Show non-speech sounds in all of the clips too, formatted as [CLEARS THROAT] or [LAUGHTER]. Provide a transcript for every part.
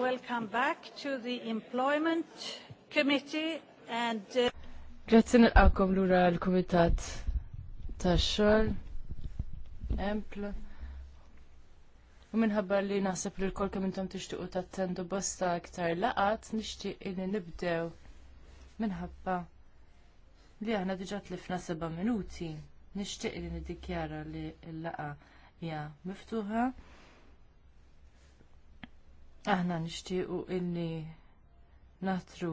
Welcome back to the Employment Committee and uh... Grazzi nilqakom lura l-Kumitat tax-xogħol Empl. U minħabba li naħseb li l-kol kemm intom tixtiequ tattendu bosta aktar laqat, nixtieq li nibdew minħabba li aħna diġà tlifna seba' minuti. Nixtieq li niddikjara li l-laqa hija miftuħa. Aħna nixtiequ illi natru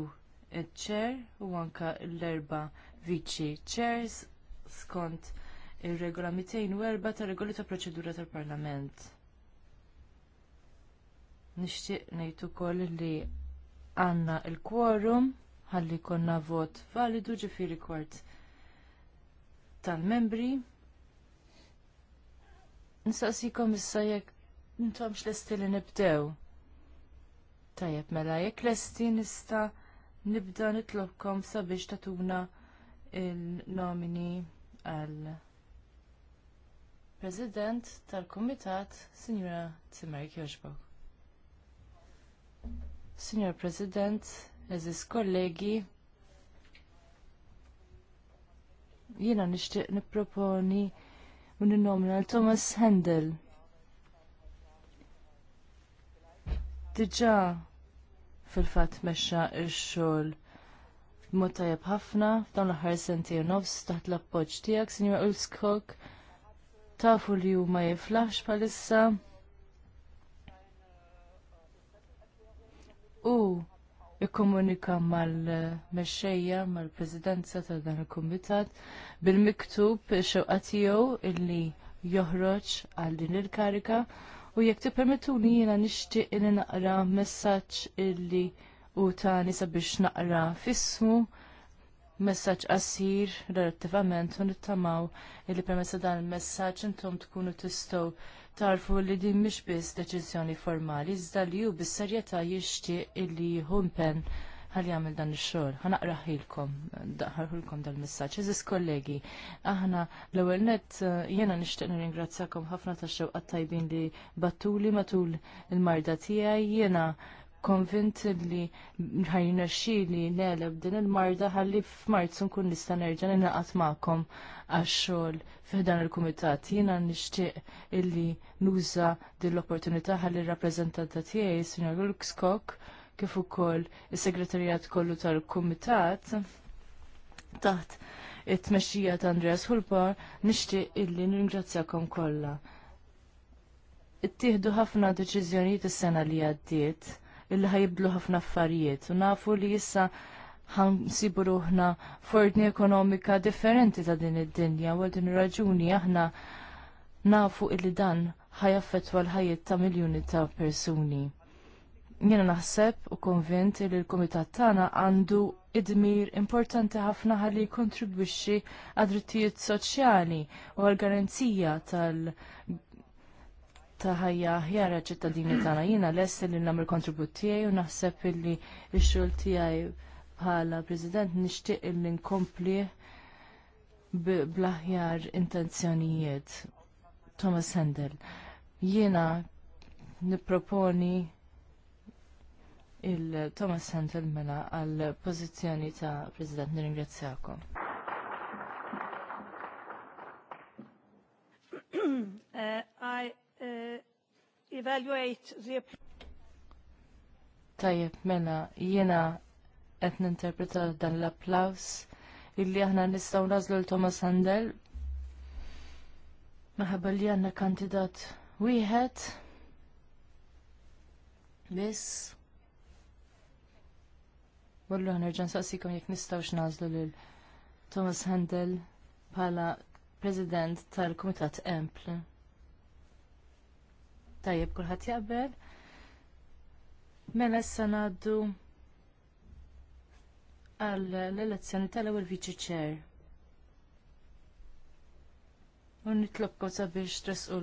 il-ċer u anke l-erba viċi ċers skont ir regola 204 tar regoli ta' proċedura tal-Parlament. Nixtieq ngħid ukoll li għandna l kworum ħalli jkollna vot validu ġifieri kwart tal-membri. Nistaqsikom issa jekk intomx l li nibdew. Tajjeb, mela, jekk lesti nista nibda nitlobkom sabiex tatuna il-nomini għal President tal-Kumitat, Signora Zimmer Kjoġbok. Signor President, eżis kollegi, jiena nixtieq nipproponi u ninnomina Thomas Handel. Diġà fil-fatt meċa il xogħol b'mod ħafna f'dan l-aħħar senti u nofs taħt l-appoġġ tiegħek, Sinjura Ulskog. Tafu li ma jiflax bħalissa. U ikkomunika mal-mexxejja mal-Presidenza ta' dan il-Kumitat bil-miktub xewqa tiegħu illi joħroġ għal din il-karika U jekk tippermettuni jiena nixtieq li naqra messaġġ illi u tani sabiex naqra fissmu messaġġ qasir relattivament u nittamaw illi permezz dan il-messaġġ intom tkunu tistgħu tarfu li din mhix biss deċiżjoni formali iżda li hu bis-serjetà jixtieq illi jieħu ħalli jagħmel dan ix-xogħol. Ħanaqraħilkom, ħarħulkom dal-messaġġ. Eżis kollegi, aħna l-ewwel net eh, jiena nixtieq nirringrazzjakom ħafna tax-xewqa tajbin li battuli matul il-marda tiegħi jiena konvint li ħajna xili neleb din il-marda ħalli f'Marzu nkun nista' nerġa' nilaqat magħkom għax-xogħol f'dan il-kumitat. Jiena nixtieq illi nuża din l-opportunità ħalli r-rappreżentanta tiegħi, Sinjor Lukskok, kif ukoll is-segretarjat kollu tal-kumitat taħt it-tmexxija ta' Andreas Hulpar nixtieq illi ningrazzjakom kollha. Ittieħdu ħafna deċiżjonijiet is-sena li għaddiet illi ħajibdlu ħafna affarijiet u nafu li issa ħansibu ruħna fordni ekonomika differenti ta' din id-dinja u din raġuni aħna nafu illi dan ħajaffetwa l-ħajiet ta' miljoni ta' persuni. Jena naħseb u konvint li l-Komitat tagħna għandu idmir importanti ħafna ħalli kontribwixxi għad-drittijiet soċjali u għal-garanzija tal- ta' ħajja ħjara ċittadini tagħna jiena lesti li nagħmel kontribut tiegħi u naħseb illi x-xogħol tiegħi bħala President nixtieq illi nkompli bl-aħjar intenzjonijiet. Thomas Handel. Jiena nipproponi il-Thomas Santel mela għal pożizzjoni ta' President nirringrazzjakom. [CLEARS THROAT] Uh, uh, evaluate the Tajjeb mela jiena qed ninterpreta dan l-applaws illi aħna nistgħu nażlu l Thomas Handel Maħabba li għandna kandidat wieħed biss Wallu ħanerġan saqsikom jek nistaw xnażlu lil Thomas Handel bħala President tal-Kumitat Empl. Tajjeb kulħadd jaqbel. Mela issa ngħaddu għall elezzjoni tal-ewwel Viċi Chair. U nitlobkom sabiex tresqu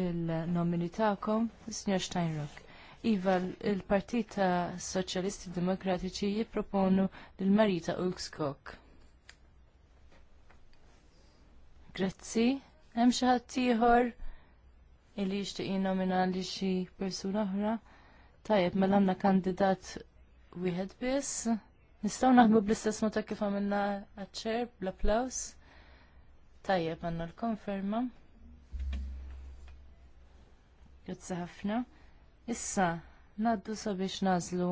il-nomini tagħkom, is Steinrock. Iva il-Partita Soċjalisti Demokratiċi jipproponu l Marita Ulskok. Grazzi, hemm xi ħadd ieħor illi jixtieq nominali xi persuna oħra. Tajjeb, mela għandna kandidat wieħed biss. Nistgħu naħdmu bl-istess mod kif għamilna għaċ bl-applaws. Tajjeb, għandna l-konferma. Grazzi ħafna. Issa, naddu sabiex nazlu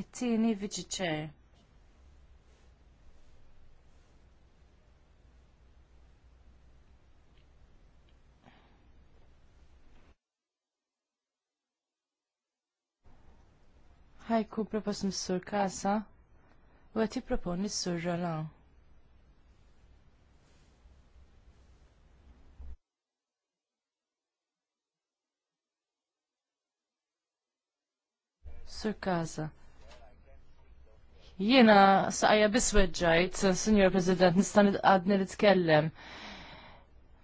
it-tieni viċi ċer. ħajku propos mis-sur Kasa u għati proponi s-sur Roland. Sur Kaza. Jiena saqja bisweġġajt, Sinjor President, nista' għadni li tkellem.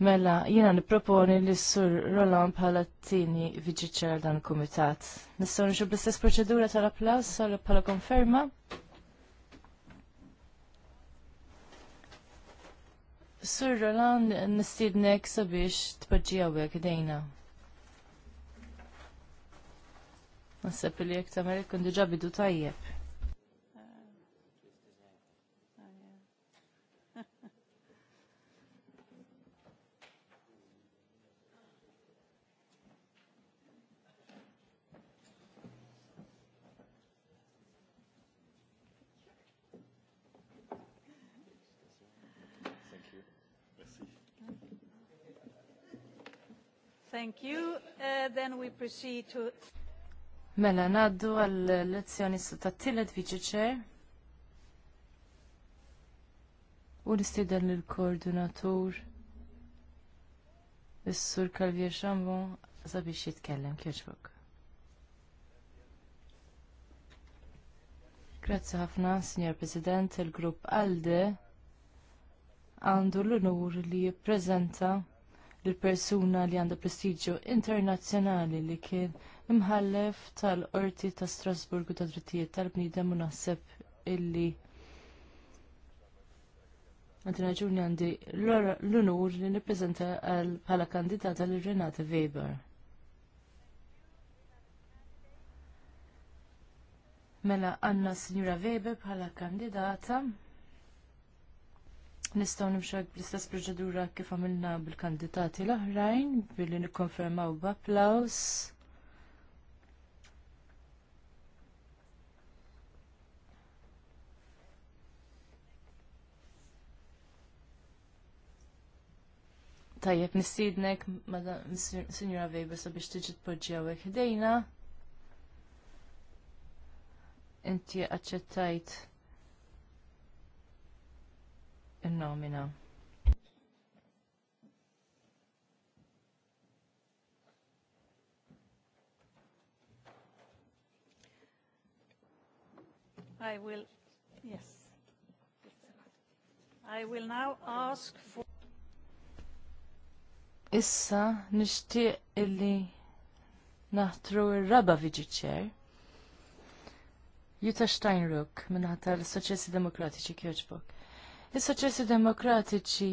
Mela, jiena nipproponi li sur Roland bħala t viġi ċer dan kumitat. Nistgħu nixu bl-istess proċedura tal-applaus bħala konferma? Sur Roland, nistidnek sabiex tpoġġi għawek dejna. Nasab li jek tamel kun diġa bidu tajjeb. Thank you. Uh, then we proceed to... Mela naddu għall-lezzjoni tat-tielet viċi viċeċer. U nistieden lill-koordinatur is-sur Kalvier Xambu sabiex jitkellem kieċbok. Grazzi ħafna, Signor President, il-Grupp ALDE għandu l-onur li jipprezenta l-persuna li għandu prestiġju internazzjonali li kien imħallef tal-Qorti ta' Strasburgu ta' Drittijiet tal-Bniedem u naħseb illi għandi raġuni għandi l-unur li nippreżenta bħala kandidata l Renata Weber. Mela għanna Signora Weber bħala kandidata. Nistaw nimxak bl-istess proċedura kif għamilna bil-kandidati l-oħrajn billi nikkonfermaw b'applaws. Tajjeb, nistidnek, Signora Weber, sabiex tiġi tpoġġi għawek ħdejna. Inti aċċettajt il-nomina. I will, yes. I will now ask for Issa nixtieq illi naħtru r-raba Viġiċer Jutta Steinruck minnaħta l-Soċessi Demokratiċi kjoġbok. Il-Soċessi Demokratiċi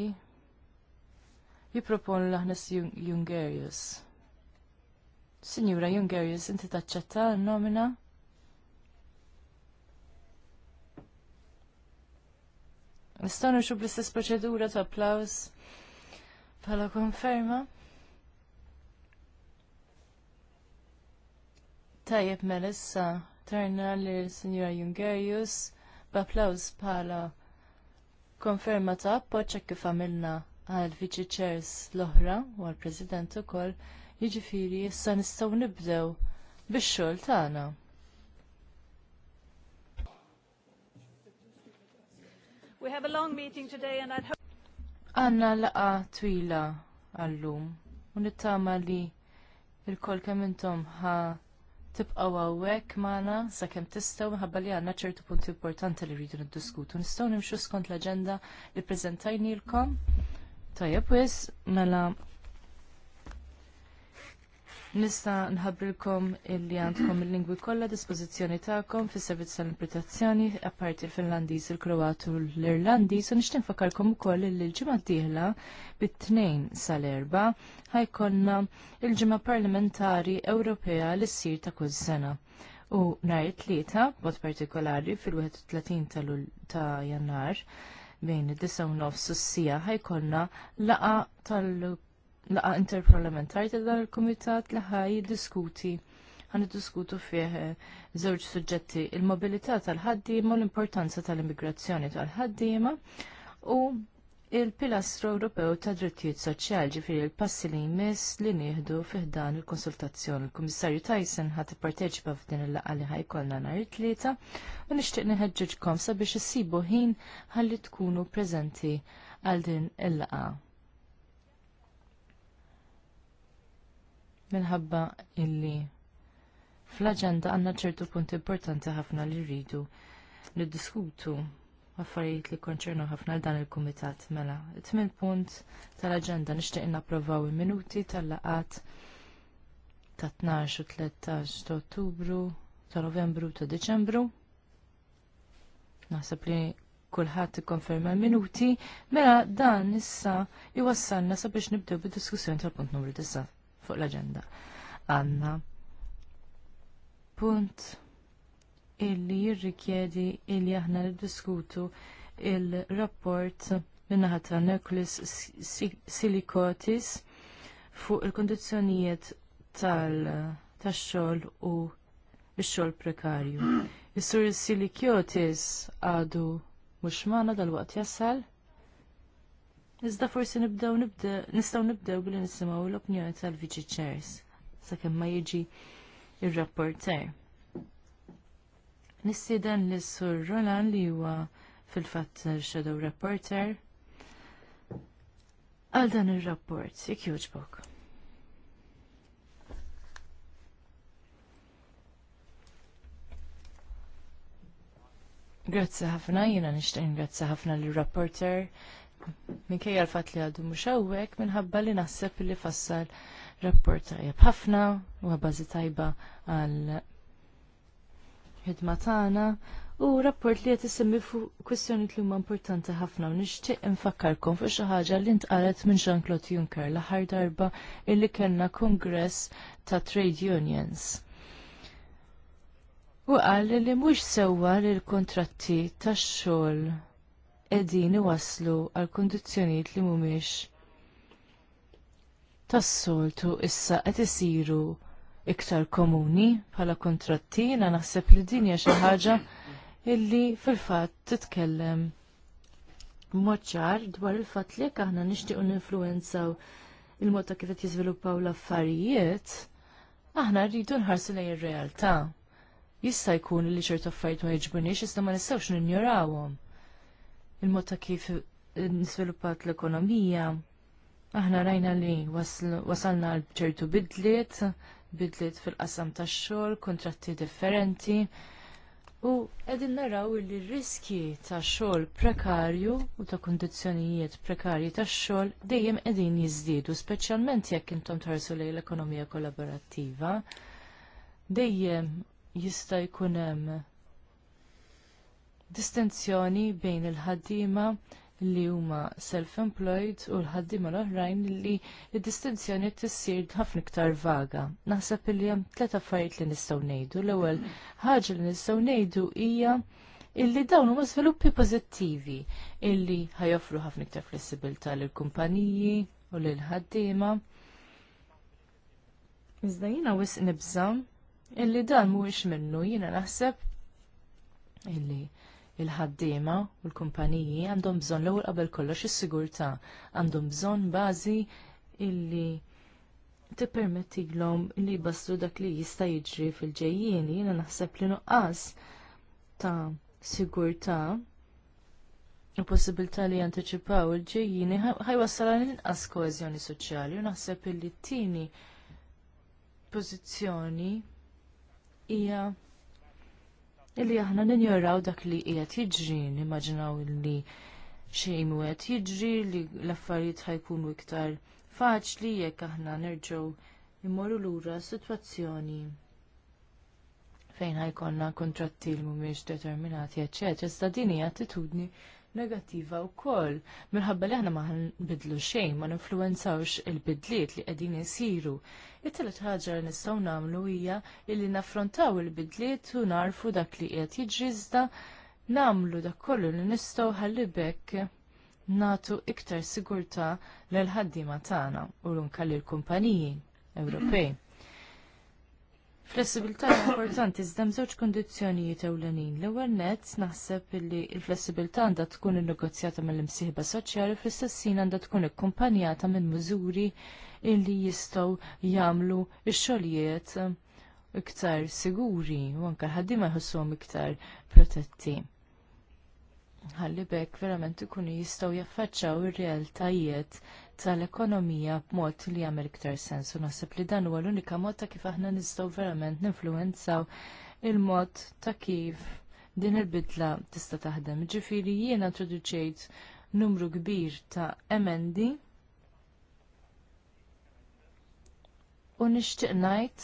jipropon l ħnes Jungerius. Signora Jungerius, inti taċċetta l-nomina? Nistanu xub l istess proċedura ta' applaus? Pala konferma? Tajjeb melissa tarna li signora Jungerius b'applaws bħala konferma ta' appoċċa kif għamilna għal viċi chairs l-oħra u għal president ukoll jiġifieri issa nistgħu nibdew bix-xogħol tagħna. We have a long meeting today and I'd hope Għanna laqa twila għallum u nittama li il-kol kemm intom ħa tibqa' għawwek maħna sa' kem tistaw maħabba li għanna ċertu punti importanti li rridu niddiskutu. Nistaw nimxu skont l-agenda li prezentajni l-kom. Tajab, wis, mela Nista nħabrilkom illi għandkom il-lingwi kollha dispożizzjoni tagħkom fis-servizz tal-interpretazzjoni apparti l-Finlandiż, il-Kroat u l-Irlandiż u nixtieq nfakkarkom ukoll li l-ġimgħa d-dieħla bit-tnejn sal-erba ħajkonna il-ġimgħa parlamentari Ewropea li ssir ta' kull sena. U nhar it-tlieta, b'mod partikolari fil-31 ta' Jannar, bejn id-9 u nofs s-sija ħajkonna laqa tal laqa interparlamentari ta' dan il-Kumitat li ħaj jiddiskuti ħan diskutu fih eh, żewġ suġġetti il-mobilità tal-ħaddiema u l-importanza tal-immigrazzjoni tal-ħaddiema u il-pilastru Ewropew ta' drittijiet soċjali ġifieri l-passi li jmiss li nieħdu fih dan il-konsultazzjoni. Il-Kummissarju Tyson ħadd ipparteċipa f'din il-laqgħa li ħajkollna nhar it-tlieta u nixtieq neħeġġeġkom sabiex issibu ħin ħalli tkunu preżenti għal din il-laqgħa. minħabba illi fl-aġenda għandna ċertu punt importanti ħafna li rridu niddiskutu affarijiet li konċernu ħafna dan il-kumitat mela. Tmin punt tal-aġenda nixtieq napprovaw il-minuti tal-laqat ta' 12 u 13 ta' Ottubru, ta' Novembru ta' Deċembru. Naħseb li kullħat ikkonferma minuti, mela dan issa jwassalna sabiex nibdew bid-diskussjoni tal-punt numru 9 fuq l-agenda. Għanna punt illi jirrikjedi illi aħna niddiskutu il-rapport minnaħat ta' Nucleus Silicotis fuq il-kondizjonijiet tal-xol u il-xol prekarju. Is-sur Silicotis għadu mux maħna dal-waqt jassal? Iżda forsi nibdew nistgħu nibdew billi nisimgħu l-opinjoni tal-Viċi Chairs sakemm ma jiġi ir-rapporter. Nistieden lis sur Roland li huwa fil-fatt shadow reporter għal dan ir-rapport jekk jogħġbok. Grazzi ħafna, jiena nixtieq ingrazzi ħafna lir rapporter minkejja l-fat li għadu mhux hawnhekk minħabba li naħseb li fassal rapport tajjeb ħafna u bażi tajba għal ħidma tagħna u rapport li qed isemmi fuq kwistjonijiet li huma importanti ħafna u nixtieq infakkarkom fuq xi ħaġa li ntqalet minn Jean-Claude Juncker l-aħħar darba illi kellna kongress ta' trade unions. U qal li mhux sewwa li l-kontratti tax-xogħol qegħdin iwasslu għal kundizzjonijiet li mhumiex tas-soltu issa qed isiru iktar komuni bħala kontratti naħseb li din hija xi ħaġa illi fil-fatt titkellem b'mod ċar dwar il-fatt li jekk aħna nixtiequ ninfluwenzaw il-mod ta' kif qed jiżviluppaw l-affarijiet, aħna rridu nħarsu lejn ir-realtà jista' jkun li ċertu affarijiet ma jiġbunix iżda ma nistgħux ninjorawhom il-mod ta' kif nisviluppat l-ekonomija, aħna rajna li wasalna għal ċertu bidliet, bidliet fil-qasam tax-xogħol, kontratti differenti, u qegħdin naraw li r-riski tax xogħol prekarju u ta' kundizzjonijiet prekarji tax xogħol dejjem qegħdin jiżdiedu, speċjalment jekk intom tħarsu lejn l-ekonomija kollaborattiva. Dejjem jista' jkun hemm distinzjoni bejn il-ħaddiema li huma self-employed u l-ħaddiema l-oħrajn li id distinzjoni tissir ħafna iktar vaga. Naħseb li hemm tliet affarijiet li nistgħu ngħidu. L-ewwel ħaġa li nistgħu ngħidu hija illi dawn huma żviluppi pożittivi illi ħajofru ħafna iktar flessibilità lill kumpaniji u lil ħaddiema. Iżda jiena wisq nibżam illi dan mhuwiex minnu jiena naħseb illi il-ħaddiema u l-kumpaniji għandhom bżonn l-ewwel qabel kollox is-sigurtà, għandhom bżonn bażi illi tippermettilhom li jbassru dak li jista' jiġri fil-ġejjieni, jiena naħseb li nuqqas ta' sigurtà u possibilità li jantiċipaw il-ġejjieni ħajwassal għal inqas koeżjoni soċjali u naħseb li t-tieni pożizzjoni hija illi aħna ninjoraw dak li qiegħed jiġri, nimmaġinaw li xejn u qed jiġri li l-affarijiet ħajkunu iktar faċli jekk aħna nerġgħu immorru lura sitwazzjoni fejn ħajkonna kontratti li mhumiex determinati, eċċetera, iżda din hija attitudni negattiva u koll. Minħabba li ħna maħan bidlu xejn, ma ninfluenzawx il-bidliet li qegħdin isiru. It-telet ħaġa li nistgħu nagħmlu hija li naffrontaw il-bidliet u narfu dak li qed jiġriżda nagħmlu dak kollu li nistgħu ħalli bekk nagħtu iktar sigurtà lil ħaddiema tagħna u nkalli l-kumpaniji Ewropej. Flessibilità importanti iżda żewġ kondizzjonijiet ewlenin. L-ewwel nett naħseb li l-flessibilità għandha tkun innegozjata mill-imsieħba soċjali fl-istess ħin għandha tkun ikkumpanjata minn miżuri illi jistgħu jagħmlu x-xogħlijiet iktar siguri u anke ħaddiema jħossuhom iktar protetti. Ħalli bekk verament ikunu jistgħu jaffaċċaw ir-realtajiet tal-ekonomija b'mod li jagħmel iktar sens u naħseb li dan huwa l-unika mod ta' kif aħna nistgħu verament ninfluwenzaw il-mod ta' kif din il-bidla tista' taħdem. Ġifieri jiena introduċejt numru kbir ta' emendi U nixtieq ngħid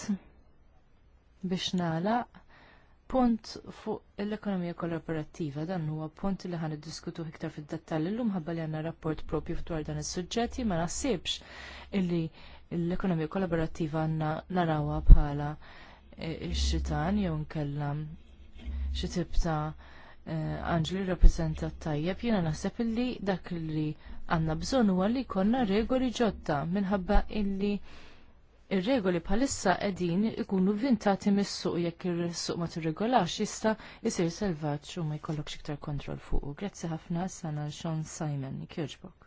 biex nagħlaq punt fuq l-ekonomija kollaborattiva dan huwa punt li ħan iddiskutu iktar fid-dettall illum ħabba li għandna rapport propju dwar dan is-suġġetti ma naħsibx illi l-ekonomija kollaborattiva għandna narawha bħala e, x-xitan jew nkella xi tip ta' e, Anġli rappresenta tajjeb jiena naħseb illi dak li għandna bżonn huwa li jkollna regoli ġodda minħabba illi ir-regoli bħalissa qegħdin ikunu vintati mis-suq jekk ir-suq ma tirregolax jista' jsir selvaġġ u ma jkollokx iktar kontroll fuq. Grazzi ħafna sana Sean Simon Kirchbok.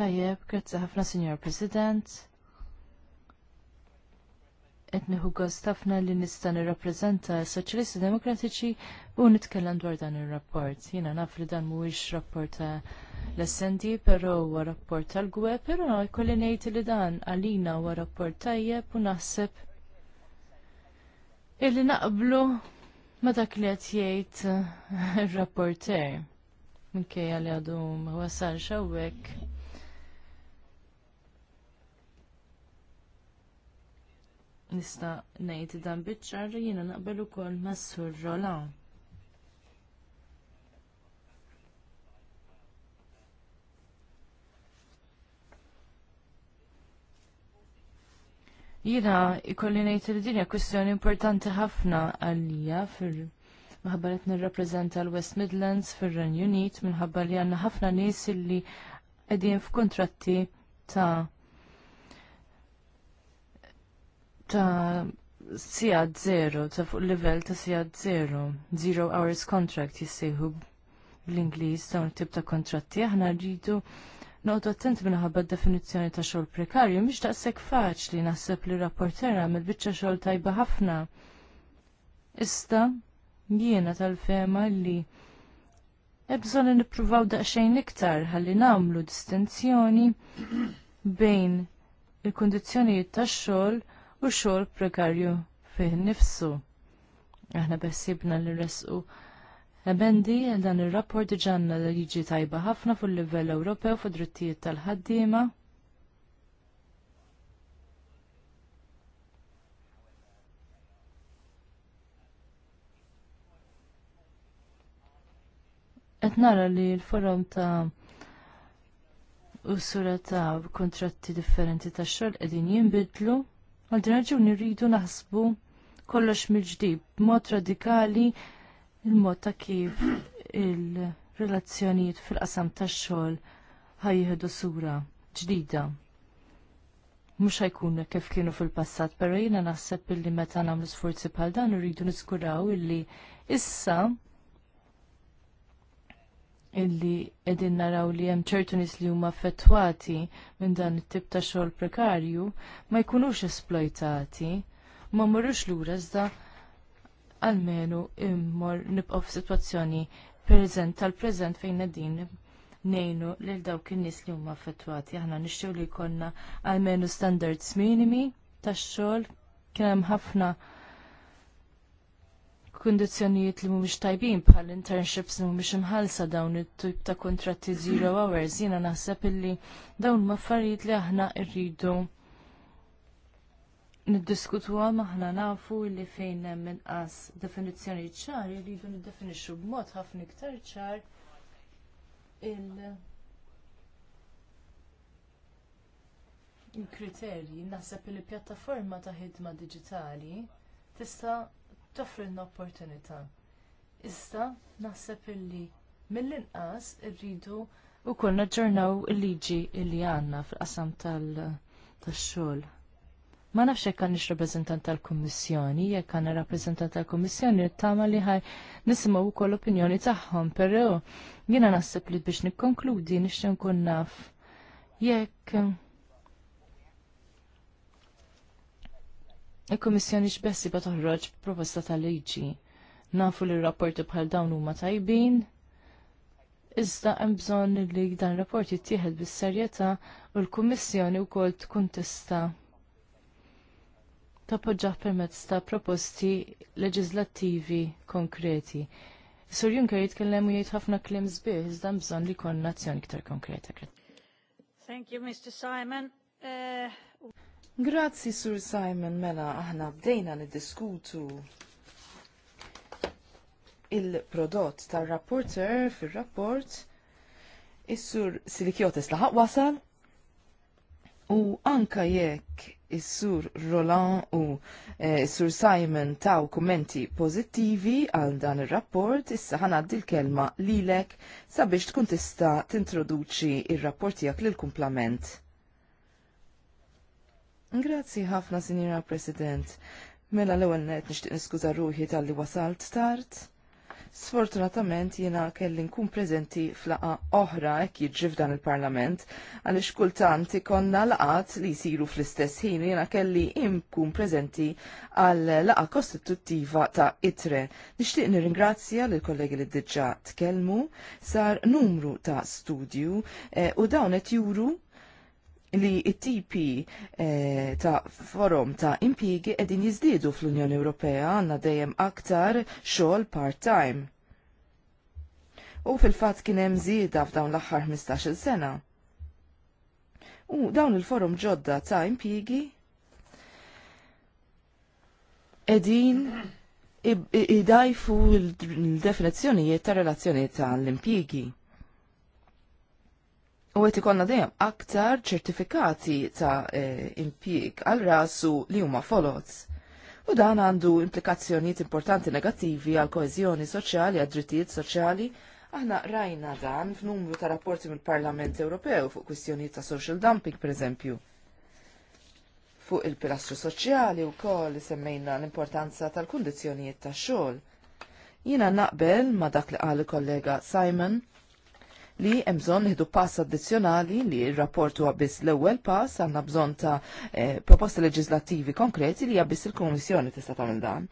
Tajjeb, grazzi ħafna Sinjor President. Qed nieħu gost ħafna li nista' nirrappreżenta s-Soċjalisti Demokratiċi u nitkellem dwar dan ir-rapport. Jiena naf li dan mhuwiex rapport ta' l-essendi, però huwa rapport tal-gwe, però jkolli ngħid li dan għalina huwa rapport tajjeb u naħseb illi naqblu ma dak li qed jgħid eh, ir-rapporter minkejja li għadu ma wasalx hawnhekk. Nista' ngħid dan biċ jina jiena kol ukoll mas-sur Roland. Jina, ikolli nejt il-dinja kwestjoni importanti ħafna għalija fir maħabba li nirrappreżenta l-West Midlands fir Run Unit minħabba li għandna ħafna nies illi qegħdin f'kuntratti ta' ta' sijad zero, ta' fuq livell ta' sijad zero, zero hours contract jissejħu bl-Ingliż dawn tip ta' kontratti aħna rridu noqgħod attent minħabba d-definizzjoni ta' xogħol prekarju mhix daqshekk faċli naħseb li rapportera mill biċċa xogħol tajba ħafna. Issa jiena tal-fema li ebżon nippruvaw daqsxejn iktar ħalli nagħmlu distinzjoni bejn il-kundizzjonijiet tax-xogħol u xogħol prekarju fih nifsu. Aħna bessibna li resqu Ebendi dan ir-rapport diġanna li jiġi tajba ħafna fuq livell Ewropew fuq drittijiet tal-ħaddiema. Qed nara li l-forum ta' usura ta' kontratti differenti ta' xogħol qegħdin jinbidlu għal din raġuni rridu naħsbu kollox mill-ġdid b'mod radikali il-mod ta' kif il-relazzjonijiet fil-qasam tax-xogħol ħajjħedu sura ġdida. Mhux ħajkun kif kienu fil-passat, però jiena naħseb illi meta nagħmlu sforzi bħal dan rridu niskuraw illi issa illi edin naraw li hemm ċertu nies li huma affettwati minn dan it-tip ta' xogħol prekarju ma jkunux esploitati, ma marrux lura iżda għalmenu immor nibqgħu f'sitwazzjoni preżent tal-preżent fejn din nejnu lil dawk in-nies li huma affettwati. Aħna nixtiew li jkollna għalmenu standards minimi tax-xogħol kien hemm ħafna kondizjonijiet li mhumiex tajbin bħal internships li mhumiex imħallsa dawn it-tip ta' kontratti zero hours jiena naħseb illi dawn ma' affarijiet li aħna rridu għal maħna nafu li fejn hemm inqas definizzjoni ċar li jridu niddefinixxu b'mod ħafna iktar ċar il- il-kriterji naħseb li pjattaforma ta' ħidma digitali tista' toffrilna opportunità. Issa naħseb illi mill-inqas irridu wkoll naġġornaw il-liġi li għandna fil-qasam tal-xogħol. Ma nafx jekk għandix reprezentant tal-Kummissjoni, jekk għandna reprezentant tal-Kummissjoni tama li ħaj nisimgħu wkoll opinjoni tagħhom, però jiena naħseb li biex nikkonkludi nix nkun naf jekk il-Kummissjoni x'bessi bat toħroġ proposta tal-liġi. Nafu li rapporti bħal dawn huma tajbin, iżda hemm bżonn li dan rapport jittieħed bis-serjetà u l-Kummissjoni wkoll tkun tista' tappoġġaħ permezz ta' proposti leġislattivi konkreti. Sur Juncker jitkellem u jgħid ħafna klim zbieħ, iżda bżonn li kon azzjoni iktar konkreta. Thank you, Mr. Simon. Uh... Grazzi, Sur Simon, mela aħna bdejna niddiskutu il-prodott tal-rapporter fil-rapport is-sur Silikjotis laħaq wasal u anka jekk Is-sur Roland u eh, is-sur Simon taw kummenti pozittivi għal dan ir-rapport, issa ħanaddi l-kelma lilek sabiex tkun tista' tintroduċi ir-rapport tiegħek lill-kumplament. Grazzi ħafna, Sinjora President. Mela l-ewwel nett nixtieq niskuża ruħi tal-li wasalt tard. Sfortunatament jiena kelli nkun preżenti flaqa oħra jekk jiġri f'dan il-Parlament għaliex kultant ikonna laqat li jsiru fl-istess ħin jiena kelli nkun preżenti għal laqa kostituttiva ta' ITRE. Nixtieq nirringrazzja lil kollegi li diġà tkellmu sar numru ta' studju eh, u dawn qed juru li it-tipi eh, ta' forum ta' impjiegi edin jizdidu fl-Unjoni Ewropea għanna dejjem aktar xogħol part-time. U fil-fatt kien hemm żieda f'dawn l-aħħar 15-il sena. U dawn il-forum ġodda ta' impjiegi edin idajfu l-definizzjonijiet ta' relazzjonijiet tal-impjiegi. U għet ikonna dejjem aktar ċertifikati ta' eh, impjieg għal rasu li huma folots. U dan għandu implikazzjonijiet importanti negattivi għal koezjoni soċjali, għad drittijiet soċjali, aħna rajna dan f'numru ta' rapporti mill-Parlament Ewropew fuq kwistjonijiet ta' social dumping, per eżempju. Fuq il-pilastru soċjali u koll semmejna l-importanza tal-kondizjonijiet ta' xogħol. Jina naqbel ma' dak li għal kollega Simon li hemm bżonn pass addizzjonali li r-rapport huwa biss l-ewwel pass għandna bżonn ta' eh, proposti leġislattivi konkreti li għabis biss il-Kummissjoni tista' tagħmel dan.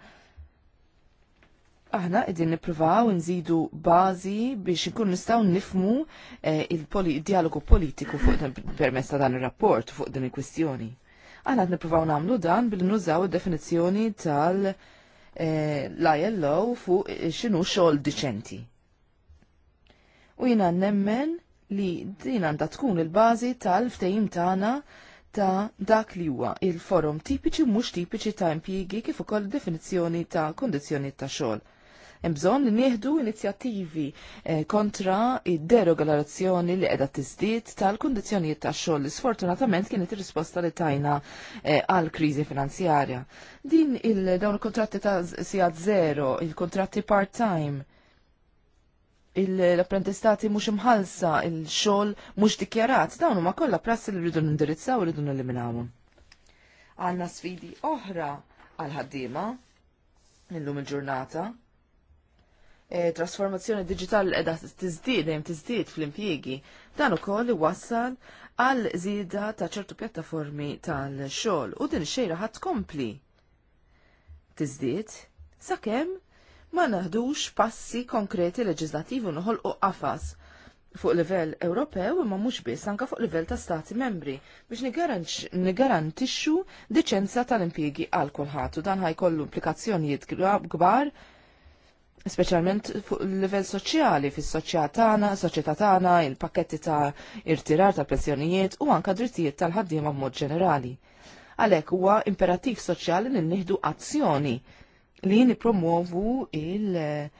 Aħna qegħdin nippruvaw nżidu bażi biex inkun nistgħu nifmu eh, il-dialogu politiku fuq permezz ta' dan ir-rapport fuq din il-kwistjoni. Aħna qed nippruvaw nagħmlu dan billi nużaw id-definizzjoni tal- eh, fuq xinu xogħol diċenti u jina nemmen li din għandha tkun il-bażi tal-ftehim tagħna ta' dak li huwa il-forum tipiċi mhux tipiċi ta' impjiegi kif ukoll definizzjoni ta' kondizzjoni ta' xogħol. Hemm bżonn li nieħdu inizjattivi eh, kontra id-deregolazzjoni li qiegħda tiżdied tal-kundizzjonijiet tax-xogħol li sfortunatament kienet ir-risposta li tajna eh, għall kriżi finanzjarja. Din il dawn il-kontratti ta' sigħat zero, il-kontratti part-time, l-apprentistati mhux imħalsa, il-xogħol mhux dikjarat, dawn huma kollha prassi li rridu nindirizzaw u rridu neliminawhom. Għandna sfidi oħra għal ħaddiema illum il-ġurnata. E, trasformazzjoni digitali edha tiżdied dejjem tiżdied fl-impjiegi. Dan ukoll iwassal għal żida ta' ċertu pjattaformi tal-xogħol u din xejra ħadd kompli. Tiżdied sakemm ma naħdux passi konkreti leġislativi u qafas fuq livell Ewropew imma mhux biss anke fuq livell ta' stati membri biex nigarantixxu diċenza tal-impjiegi għal kulħadd u dan ħajkollu implikazzjonijiet kbar speċjalment fuq il-livell soċjali fis-soċjetà tagħna, soċjetà tagħna, il-pakketti ta' irtirar ta' pensjonijiet u anke drittijiet tal-ħaddiema b'mod ġenerali. Għalhekk huwa imperattiv soċjali li nieħdu azzjoni li nipromuovu il-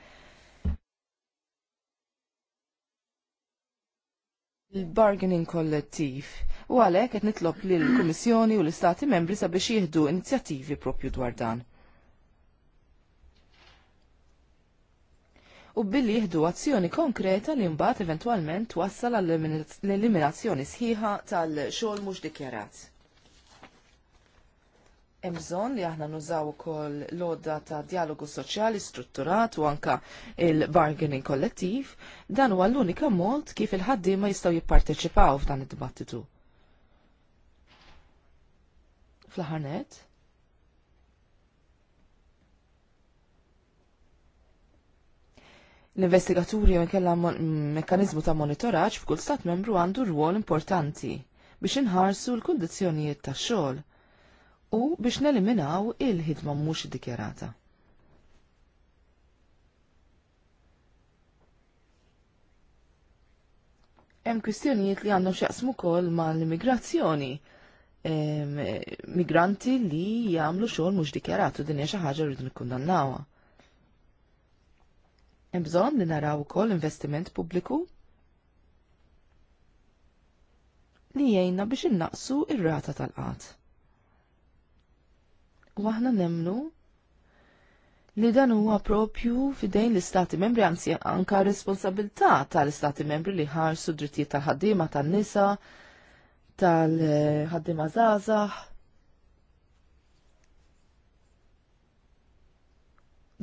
il-bargaining kollettiv u għalhekk qed nitlob l kummissjoni u l-Istati membri sabiex jieħdu inizjattivi propju dwar dan. U billi jieħdu azzjoni konkreta li mbagħad eventwalment wassal għall-eliminazzjoni sħiħa tal-xogħol mhux dikjarat. Hemm bżonn li aħna nużaw ukoll l-odda ta' dialogu soċjali strutturat u anka il-bargaining kollettiv, dan huwa l-unika mod kif il-ħaddiema jistgħu jipparteċipaw f'dan id-dibattitu. Fl-ħanet? L-investigaturi u inkella mekkanizmu ta' monitoraġġ f'kull stat membru għandu rwol importanti biex inħarsu l-kundizzjonijiet tax-xogħol u biex neliminaw il-ħidma mhux dikjarata. Hemm kwistjonijiet li għandhom x'jaqsmu wkoll mal-immigrazzjoni. Migranti li jagħmlu xogħol mhux dikjaratu din hija xi ħaġa rridu nikkundannawha. Hemm bżonn li naraw ukoll investiment pubbliku li jgħinna biex innaqsu ir-rata tal-qat. U aħna nemlu li dan huwa propju fidejn l-istati membri għansi anka responsabilta tal-istati membri li ħarsu drittijiet tal-ħaddiema tan-nisa tal-ħaddiema żgħażagħ.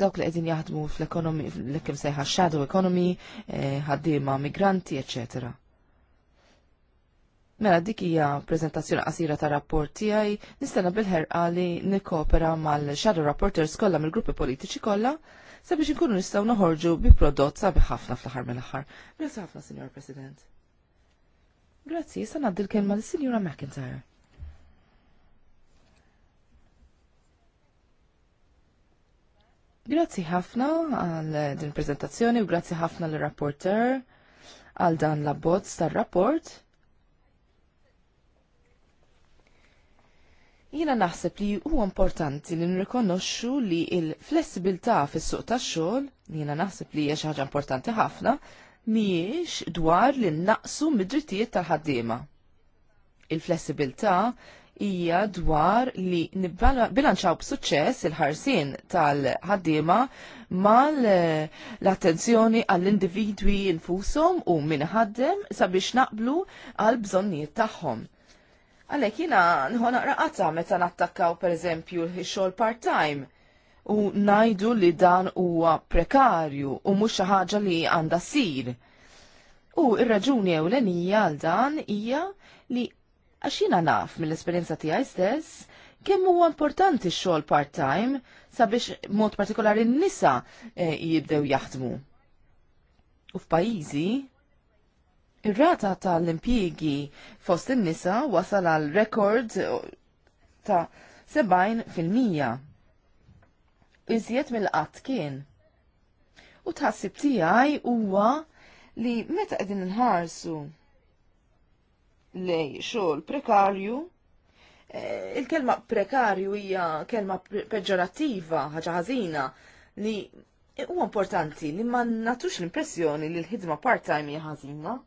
Dawk li qegħdin jaħdmu fl-ekonomi l-ekkim sejħa shadow economy, eh, ħaddiema migranti, eċċetera. Mela dik hija preżentazzjoni qasira ta' rapport tiegħi, nistenna bil-ħerqa li nikkopera mal-shadow rapporters kollha mill-gruppi politiċi kollha sabiex inkunu nistgħu noħorġu bi prodott sabiħ ħafna fl-aħħar mill-aħħar. Grazzi ħafna, Sinjor President. Grazzi, sa ngħaddi l-kelma lis sinjura McIntyre. Grazzi ħafna għal din prezentazzjoni u grazzi ħafna l-rapporter għal dan l-abbozz tar-rapport. Jina naħseb li huwa importanti li nrikonoxxu li il-flessibilità fis-suq tax-xogħol, jina naħseb li hija xi ħaġa importanti ħafna, mhijiex dwar li naqsu mid-drittijiet tal-ħaddiema. Il-flessibilità hija dwar li bilanċaw b'suċċess il-ħarsien tal-ħaddiema mal l-attenzjoni għall-individwi infushom u minħaddem sabiex naqblu għal bżonnijiet tagħhom. Għalek jina nħu naqraqata meta nattakkaw per eżempju xol part-time u najdu li dan huwa prekarju u mhux xi ħaġa li għandha ssir. U ir-raġuni ewlenija għal dan hija li għax jiena naf mill-esperjenza tiegħi stess kemm huwa importanti x-xogħol part-time sabiex mod partikolari n-nisa eh, jibdew jaħdmu. U f'pajjiżi Ir-rata tal-impjiegi fost in-nisa wasal għal rekord ta' 70%. Iżjed mill-qatt kien. U tħassib tiegħi huwa li meta qegħdin nħarsu lej xogħol prekarju, eh, il-kelma prekarju hija kelma peġorattiva, ħaġa ħażina li huwa importanti li ma natux l-impressjoni li l-ħidma part-time hija ħażina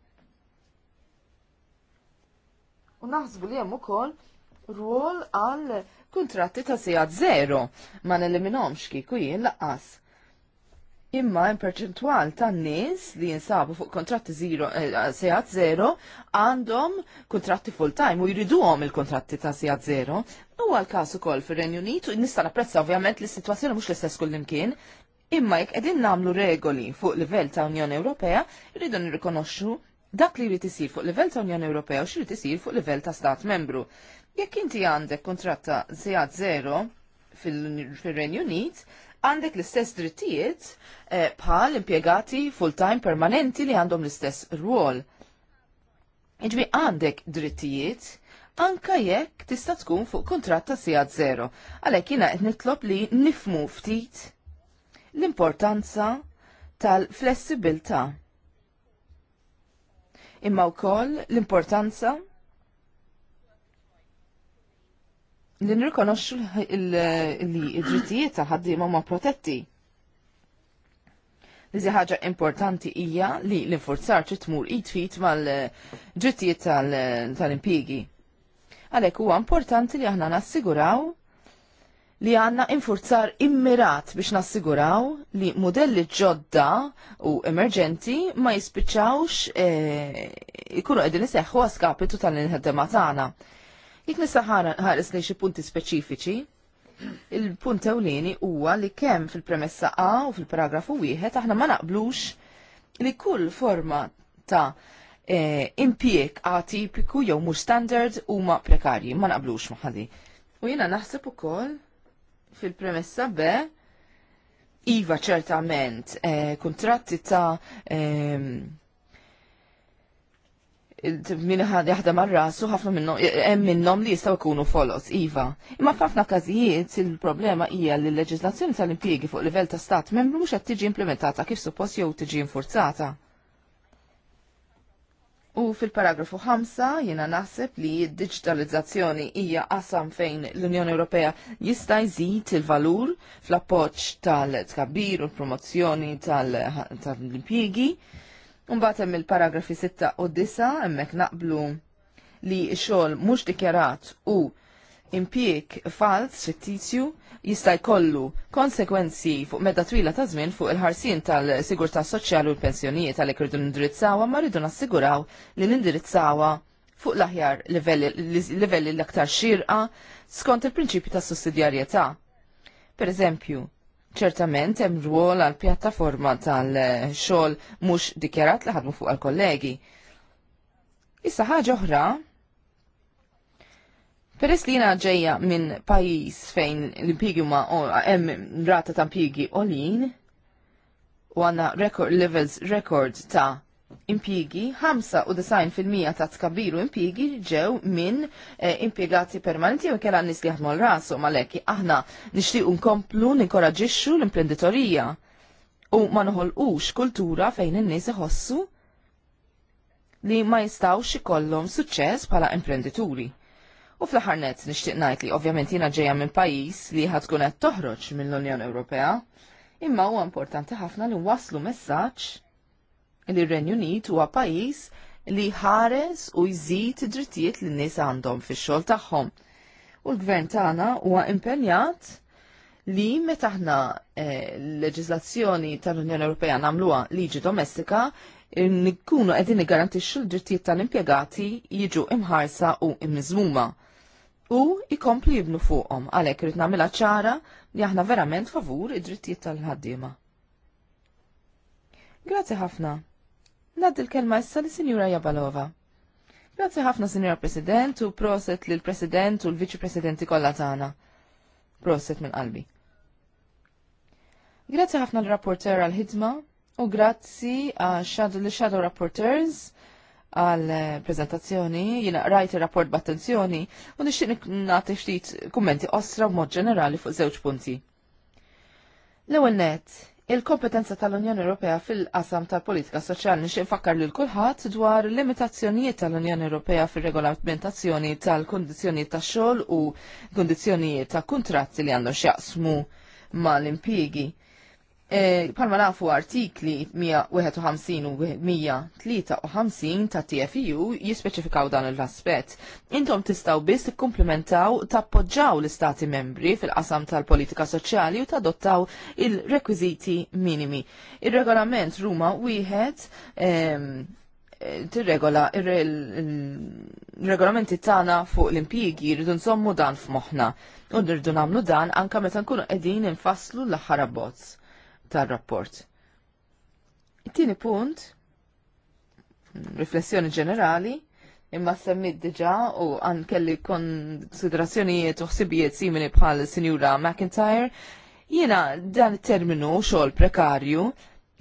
U naħsbu li hemm ukoll rwol għal kuntratti ta' sigħat zero ma neliminhomx kieku jien laqqas. Imma hemm perċentwal ta' nies li jinsabu fuq kontratti zero, eh, sigħat zero għandhom kuntratti full time u jriduhom il-kontratti ta' sigħat zero. Huwa l-każ ukoll fir-Renju Unit u nista' napprezza ovvjament li s-sitwazzjoni mhux l-istess kullimkien, Imma jekk qegħdin nagħmlu regoli fuq livell ta' Unjoni Ewropea, jridu nirrikonoxxu dak li jrid isir fuq livell ta' Unjoni Ewropea u xrid isir fuq livell ta' Stat membru. Jekk inti għandek ta' sigħat zero fil-Renju Unit, għandek l-istess drittijiet eh, bħal impjegati full-time permanenti li għandhom l-istess ruol. Iġbi għandek drittijiet anka jekk tista' tkun fuq kontratt ta' sigħat zero. Għalhekk jiena qed nitlob li nifmu ftit l-importanza tal-flessibilità imma wkoll l-importanza li nirkonoxxu li id-drittijiet ta' ħaddiema ma' protetti. Liżi ħaġa importanti hija li l-infurzar trid tmur id-fit mal-drittijiet tal impjiegi Għalhekk huwa importanti li aħna nassiguraw li għanna infurzar immirat biex nassiguraw li modelli ġodda u emerġenti ma jispiċċawx eh, ikunu għedin iseħħu għaskapitu tal-inħeddema tagħna. Jek nistaħar ħares li xi punti speċifiċi, il-punt ewlieni huwa li kemm fil-premessa A u fil-paragrafu wieħed aħna ma naqblux li kull forma ta' e, eh, impjek atipiku jew mhux standard huma prekarji, ma naqblux maħadi. U jiena naħseb ukoll fil-premessa B, Iva ċertament, eh, kontratti ta' eh, minn ħad jaħdem rasu ħafna minnhom eh, eh, hemm li jistgħu jkunu folos iva. Imma f'ħafna każijiet il-problema hija li l leġizlazzjoni tal-impjiegi fuq livell ta' stat membru mhux qed tiġi implementata kif suppost jew tiġi infurzata. U fil-paragrafu 5 jiena naħseb li d-digitalizzazzjoni hija qasam fejn l-Unjoni Ewropea jista' jżid il-valur fl-appoġġ tal-tkabbir u l-promozzjoni tal-impjiegi. Mbagħad hemm il-paragrafi 6 u 9 hemmhekk naqblu li x-xogħol mhux dikjarat u impjieg fals fittizju jista' jkollu konsekwenzi fuq medda twila ta' żmien fuq il-ħarsien tal-sigurtà soċjali u l-pensjonijiet tal irridu nindirizzawha ma rridu nassiguraw li nindirizzawha fuq l-aħjar livelli l-aktar xirqa skont il-prinċipju ta' sussidjarjetà. Per eżempju, ċertament hemm rwol għal pjattaforma tal-xogħol mhux dikjarat li ħadmu fuq għal kollegi. Issa ħaġa oħra Peress li jena ġeja minn pajis fejn l-impigi ma hemm rata ta' impigi olin u għanna record levels record ta' impigi, 95% ta' tkabiru impigi ġew minn eh, impiegati permanenti u kera nis li ħadmu l-rasu malekki aħna nixtiequ nkomplu ninkoraġixxu l-imprenditorija u ma noħolqux kultura fejn in-nies iħossu li ma jistawx ikollhom suċċess bħala imprendituri. U fl-aħħar nishtiq nixtieq ngħid li ovvjament jiena ġejja minn pajjiż li ħad tkun qed toħroġ mill-Unjoni Ewropea, imma huwa importanti ħafna li waslu messaġġ li r-Renju Unit huwa pajjiż li ħares u jżid id-drittijiet li n-nies għandhom fix-xogħol tagħhom. U l-gvern tagħna huwa impenjat li meta aħna eh, leġislazzjoni tal-Unjoni Ewropea nagħmluha liġi domestika, nkunu qegħdin nigarantixxu l-drittijiet tal-impjegati jiġu imħarsa u immiżmuma u ikomplu jibnu fuqhom għalhekk irid nagħmilha ċara li aħna verament favur id-drittijiet tal-ħaddiema. Grazzi ħafna. Nad il-kelma issa li Sinjura Jabalova. Grazzi ħafna, Sinjura President, u proset l president u l-Viċi Presidenti kollha tagħna. Proset minn qalbi. Grazzi ħafna l-rapporter għal-ħidma u grazzi għal-shadow rapporters għal prezentazzjoni, jina rajt il-rapport b'attenzjoni u nixtieq nagħti ftit kummenti osra b'mod ġenerali fuq żewġ punti. L-ewwel net, il-kompetenza tal-Unjoni Ewropea fil-qasam tal-politika soċjali nixtieq nfakkar lil kulħadd dwar limitazzjonijiet tal-Unjoni Ewropea fir-regolamentazzjoni tal-kundizzjonijiet tax-xogħol u kundizzjonijiet ta' kuntratti li għandhom x'jaqsmu mal-impjiegi. E, palma nafu artikli 151 u 153 ta' TFU jispeċifikaw dan l-aspet. Intom tistaw biss komplementaw tappoġġaw l-istati membri fil-qasam tal-politika soċjali u tadottaw il-rekwiziti minimi. Il-regolament Ruma wieħed e, tirregola il-regolamenti tagħna fuq l-impjiegi rridu nsommu dan f'moħħna u nirdu nagħmlu dan anke meta nkunu qegħdin infasslu l-aħħar abbozz tar-rapport. It-tieni punt, riflessjoni ġenerali, imma semmit diġa u għan kelli konsiderazzjonijiet u ħsibijiet simili bħal Sinjura McIntyre, jiena dan terminu xogħol prekarju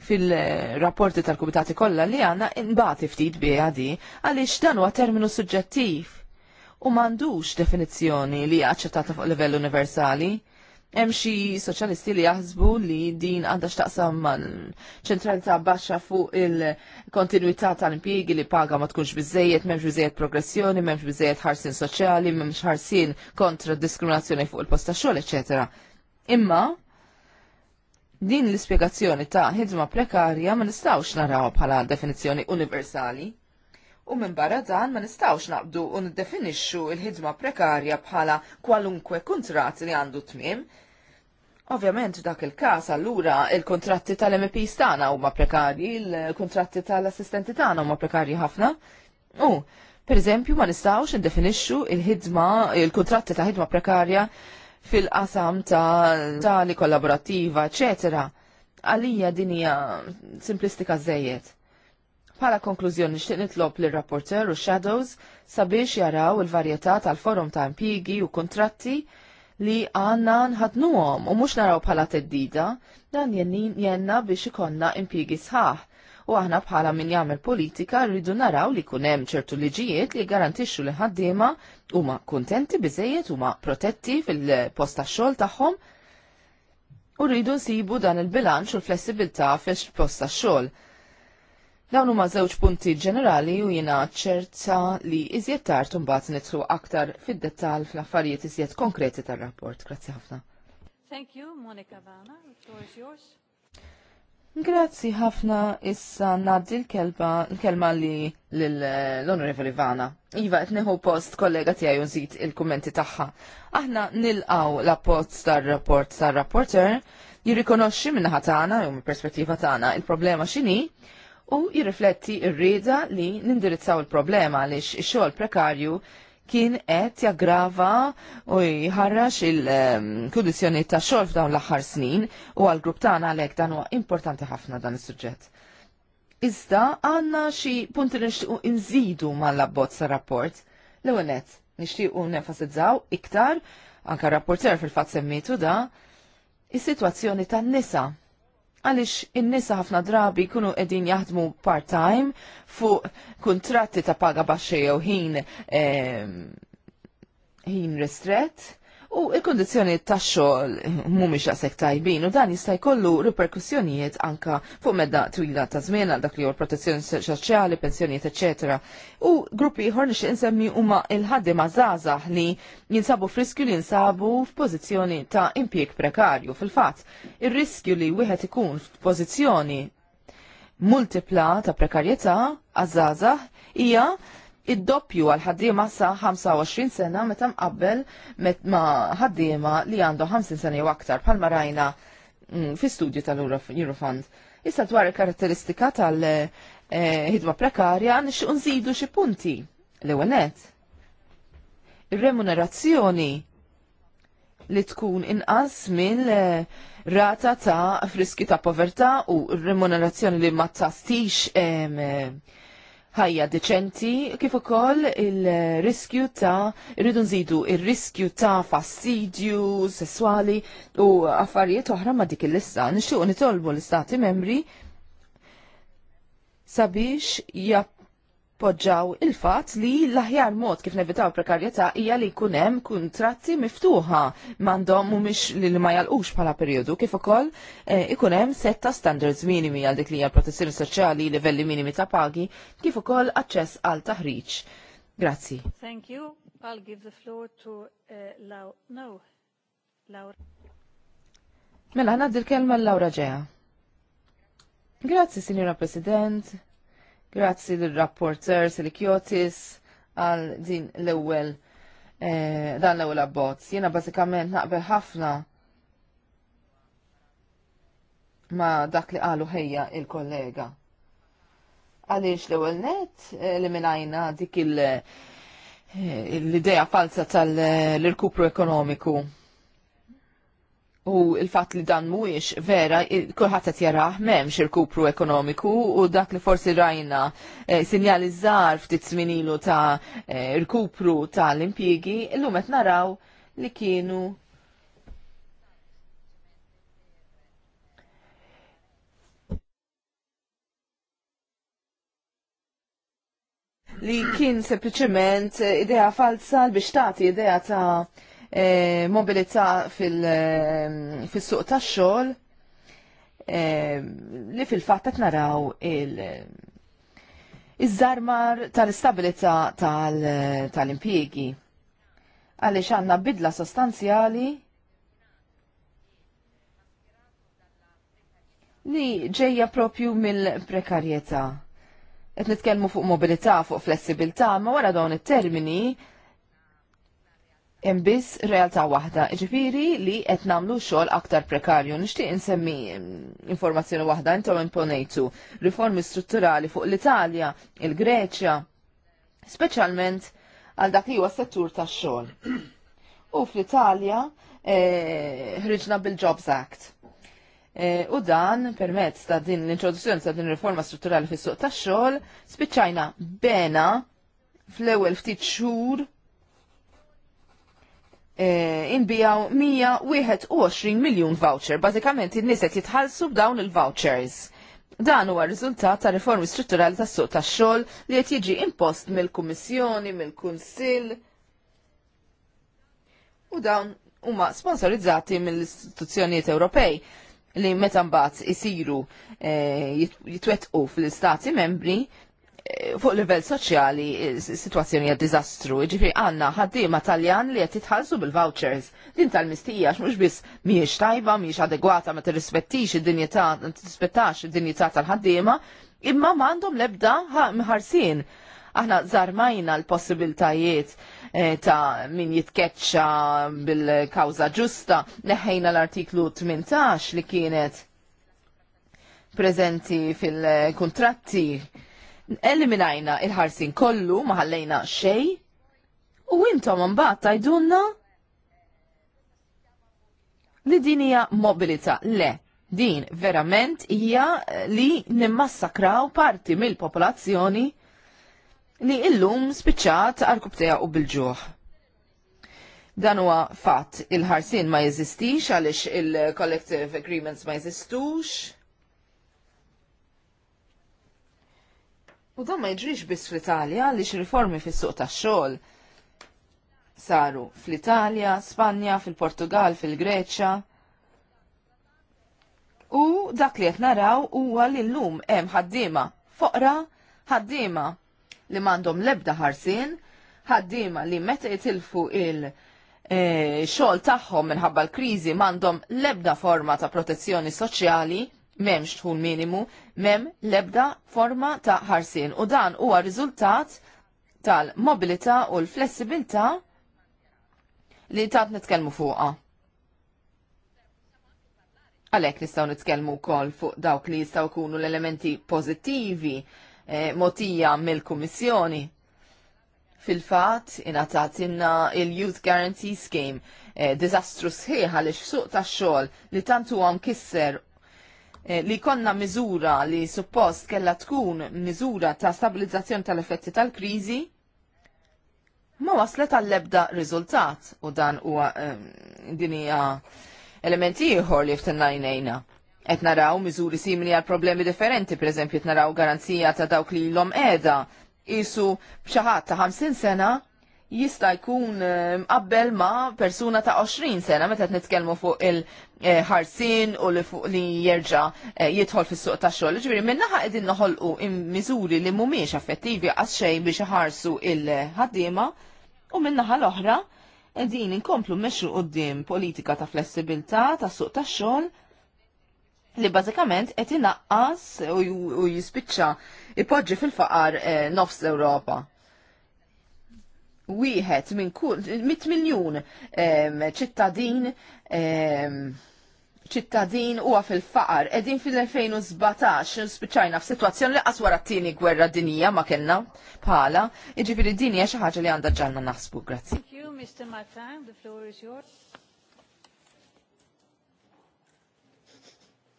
fil-rapporti tal kubitati kollha li għandna inbagħti ftit biha di għaliex dan huwa terminu suġġettiv u m'għandux definizzjoni li hija aċċettata fuq livell universali Hemm xi soċjalisti li jaħsbu li din għandha x'taqsam mal-ċentralità baxxa fuq il-kontinwità tal-impjiegi li paga ma tkunx biżejjed, m'hemmx biżejjed progressjoni, m'hemmx biżejjed ħarsin soċjali, m'hemmx ħarsin kontra diskriminazzjoni fuq il-posta xogħol, eċetera. Imma din l-ispjegazzjoni ta' ħidma prekarja ma nistgħux narawha bħala definizzjoni universali. U minn barra dan ma nistawx naqbdu u niddefinixxu il-ħidma prekarja bħala kwalunkwe kontrat li għandu tmim. Ovvjament dak il-każ allura il-kontratti tal-MP stana huma prekarji, il-kontratti tal-assistenti tagħna huma prekarji ħafna. U per eżempju ma nistawx niddefinixxu il-ħidma il-kontratti ta' ħidma prekarja fil-qasam ta' tali kollaborattiva, eċetera. Għalija dinija simplistika żejjed Pala konklużjoni nixtieq nitlob lir rapporter u shadows sabiex jaraw il-varjetà tal-forum ta' impjiegi u kontratti li għanna nħadnuhom u mhux naraw bħala teddida dan jenna biex ikonna impjiegi sħaħ u aħna bħala min jagħmel politika rridu naraw li kun hemm ċertu liġijiet li garantixxu li ħaddiema huma kuntenti biżejjed huma protetti fil-post tax-xogħol tagħhom u rridu nsibu dan il-bilanċ u l-flessibilità fil-post tax-xogħol. Dawn huma żewġ punti ġenerali u jiena ċerta li iżjed tard imbagħad nitru aktar fid-dettall fl-affarijiet iżjed konkreti tar-rapport. Grazzi ħafna. Thank you, Monica Vana. The floor is yours. Grazzi ħafna issa naddi l-kelma li eh, l-Onorevoli Vana. Iva, neħu post kollega tijaj użit il kummenti taħħa. Aħna nilqgħu l appozz tar-rapport tar-rapporter jirrikonoxxi minnaħa tagħna jew mill-perspettiva tagħna il-problema x'inhi u jirrifletti r-rieda li nindirizzaw il-problema għaliex ix-xogħol prekarju kien qed jaggrava u jħarrax il-kundizzjoni ta' xogħol f'dawn l-aħħar snin u għall grupp tagħna għalhekk dan huwa importanti ħafna dan is-suġġett. Iżda għandna xi punti nixtiequ inżidu mal-abbozz rapport. L-ewwel nett nixtiequ nenfasizzaw iktar anke rapporter fil-fatt semmitu da is-sitwazzjoni tan-nisa għaliex in-nisa ħafna drabi jkunu qegħdin jaħdmu part-time fuq kuntratti ta' paga baxxej jew ħin ehm, ħin eh, ristret u il-kondizjoni tax xogħol mhumiex daqshekk tajbin u dan jista' jkollu riperkussjonijiet anka fuq medda twila ta' żmien għal dak li huwa protezzjoni soċjali, pensjonijiet eċetera. U gruppi ieħor nixtieq insemmi huma il-ħaddiema żgħażagħ li jinsabu f'riskju li jinsabu f'pożizzjoni ta' impjieg prekarju fil-fatt. Ir-riskju li wieħed ikun f'pożizzjoni multipla ta' prekarjetà għażagħżagħ hija id-doppju għal ħaddiema sa 25 sena meta mqabbel ma ħaddiema li għandu 50 sena jew aktar bħal rajna mm, fi studju tal-Eurofund. Issa dwar il-karatteristika tal-ħidma eh, prekarja nix nżidu xi punti. L-ewwel il Ir-remunerazzjoni li tkun inqas mill eh, rata ta' friski ta' povertà u r remunerazzjoni li ma tastix eh, ħajja deċenti kif ukoll il-riskju ta' irridu nżidu ir-riskju ta' fastidju sesswali u affarijiet oħra ma' dik il-lista. Nixtieq nitolbu l-istati membri sabiex japp Poġġaw il-fatt li l-aħjar mod kif nevitaw prekarjetà hija li jkun hemm kuntratti miftuħa m'għandhom mhumiex li ma jalqux bħala perjodu kif ukoll eh, ikun hemm setta standards minimi għal dik li hija protezzjoni soċjali, livelli minimi ta' pagi, kif ukoll aċċess għal taħriġ. Grazzi. Thank you. I'll give the floor to uh, Lau... No. Laura. Mela, għanna l-kelma l-Laura ġeja. Grazzi, Signora President Grazzi l-rapporter Silikiotis għal din l-ewel eh, dan l-ewel abbozz. Jena bazikament naqbel ħafna ma dak li qalu ħejja il-kollega. Għaliex l-ewel net eh, li minajna dik il- eh, idea ideja falsa tal irkupru ekonomiku U il-fat li dan mhuwiex vera, kulħadd qed jaraħ m'hemmx il-kupru ekonomiku u dak li forsi rajna sinjalizzar e, sinjali żgħar ftit ilu ta' eh, il-kupru tal-impjiegi, illum qed naraw li kienu li kien sempliċement idea falsa biex tagħti idea ta' E, mobilità fil-suq fil e, suq ta' tax xogħol e, li fil-fatt qed naraw il- Iż-żarmar tal-istabilità tal-impjiegi għaliex għandna bidla sostanzjali li ġejja propju mill-prekarjetà. Qed nitkellmu fuq mobilità, fuq flessibilità, ma wara dawn it-termini imbiss realtà waħda, ġifiri li qed nagħmlu xogħol aktar prekarju. Nixtieq insemmi mm, informazzjoni waħda intom imponejtu riformi strutturali fuq l-Italja, il-Greċja, speċjalment għal dak li huwa settur tax-xogħol. U fl-Italja eh, ħriġna bil-Jobs Act. Eh, u dan, permezz ta' din l-introduzzjoni ta' din riforma strutturali fis-suq tax-xogħol, spiċċajna bena fl-ewwel ftit xhur eh, inbijaw 121 miljon voucher. Bażikament in-nies qed jitħallsu b'dawn il-vouchers. Dan huwa riżultat ta' riformi strutturali tas-suq tax-xogħol li qed jiġi impost mill-Kummissjoni, mill-Kunsill. U dawn huma sponsorizzati mill-istituzzjonijiet Ewropej li meta mbagħad isiru eh, jitwettqu fl-istati membri fuq livell soċjali situazzjoni għad dizastru, ġifri għanna ħaddiema taljan li għed titħallsu bil-vouchers. Din tal-mistija mhux biss mhijiex tajba, miex adegwata ma tirrispettix id-dinjità, tirrispettax id-dinjità tal-ħaddiema, imma m'għandhom lebda mħarsin. Aħna żarmajna l-possibiltajiet eh, ta' min jitkeċċa bil-kawza ġusta, neħejna l-artiklu 18 li kienet prezenti fil-kontratti eliminajna il-ħarsin kollu ma xej u intom mbagħad tajdunna li din hija mobilità le din verament hija li nimmassakraw parti mill-popolazzjoni li illum spiċċat għal u bil-ġuħ. Dan huwa fatt il-ħarsin ma jeżistix għaliex il-collective agreements ma jeżistux U dan ma jiġrix biss fl-Italja li riformi fis-suq tax-xogħol saru fl-Italja, Spanja, fil-Portugal, fil-Greċja. U dak li qed naraw huwa li llum hemm ħaddiema foqra, ħaddiema li m'għandhom l-ebda ħarsien, ħaddiema li meta jitilfu il- eh, xogħol tagħhom minħabba l-kriżi m'għandhom l-ebda forma ta' protezzjoni soċjali memx tħun minimu, mem lebda forma ta' ħarsien u dan huwa riżultat tal-mobilità u l-flessibilità li tat nitkellmu fuqa. Għalek nistaw nitkellmu kol fuq dawk li jistaw kunu l-elementi pożittivi eh, motija mill-Kummissjoni. Fil-fat, inatatinna il-Youth Guarantee Scheme, eh, dizastru li għalix suq ta' xol li tantu għam kisser Eh, li konna miżura li suppost kella tkun miżura ta' stabilizzazzjoni tal-effetti tal-kriżi ma waslet għall-ebda riżultat u dan huwa ehm, din hija elementi ieħor li ftenna jnejna. Qed naraw miżuri simili għal problemi differenti, pereżempju qed naraw garanzija ta' dawk li l-om edha b'xi bċaħat ta' 50 sena jista' jkun eh, qabel ma' persuna ta' 20 sena meta qed nitkellmu fuq il-ħarsin u li fuq li jerġa' eh, jidħol fis-suq tax-xogħol. Ġifieri minnaħa qegħdin noħolqu miżuri li mhumiex effettivi għax xejn biex iħarsu il-ħaddiema u min-naħa l-oħra qegħdin inkomplu mexru qudiem politika ta' flessibilità tas-suq tax-xogħol li bażikament qed inaqqas u jispiċċa ipoġġi fil-faqar eh, nofs l-Ewropa wieħed minn kull mit miljun ċittadin ċittadin huwa fil-faqar qegħdin fil-2017 spiċċajna f'sitwazzjoni li qas wara t-tieni gwerra dinija ma kellna bħala, jiġifieri din hija xi ħaġa li għandha ġalna naħsbu. Grazzi. Thank you, Mr. The floor is yours.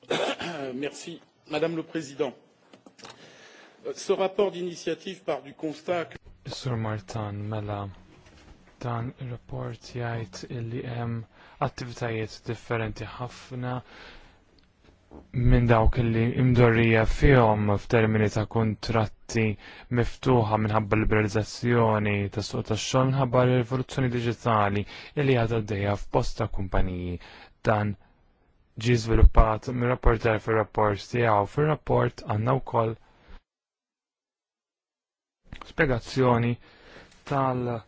[COUGHS] Merci, Madame le Président. Ce rapport d'initiative part du constat que sur Martan mela dan ir-rapport jgħid illi hemm attivitajiet differenti ħafna minn dawk li imdorrija fihom f'termini ta' kontratti miftuħa minħabba liberalizzazzjoni ta' suq tax xogħol minħabba rivoluzzjoni diġitali li għadha għaddejja f'posta kumpaniji dan ġi żviluppat mir rapportar fir-rapport tiegħu fir-rapport għandna wkoll spiegazzjoni tal-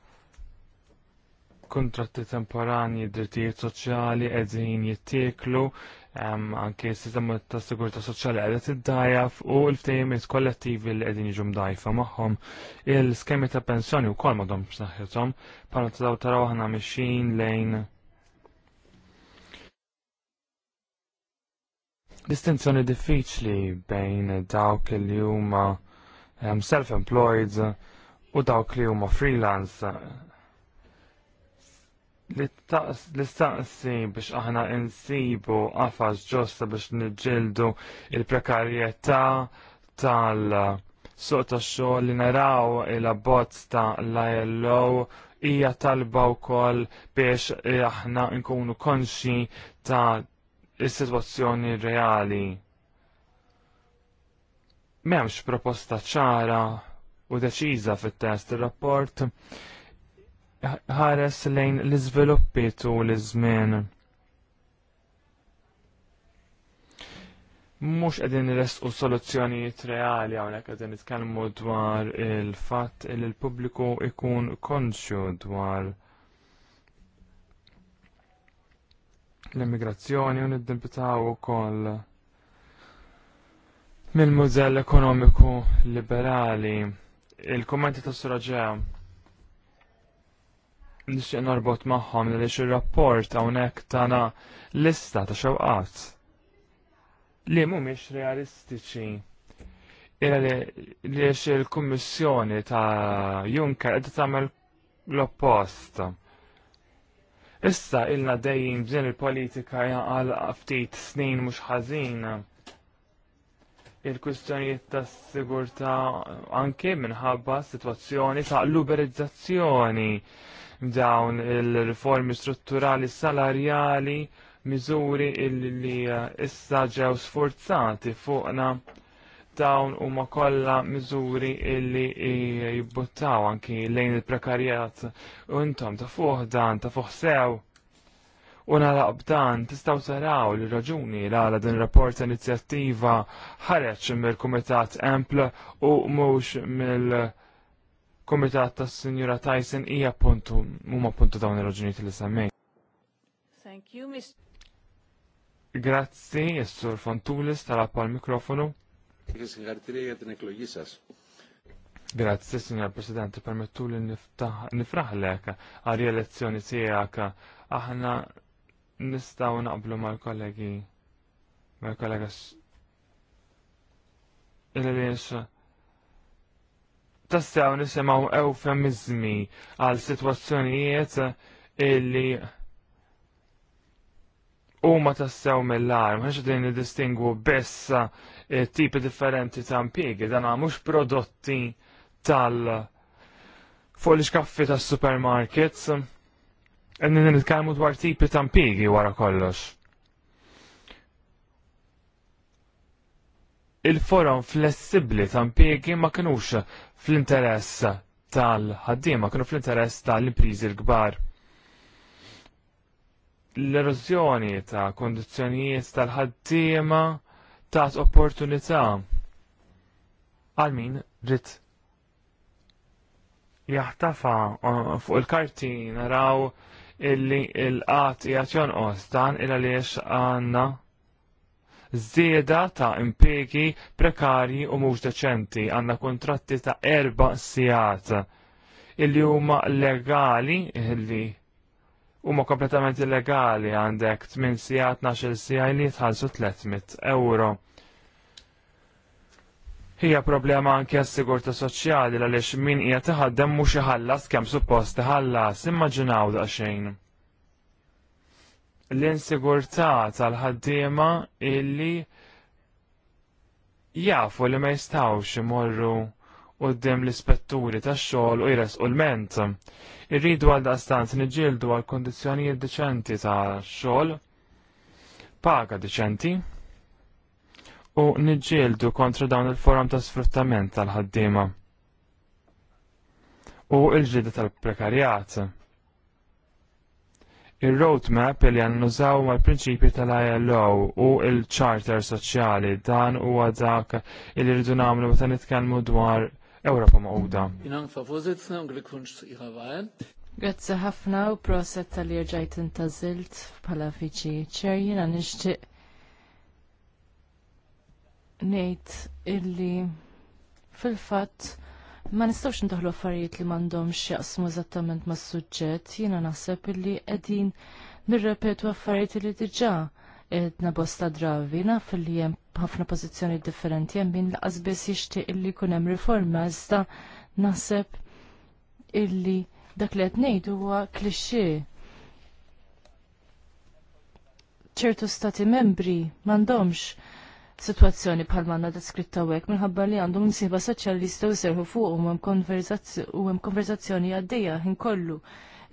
kontratti temporani, drittijiet soċjali, edin jittieklu, anke s-sistema ta' sigurta soċjali għedet id-dajaf u l-ftejimiet kollettivi li għedin jiġu mdajfa maħħom. Il-skemi ta' pensjoni u kol madom b'saħħithom, bħala daw taraw ħana mixin lejn. Distinzjoni diffiċli bejn dawk il huma Um, self-employed uh, u dawk li huma freelance uh, li staqsi biex aħna insibu għafas ġosta biex nġildu il-prekarjetà tal-suq uh, ta' xogħol li naraw il-abbozz ta' l-ILO hija talba wkoll biex eh, aħna nkunu konxi ta' is-sitwazzjoni reali. M'hemmx proposta ċara u deċiża fit-test ir-rapport ħares lejn l-iżviluppi tul iż-żmien. mux għedin u soluzzjonijiet reali hawnhekk għedin nitkellmu dwar il-fat il l-pubbliku ikun konxju dwar l-immigrazzjoni u niddibitaw ukoll. koll mill-mudell ekonomiku liberali. Il-kommenti ta' suraġea nixtieq narbot magħhom li ir-rapport hawnhekk tagħna lista ta' xewqat li mhumiex realistiċi. Ira li il-Kummissjoni ta' Juncker qed tagħmel l-oppost. Issa ilna dejjem bżin il-politika jaqal ftit snin mhux ħażin il-kwistjonijiet ta' sigurta anke minħabba situazzjoni ta' l-uberizzazzjoni dawn il-riformi strutturali salarjali miżuri li issa ġew sforzati fuqna dawn huma kollha miżuri illi jibbuttaw anki lejn il-prekarjat u intom ta' fuq dan ta' fuq sew U naraq b'dan tistgħu taraw li raġuni l għala din rapport inizjattiva ħareġ mill-Kumitat Empl u mhux mill-Kumitat tas-Sinjura Tyson hija appuntu huma appuntu dawn il-raġuni li semmej. Thank you, Mr. Grazzi, Jessur Fontulis, tal-appa mikrofonu Grazzi, Signor President, permettu li nifraħlek għal rielezzjoni tijak. Aħna Nistaw naqblu mal-kollegi, mal-kollegas il-għaliex tassew nisimaw eufemizmi għal situazzjonijiet illi u ma tassew mill-arm, ħax din distingu biss tipi differenti ta' mpiegi dan mhux prodotti tal fuq l tas-supermarkets. Għennin nitkellmu dwar tipi ta' impjiegi wara kollox. Il-forum flessibbli ta' impjiegi ma kinux fl-interess tal ma kienu fl-interess tal-imprizi l-kbar. L-erosjoni ta' kondizjonijiet tal-ħaddiema ta' opportunità għal min rrit jaħtafa uh, fuq il-karti naraw illi il-qat jgħatjon jonqos dan il għaliex għanna zieda ta' impiegi prekarji u mhux deċenti għandna kontratti ta' erba sijat illi huma legali illi huma kompletament illegali għandek 8 sijat 12 sija li jitħallsu 300 euro Hija problema anke s-sigurta soċjali għaliex min qiegħed iħaddem mhux iħallas kemm suppost iħallas, immaġinaw daqsxejn. L-insigurtà tal-ħaddiema illi jafu li ma jistawx imorru qoddim l-ispetturi tax-xogħol u jresqu l-ment. Irridu għal daqstant niġġieldu għal kondizzjonijiet deċenti ta' xogħol, paga deċenti, u niġġieldu kontra dawn il-forum ta' sfruttament tal-ħaddiema u l-ġlieda tal-prekarjat. Il-roadmap li għannużaw mal prinċipi tal-ILO u il-charter soċjali dan u għadak il rridu namlu meta nitkellmu dwar Ewropa Mawda. Grazzi ħafna u proset tal-irġajt intażilt bħala viċi ċerjina nixtieq ngħid illi fil-fatt ma nistgħux ndaħlu affarijiet li m'għandhomx jaqsmu eżattament mas-suġġett, jiena naħseb illi qegħdin nirrepetu affarijiet li diġà edna bosta dravi, naf li jem ħafna pozizjoni differenti, jem bin laqas biss jixtieq illi kunem riforma, iżda naħseb illi dak li għetnejt huwa klixxi. ċertu stati membri mandomx situazzjoni bħal manna deskritta hekk minħabba li għandhom msiba soċjalista u serħu fuq u hemm konverzazzjoni għaddejja ħin kollu.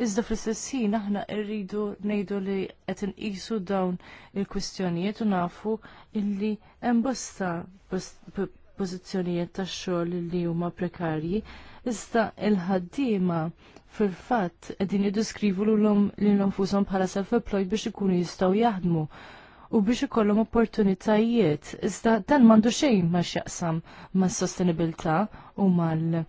Iżda fl-istess ħin aħna rridu ngħidu li qed inqisu dawn il-kwistjonijiet u nafu illi hemm bosta pożizzjonijiet tax-xogħol li huma prekarji, iżda il-ħaddiema fil-fatt qegħdin jiddiskrivu lilhom lil nfushom bħala self-employed biex ikunu jistgħu jaħdmu u biex ikollhom opportunitajiet. Iżda dan m'għandu xejn ma x'jaqsam mas-sostenibilità u mal-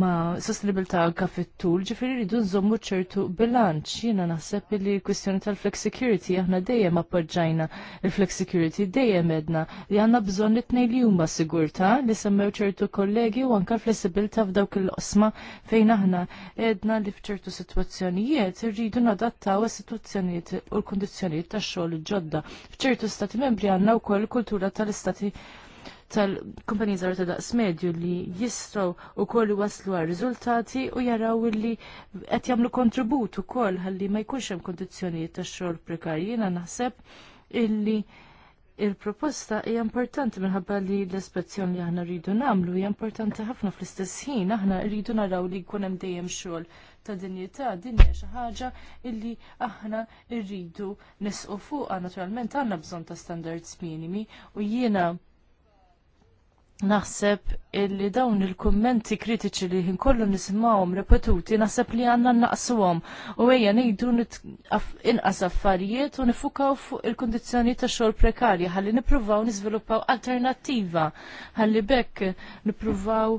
ma' sostenibilità anka fit-tul, ġifiri ridu nżommu ċertu bilanċ. Jiena naħseb li l-kwistjoni tal-flex security aħna dejjem appoġġajna il-flex security dejjem edna li għandna bżonn it-tnejn li huma sigurtà li semmew ċertu kollegi u anke flessibilità f'dawk il-qosma fejn aħna edna li f'ċertu sitwazzjonijiet irridu nadattaw is-sitwazzjonijiet u l-kundizzjonijiet tax-xogħol ġodda. F'ċertu stati membri għandna wkoll kultura tal-istati tal-kumpanija żgħar ta' daqs medju li jistgħu wkoll waslu għal riżultati u jaraw li qed jagħmlu kontribut ukoll ħalli ma jkunx hemm kondizzjonijiet ta' xogħol prekarjina naħseb illi il-proposta hija importanti minħabba li l-ispezzjoni li aħna rridu nagħmlu hija importanti ħafna fl-istess ħin aħna rridu naraw li jkun hemm dejjem xogħol ta' dinjità, din hija xi ħaġa illi aħna rridu nisqu fuqha naturalment għandna bżonn ta' standards minimi u jiena naħseb illi dawn il-kummenti kritiċi li jinkollu nisimgħuhom repetuti naħseb li għandna naqsuhom u ejja ngħidu inqas affarijiet u nifukaw fuq il-kundizzjoni ta' xogħol prekarja ħalli nippruvaw niżviluppaw alternattiva ħalli bekk nippruvaw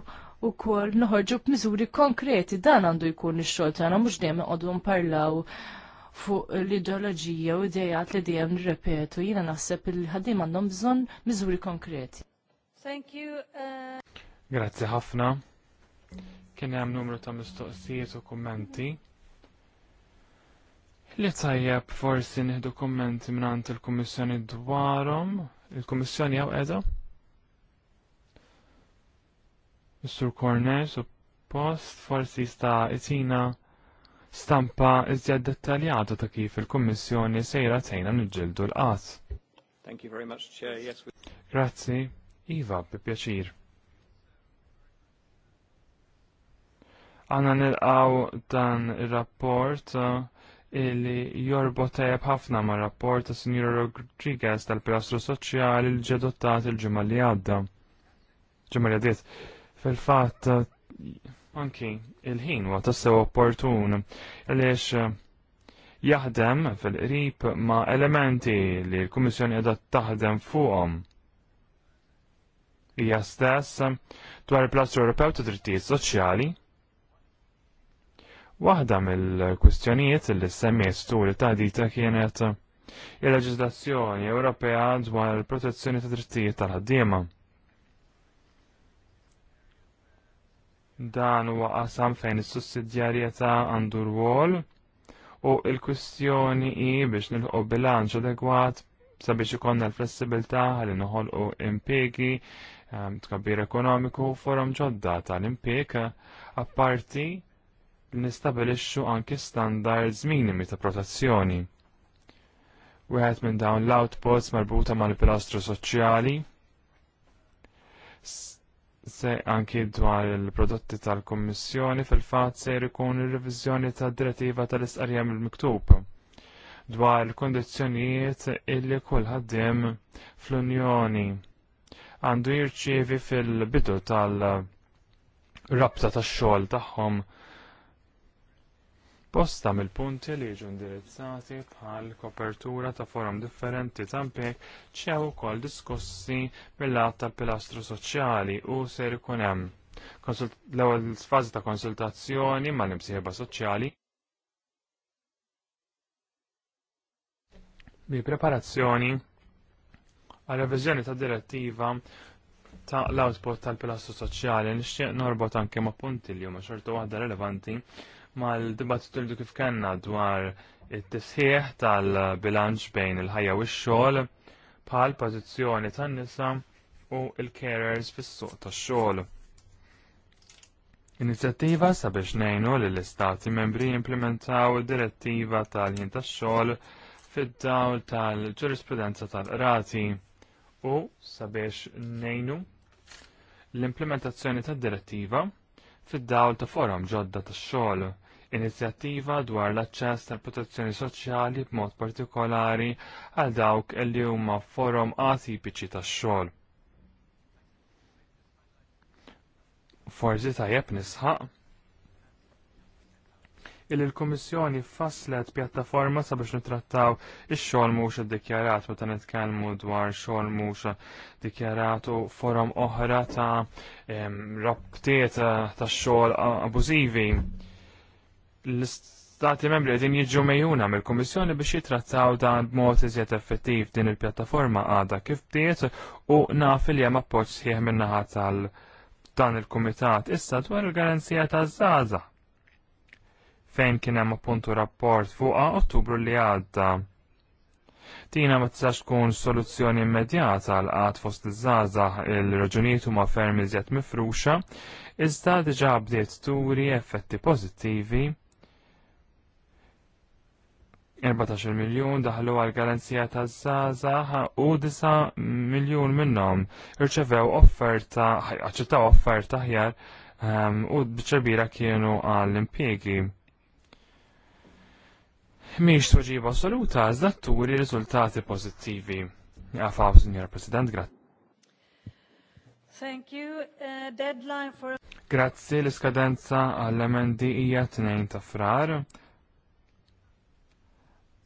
ukoll noħorġu b'miżuri konkreti dan għandu jkun ix-xogħol tagħna mhux dejjem iqogħdu nparlaw fuq l-ideoloġija u idejat li dejjem nirrepetu jiena naħseb il-ħaddim għandhom bżonn miżuri konkreti. Thank you. Uh... Grazzi ħafna. Kien hemm numru ta' mistoqsijiet u kummenti. Li tajjeb forsi nieħdu kummenti mingħand il-Kummissjoni dwarhom, il-Kummissjoni hawn qiegħda? Mr. Corner suppost forsi sta itina stampa iżjed dettaljata ta' kif il-Kummissjoni sejra tgħinha niġġieldu l qas Thank you very much, Chair. Yes, we... Grazzi. Iva, bi pjaċir. Għana nil-għaw dan il-rapport eh, illi jorbot tajab ħafna ma' rapport ta' Signor Rodriguez tal-Pilastru Soċjali l ġedottat il-ġimma li għadda. Ġimma li għaddiet. Fil-fat, eh, anki il-ħin huwa tassew opportun għaliex eh, jaħdem fil-qrib ma' elementi li l-Kummissjoni qiegħda taħdem fuqhom hija stess dwar il-Plastru Ewropew ta' Drittijiet Soċjali. Waħda mill-kwistjonijiet li semmiet stur ta' dita kienet il-leġislazzjoni Ewropea dwar il-protezzjoni ta' drittijiet tal-ħaddiema. Dan huwa qasam fejn is-sussidjarjetà għandu rwol u l kwistjoni hi biex nilħu bilanċ adegwat sabiex ikonna l-flessibilità ħalli noħolqu impjegi Ehm, tkabbir ekonomiku u forum ġodda tal-impjeg eh, apparti li nistabilixxu anki standards minimi ta' protezzjoni. Wieħed minn dawn l-outposts marbuta mal-pilastru soċjali se anki dwar il-prodotti tal-Kommissjoni fil-fatt se jkun ir-reviżjoni tad-direttiva tal-istqarrija mill-miktub dwar il-kondizzjonijiet illi kull ħaddiem fl-Unjoni għandu jirċievi fil-bidu tal-rabta tax-xogħol tagħhom posta mill-punti li jiġu indirizzati bħal kopertura ta' forum differenti ta' mpek ċew ukoll diskussi mill-att tal-pilastru soċjali u ser ikun hemm l-ewwel fażi ta' konsultazzjoni mal imsieba soċjali bi preparazzjoni għal reviżjoni ta' direttiva ta' l-output tal-pilastru soċjali nixtieq norbot anke ma' punti li huma xorta waħda relevanti mal-dibattitu li kif kellna dwar it-tisħiħ tal-bilanċ bejn il-ħajja u x-xogħol bħal pożizzjoni tan-nisa u l-carers fis-suq tax-xogħol. Inizjattiva sabiex nejnu li l-istati membri implementaw direttiva tal-ħin tax-xogħol fid-dawl tal-ġurisprudenza tal-qrati. tal ġurisprudenza tal qrati u sabiex nejnu l-implementazzjoni tad direttiva fid-dawl ta' forum ġodda ta' xogħol inizjattiva dwar l-aċċess tal-protezzjoni soċjali b'mod partikolari għal dawk li huma forum atipiċi tax-xogħol. Forsi tajjeb nisħaq il l-Kummissjoni fasslet pjattaforma sabiex nitrattaw ix-xogħol mhux iddikjarat meta nitkellmu dwar xogħol mhux dikjarat u forom oħra ta' rabtiet eh, ta' xogħol abużivi. L-Istati membri qegħdin jiġu mejjuna mill-Kummissjoni biex jitrattaw dan b'mod iżjed effettiv din il-pjattaforma għadha kif bdiet u naf li hemm appoġġ sħiħ min-naħa tal dan il-Kumitat issa dwar il-garanzija taż-żaża fejn kien hemm appuntu rapport fuqha Ottubru li għadda. Tina ma tistax tkun soluzzjoni immedjata għal qatt fost iż-żgħażagħ il-raġunijiet huma ferm iżjed mifruxa, iżda diġà bdiet turi effetti pożittivi 14 miljon daħlu għal garanzija ta' zaza u 9 miljon minnom irċevew offerta, aċċettaw offerta ħjar ehm, u bċerbira kienu għall-impiegi miex soġiba assoluta iżda turi riżultati pożittivi. Għafaw, Signor President, grazie. Thank you. Uh, deadline for... Grazzi l-iskadenza għall-emendi hija tnejn ta' frar.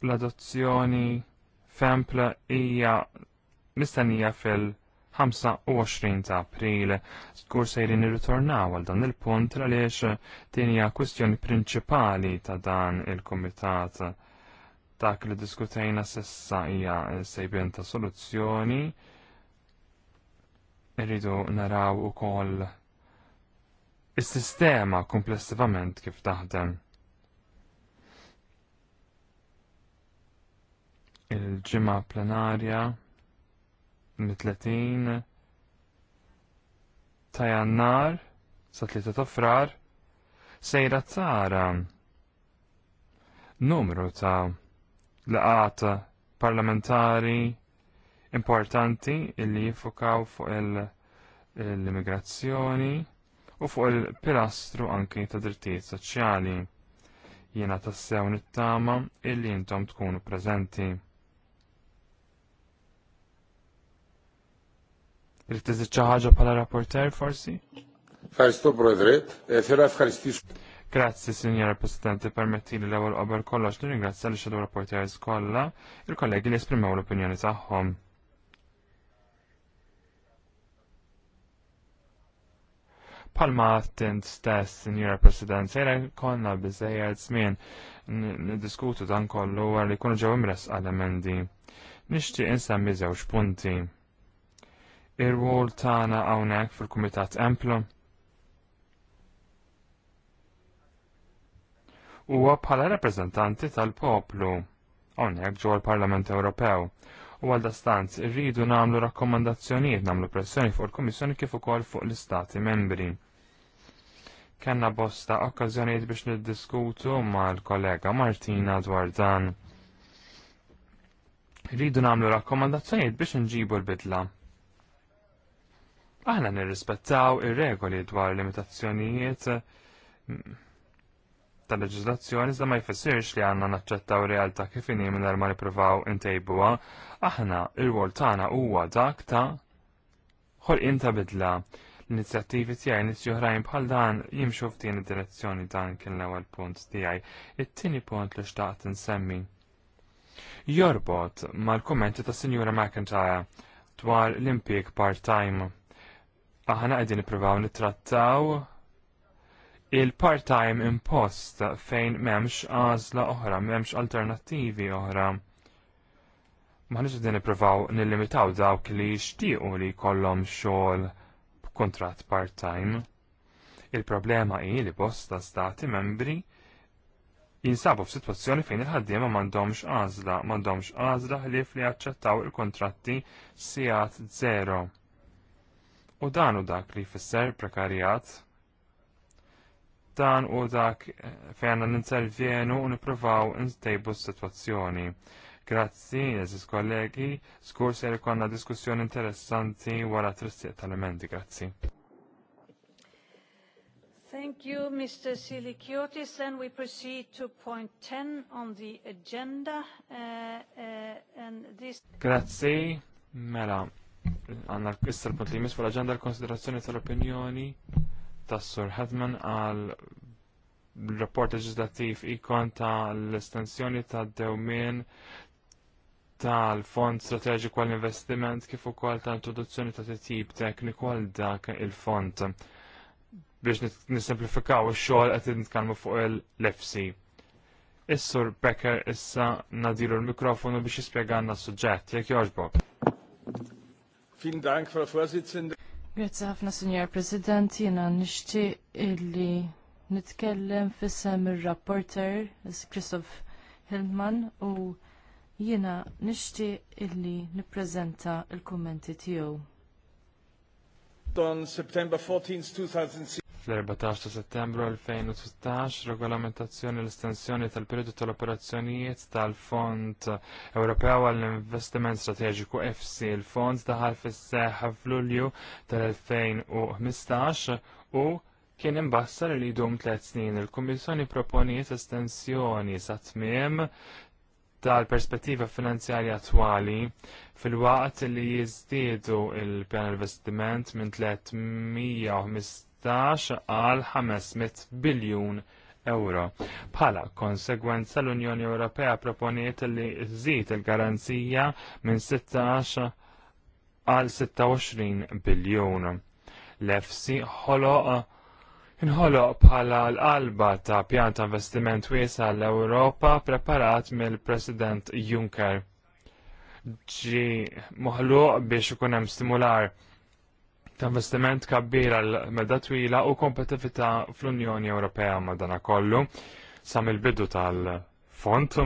L-adozzjoni fempla hija mistennija fil- 25 ta' april. Skur sejrin irritornaw għal dan il-punt għaliex tinja kwestjoni prinċipali ta' dan il-komitat. Dak li diskutejna sissa hija sejbien ta' soluzzjoni. Irridu naraw ukoll is-sistema komplessivament kif taħdem. il-ġimgħa plenarja mit ta' jannar sa' 3 ta' frar sejra tara numru ta' laqat parlamentari importanti illi jifukaw fuq l-immigrazzjoni u fuq il-pilastru anki ta' drittijiet soċjali. Jiena tassew nittama illi intom tkunu preżenti. Irrid tiżid ħaġa bħala rapporter forsi? Grazzi, Signora Presidente, permettili l-ewwel qabel kollox li ringrazzja li xedu rapporters kollha il-kollegi li esprimew l-opinjoni tagħhom. Palma attint stess, Signora President, sejra konna bizzejjed żmien diskutu dan kollu għal li jkunu ġew imres għal emendi. Nixtieq insemmi żewġ punti ir-wol tagħna hawnhekk fil-Kumitat Emplu. Huwa bħala rappreżentanti tal-poplu hawnhekk ġewwa l-Parlament Ewropew u għal dastanz irridu nagħmlu rakkomandazzjonijiet nagħmlu pressjoni fuq il-Kummissjoni kif ukoll fuq l-Istati membri. Kenna bosta okkażjonijiet biex niddiskutu mal-kollega Martina dwar dan. Rridu nagħmlu rakkomandazzjonijiet biex nġibu l-bidla. Aħna nirrispettaw ir-regoli dwar limitazzjonijiet mm, ta' leġislazzjoni iżda ma jfissirx li għanna naċċettaw realtà kif inhi mingħajr ma nippruvaw intejbuha, aħna ir-wol tagħna huwa dak ta' ħolqien ta' bidla. L-inizjattivi tiegħi nies oħrajn bħal dan jimxu ftieni direzzjoni dan kien l-ewwel punt tiegħi. It-tieni punt li xtaqt insemmi. Jorbot mal-kummenti ta' Sinjura McIntyre dwar l-impjeg part-time aħna qegħdin nippruvaw nittrattaw il-part-time impost fejn m'hemmx għażla oħra, m'hemmx alternattivi oħra. Maħniġ qegħdin nippruvaw nillimitaw dawk li jixtiequ li jkollhom xogħol b'kuntratt part-time. Il-problema hi li bosta stati membri jinsabu f'sitwazzjoni fejn il-ħaddiema m'għandhomx għażla, m'għandhomx għażla ħlief li jaċċettaw il-kontratti sigħat zero. U dan u dak li jfisser prekarjat. Dan u dak eh, fejn nintervjenu u n-tejbu s-sitwazzjoni. Grazzi, eżis kollegi, skur se jkollna diskussjoni interessanti wara tristi tal-elementi, grazzi. Thank you, Mr. Silikiotis. Then we proceed to point 10 on the agenda. Uh, uh, and this... Grazie, Mela għanna issa l-punt li jmiss fuq l-aġenda l-konsiderazzjoni tal-opinjoni tas sur Hedman għal rapport leġislattiv ikon tal-estensjoni ta' dewmien tal-Fond Strateġiku għall investiment kif ukoll ta' introduzzjoni ta' titjib tekniku għal dak il-fond biex nisimplifikaw ix-xogħol qed nitkellmu fuq il-lefsi. Is-Sur Becker issa nadilu l-mikrofonu biex jispjegana s-suġġett, jekk jogħġbok. Vielen Dank, Frau Vorsitzende. Grazie ħafna, Signor President, jena nishti illi nitkellem fissem il-rapporter, Christoph Hildman, u jena nishti illi niprezenta il-kommenti tiegħu. On September 14, 2006, fl-14 ta' settembru 2016 regolamentazzjoni l-estensjoni tal-periodu tal-operazzjonijiet tal-Fond Ewropew għall-Investiment Strateġiku FC. Il-fond daħal fis-seħ f'Lulju tal-2015 u kien imbassar li jdum tliet snin. Il-Kummissjoni proponiet estensjoni sa' tmiem tal-perspettiva finanzjarja attwali fil-waqt li jizdidu il-pjan investiment minn 315 2015 għal 500 biljun euro. Bħala konsegwenza l-Unjoni Ewropea proponiet li żżid il-garanzija minn 16 għal 26 biljun. L-EFSI ħoloq Inħoloq bħala l alba ta' pjan ta' investiment wiesa l-Ewropa preparat mill-President Juncker. Ġi moħluq biex ikun hemm stimular ta' investiment kabbir għal medda twila u kompetività fl-Unjoni Ewropea madana kollu sam il-bidu tal-font.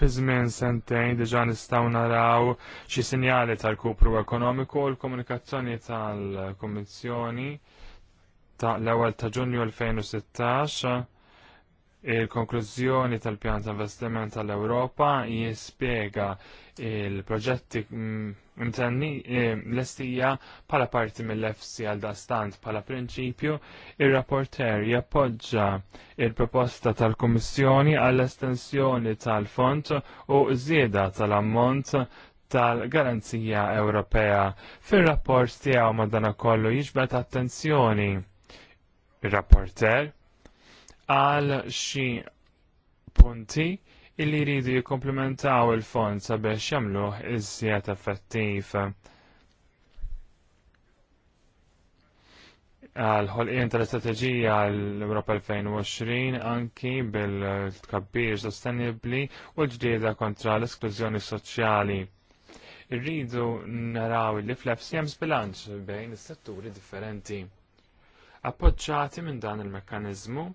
Fi żmien sentejn diġà nistgħu naraw xi sinjali tal-kupru ekonomiku u l-komunikazzjoni tal-Kummissjoni ta' l-ewwel ta' Ġunju 2016 Il-konklużjoni tal-pjan ta' investiment tal-Ewropa jispjega il-proġetti mtenni mm, eh, l-estija pala parti mill-EFSI għal dastant pala prinċipju, il-rapporter jappoġġa il-proposta tal komissjoni għall-estensjoni tal-font u żieda tal-ammont tal-Garanzija Ewropea. Fil-rapport tiegħu kollu jiġbet attenzjoni il-rapporter għal xi punti illi jridu jikkomplementaw il-fond sabiex jagħmluh iżjed effettiv. għal-ħolqien tal-istrateġija l-Europa 2020 anki bil-tkabbir sostenibli u l-ġdieda kontra l-esklużjoni soċjali. Irridu naraw li fl-EFSI hemm bilanċ bejn is-setturi differenti. Appoġġati minn dan il-mekkaniżmu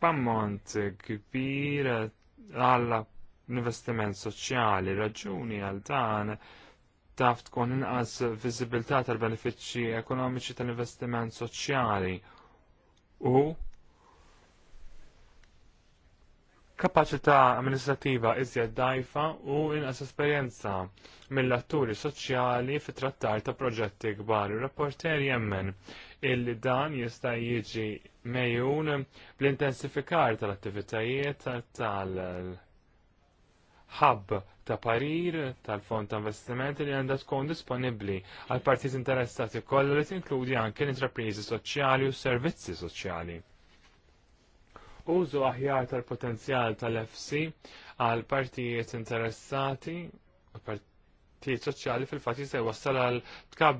b'ammont kbir għall investiment soċjali, raġuni għal dan taf tkun inqas viżibilità tal-benefiċċji ekonomiċi tal-investiment soċjali u kapaċità amministrativa iżjed dajfa u inqas esperjenza mill-atturi soċjali fit trattar ta' proġetti kbar. Il-rapporter jemmen illi dan jista' jiġi mejjun bl-intensifikar tal-attivitajiet tal-ħab ta' parir tal-fond ta' investimenti li għandha tkun disponibbli għal partijiet interessati kollha li tinkludi anke l-intrapriżi soċjali u servizzi soċjali. Użu aħjar tal-potenzjal tal-FC għal partijiet interessati tiet soċjali fil-fatt jista' jwassal għal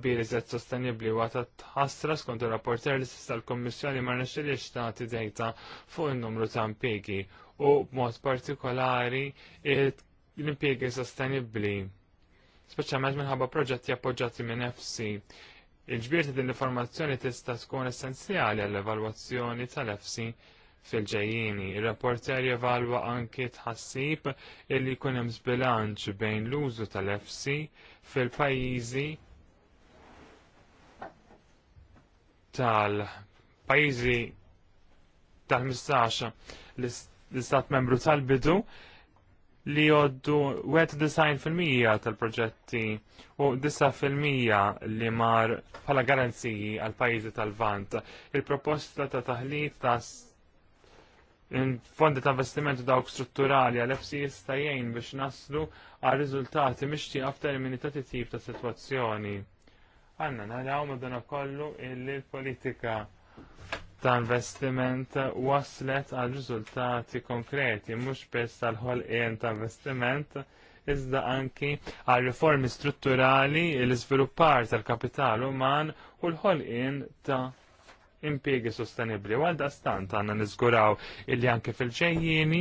li iżjed sostenibbli wa ta tħassra skont ir-rapporter li s l-Kommissjoni ma rnexxilix tagħti dejta fuq in-numru ta' impjiegi u b'mod partikolari l-impjiegi sostenibbli. Speċjalment minħabba proġetti appoġġjati minn FC. Il-ġbir ta' din l-informazzjoni tista' tkun essenzjali għall-evalwazzjoni tal fc fil-ġejjini. Ir-rapporter jevalwa anki tħassib illi jkun hemm żbilanċ bejn l-użu tal-EFSI fil-pajjiżi tal-pajjiżi tal-15 l-istat membru tal-bidu li joddu 90% tal-proġetti u 9% li mar pala garanziji għal pajizi tal-vant. Il-proposta ta' taħlit ta' fondi ta' investimentu dawk strutturali għal FC jistajjen biex naslu għal riżultati mixti għaftar minni ta' titib ta' situazzjoni. Għanna naraw madonna kollu illi l-politika ta' investiment waslet għal riżultati konkreti, mux pess tal ħolqien ta' investiment, iżda anki għal riformi strutturali, l-izviluppar tal-kapital uman u l-ħolqien ta' impiegi sostenibli. għalda stant għanna nizguraw illi anke fil-ġejjini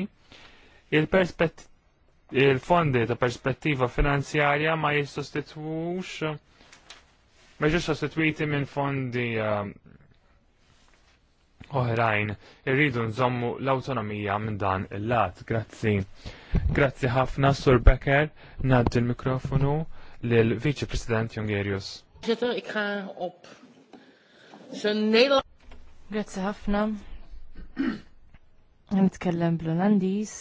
il-fondi ta' perspettiva finanzjarja ma jistostitwux ma ġux minn fondi eh, oħrajn irridu nżommu l-autonomija minn dan il-lat. Grazzi. Grazzi ħafna, Sur Becker, naddi l-mikrofonu lil viċi President Jungerius. op Grazzi ħafna. [CLEARS THROAT] Nitkellem bl-Olandis.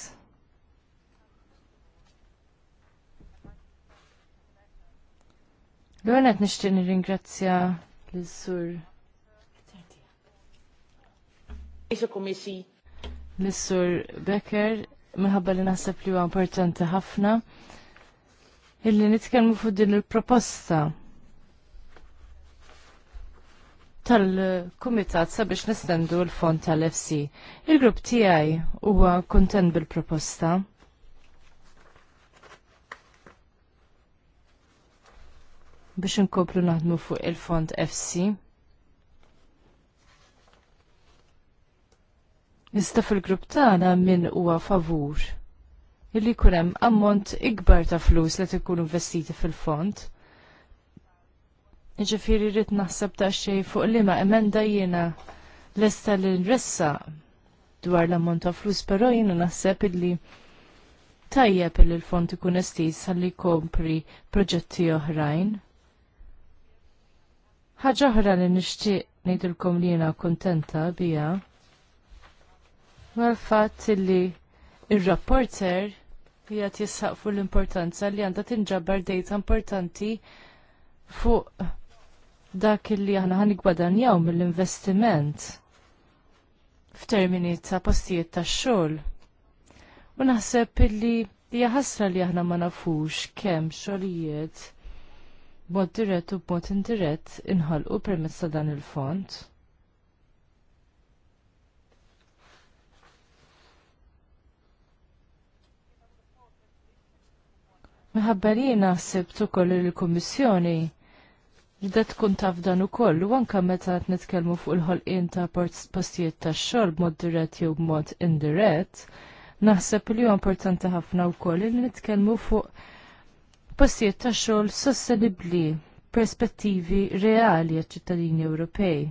L-għonet nishtiq nirringrazzja l-sur. L-sur Becker, minħabba li naħseb li huwa importanti ħafna. Illi nitkellmu fuq din il-proposta. il proposta tal-Kumitat sabiex nistendu l-fond tal-FC. Il-grupp TI huwa kuntent bil-proposta. biex inkoplu naħdmu fuq il-fond FC. Iżda fil-grupp tagħna min huwa favur illi jkun hemm ammont ikbar ta' flus li tkun investiti fil-fond. Ġifiri rrit naħseb ta' xej fuq li ma' emenda jena l-esta l-ressa dwar l-ammont ta' flus, pero jena naħseb li tajjeb li l-fond ikun estis għalli kompri proġetti oħrajn. ħaġa oħra li nixtieq ngħidilkom li jiena kuntenta biha mal-fatt li ir-rapporter hija jissaq fuq l-importanza li għandha tinġabar dejta importanti fuq dak illi aħna ħan gwadanjaw mill-investiment f'termini ta' postijiet ta' xogħol. U naħseb li hija ħasra li aħna ma nafux kemm xogħlijiet b'mod dirett u b'mod indirett inħolqu permezz ta' dan il-fond. Meħabbarina sibt tukol il-Kummissjoni Bda tkun taf dan ukoll u anke meta qed nitkellmu fuq il-ħolqien ta' postijiet tax-xogħol b'mod dirett jew b'mod indirett, naħseb li huwa importanti ħafna koll li nitkellmu fuq postijiet ta' xogħol sostenibbli, perspettivi reali għat ċittadini Ewropej.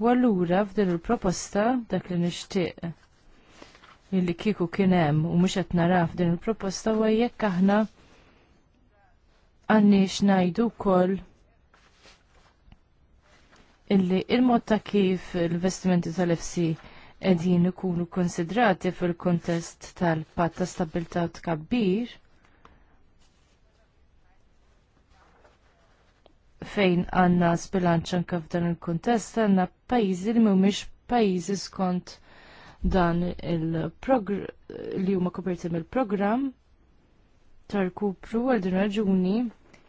U allura f'din il-proposta dak li nixtieq illi kieku kien hemm u mhux qed nara f'din il-proposta huwa jekk aħna għanniex najdu kol illi il-mod ta' kif l-vestimenti tal-FC edin ikunu konsidrati fil-kontest tal-pat ta' stabilta' tkabbir fejn għanna spilanċan kaf dan il-kontest għanna pajizi li mumiex pajizi skont dan il-program li huma koperti mill-program tal-kupru għal din raġuni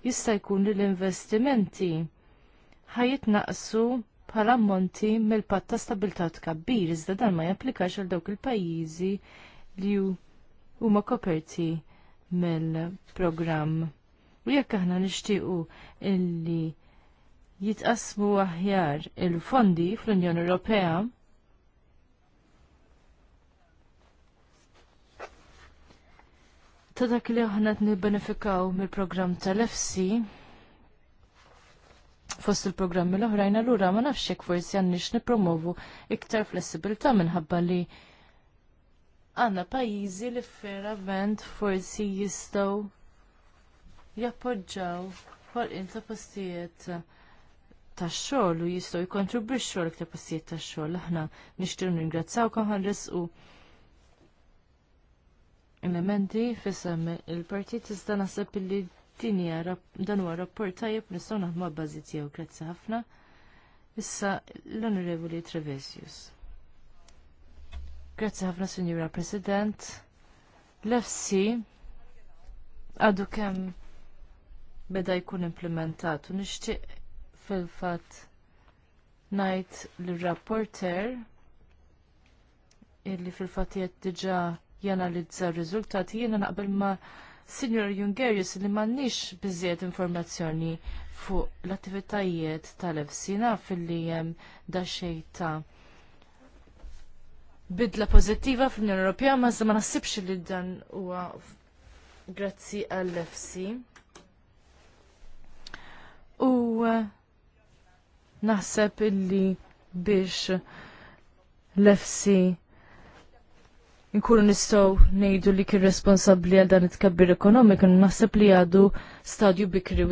jista' jkun li l-investimenti ħajitnaqsu bħala monti mill-patt ta' stabilità tkabbir iżda dan ma japplikax għal dawk il-pajjiżi li huma koperti mill-programm. U jekk aħna nixtiequ illi jitqasmu aħjar il-fondi fl-Unjoni Ewropea, ta' dak li aħna nibbenefikaw mill-programm tal-FC fost il-programmi l-oħrajn allura ma nafx jekk forsi għandniex nippromovu iktar flessibilità minħabba li għandna pajjiżi li verament forsi jistgħu jappoġġaw ħolqien ta' postijiet tax xogħol u jistgħu jkontribwixxu l-iktar postijiet tax xogħol aħna nixtieru ningrazzawkom ħanresqu u elementi fissem il-partit iżda naħseb li din dan huwa rapport tajjeb nistgħu naħdmu bażi tiegħu grazzi ħafna. Issa l-Onorevoli Trevesius. Grazzi ħafna Sinjura President. L-FC għadu kemm beda jkun implementat u nixtieq fil-fatt ngħid lir rapporter illi fil-fatt qed diġà janalizza r-riżultati jiena naqbel ma' Signor Jungerius li m'għandniex biżjed informazzjoni fuq l-attivitajiet tal efsina naf li hemm da xejta bidla pożittiva fl-Unjoni Ewropea ma ma nasibx li dan huwa grazzi għall-EFSI. U eh, naħseb illi biex l-EFSI nkunu nistgħu ngħidu li kien responsabbli għal dan it-tkabbir ekonomiku naħseb li għadu stadju bikri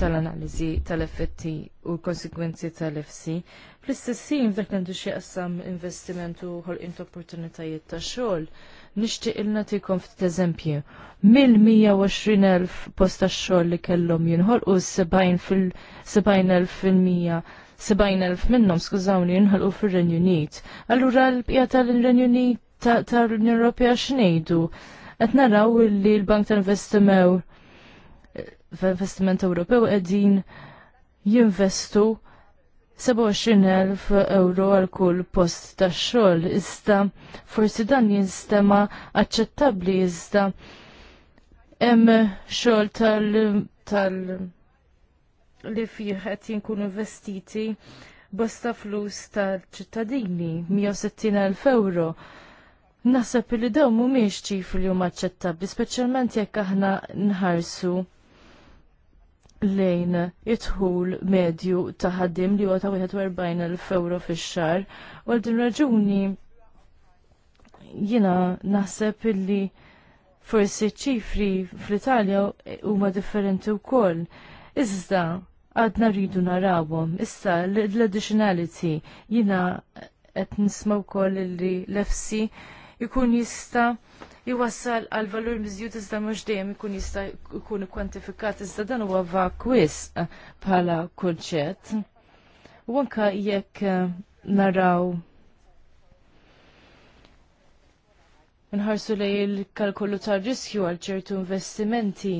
tal-analiżi tal-effetti u l-konsegwenzi tal fc Fl-istessin f'dak għandu qassam investiment u ħolqint opportunitajiet ta' xogħol. Nixtieq il nagħtikom ftit eżempju. mill elf post ta' xogħol li kellhom jinħolqu fil-mija 70,000 minnhom skużawni jinħolqu fir-Renju Unit. Allura l-bqija tal-Renju Unit tal-Unjoni Ewropea x'ngħidu. Qed naraw li l-Bank tal-Investimew investiment Ewropew qegħdin jinvestu 27.000 euro għal kull post ta' xogħol iżda forsi dan jinstema aċċettabbli iżda hemm xogħol tal tal li fih qed jinkunu investiti bosta flus tal-ċittadini 160.000 euro Nasab li daw mumiex ċifri li huma ċettabli, speċjalment jekk aħna nħarsu lejn it-tħul medju ta' ħaddim li huwa ta' 41 euro fix-xar. U għal din raġuni jiena naħseb li forsi ċifri fl-Italja huma differenti wkoll. Iżda għadna rridu narawhom. Issa l-additionality jiena qed nisma' wkoll li l-FC Ikun jista' jwassal għal valur miżjud iżda mhux dejjem ikun jista' jkun ikkwantifikat iżda dan huwa vakwis eh, bħala kunċett. U anke jekk eh, naraw nħarsu lej il-kalkolu ta' riskju għal ċertu investimenti.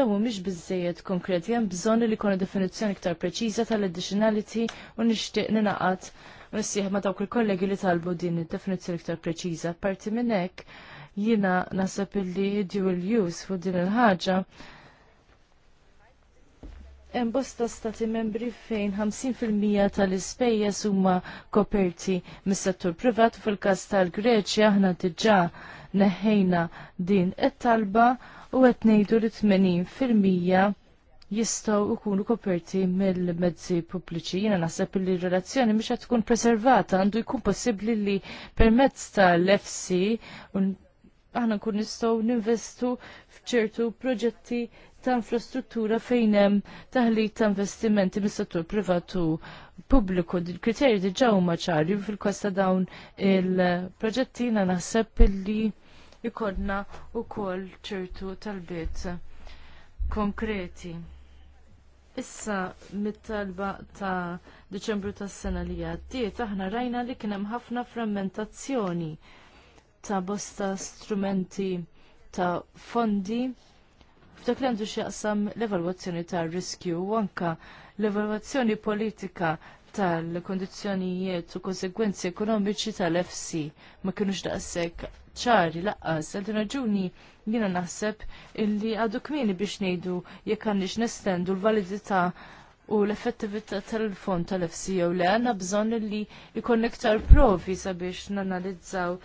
Daw mish biżejjed konkreti, hemm bżonn li kona definizzjoni iktar preċiża tal-additionality u nixtieq ninaqat missieħ ma dawk il-kollegi li talbu din id-definizzjoni iktar preċiża. Parti minn hekk jiena naħseb li dual use fuq din il-ħaġa Hemm bosta stati membri fejn 50% tal-ispejjeż huma koperti mis-settur privat fil-każ tal-Greċja aħna diġà neħħejna din it-talba u qed ngħidu li 80% jistaw ikunu koperti mill-mezzi pubbliċi. Jiena naħseb li r-relazzjoni mhix qed tkun preservata, għandu jkun possibbli li permezz tal-FC aħna nkun nistgħu ninvestu f'ċertu proġetti ta' infrastruttura fejn hemm taħlit ta' investimenti mis-settur privatu pubbliku. Il-kriterji diġà huma ċari fil-kosta dawn il-proġetti jiena naħseb li jkollna wkoll ċertu talbiet konkreti. Issa mit-talba ta' Deċembru tas-sena li għaddiet aħna rajna li kien hemm ħafna frammentazzjoni ta' bosta strumenti ta' fondi f'dak li għandu xieqsam l-evalwazzjoni ta' riskju u anka l-evalwazzjoni politika tal-kondizjonijiet u konsekwenzi ekonomiċi tal-FC ma kienux daqshekk ċari laqqas għal din raġuni jiena naħseb illi għadu kmieni biex ngħidu jekk għandix nestendu l-validità u l-effettività tal-fond tal-FC jew le għandna bżonn illi jkun iktar provi sabiex nanalizzaw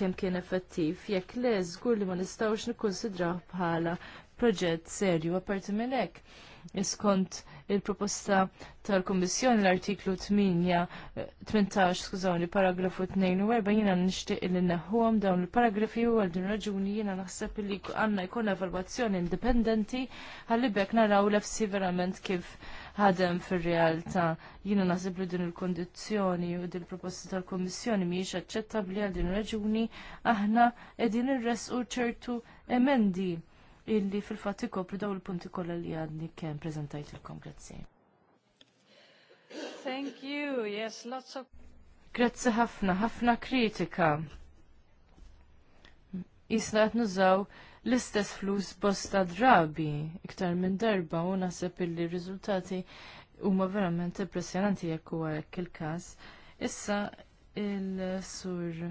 kemm kien effettiv jekk le żgur li ma nistgħux nikkonsidraw bħala proġett serju apparti minn hekk skont il-proposta tal-Kommissjoni l-artiklu 8, 18, eh, skużawni, paragrafu 42, jina nishtiq li neħuħam dawn il-paragrafi u għal din raġuni jina naħseb li għanna jkun evalwazzjoni indipendenti għalli bekk naraw l-efsi verament kif ħadem fil-realtà. Jina naħseb li din il-kondizjoni u din il-proposta tal-Kommissjoni miex aċċettabli għal din raġuni aħna edin il-res u ċertu emendi illi fil-fatt ikopru daw il-punti kollha li għadni kemm preżentajt il-kom grazzi. Thank you. Yes, lots of Grazzi ħafna, ħafna kritika. Isna qed nużaw l-istess flus bosta drabi iktar minn darba u naħseb illi r-riżultati huma verament impressjonanti jekk huwa hekk il-każ. Issa il-sur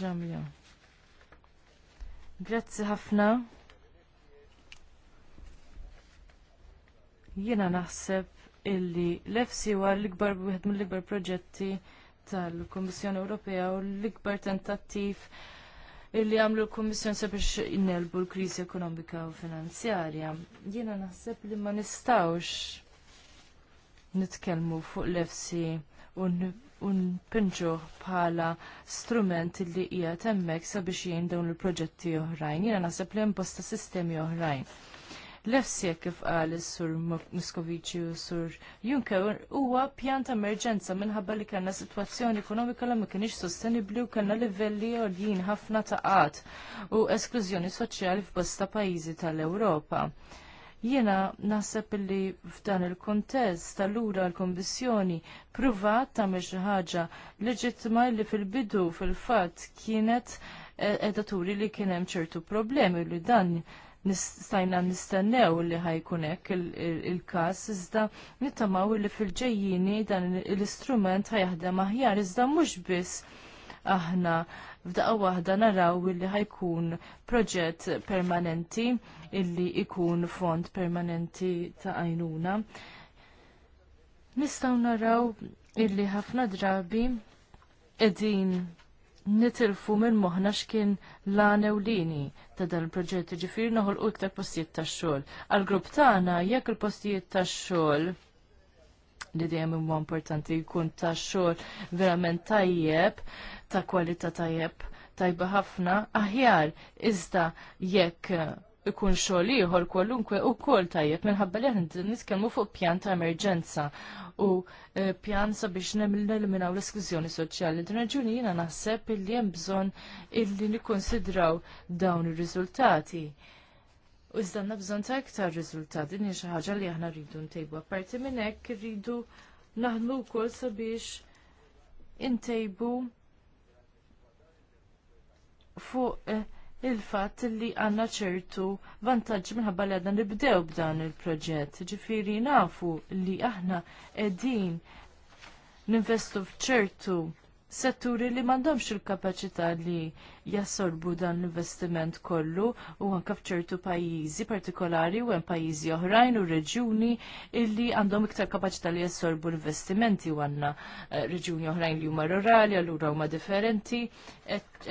Jamlion. Grazzi ħafna. Jiena naħseb illi l-EFSI huwa l-ikbar wieħed mill-ikbar proġetti tal-Kummissjoni Ewropea u l-ikbar tentattiv illi għamlu l kummissjoni sabiex innelbu l kriżi ekonomika u finanzjarja. Jiena naħseb li ma nistawx nitkellmu fuq l-efsi u unpinġu bħala strument li hija temmek sabiex jien dawn il-proġetti oħrajn. Jiena naħseb li imposta sistemi oħrajn. L-efsi kif qal sur Muskovici u sur Juncker huwa pjan ta' emerġenza minħabba li kellna sitwazzjoni ekonomika li ma kienx sostenibbli u kellna livelli għoljin ħafna ta' qat u esklużjoni soċjali f'bosta pajjiżi tal-Ewropa. Jiena naħseb li f'dan il-kontest tal ura l-Kommissjoni pruvat ta' xi ħaġa leġittima li fil-bidu fil-fatt kienet eh, edaturi li kien hemm ċertu problemi li dan nistajna nistennew li ħajkunek il-kas, il il iżda nittamaw li fil-ġejjini dan l-istrument ħajħdem aħjar, iżda mhux biss aħna f'daqqa waħda naraw li ħajkun proġett permanenti illi ikun fond permanenti ta' għajnuna. Nistaw naraw illi ħafna drabi edin nitilfu minn moħna x'kien l-għana lini ta' dan il-proġett ġifiri noħol u iktar postijiet ta' xol. Għal-grupp tagħna jekk il-postijiet ta' xol li dejjem huwa importanti jkun ta' xogħol verament tajjeb, ta' kwalità tajjeb, tajba ħafna, aħjar iżda jekk ikun xogħol ieħor kwalunkwe ukoll tajjeb minħabba li aħna nitkellmu fuq pjan ta' emerġenza u e, pjan sabiex neliminaw l-esklużjoni soċjali. Din raġuni jiena naħseb illi hemm bżonn illi nikkonsidraw dawn ir-riżultati. U iżdanna bżonn ta' iktar riżultati din xi ħaġa li aħna rridu ntejbu. Apparti minn hekk irridu naħdmu wkoll sabiex intejbu fuq e, il-fatt li għanna ċertu vantaġġ minħabba li għadna nibdew b'dan il-proġett. Ġifiri nafu li aħna edin ninvestu f'ċertu setturi li mandomx il-kapacità li jassorbu dan l-investiment kollu u anka fċertu pajjiżi partikolari u hemm pajjiżi oħrajn u reġjuni illi għandhom iktar kapacità li jassorbu l-investimenti u għandna eh, reġjuni oħrajn li huma rurali allura huma differenti,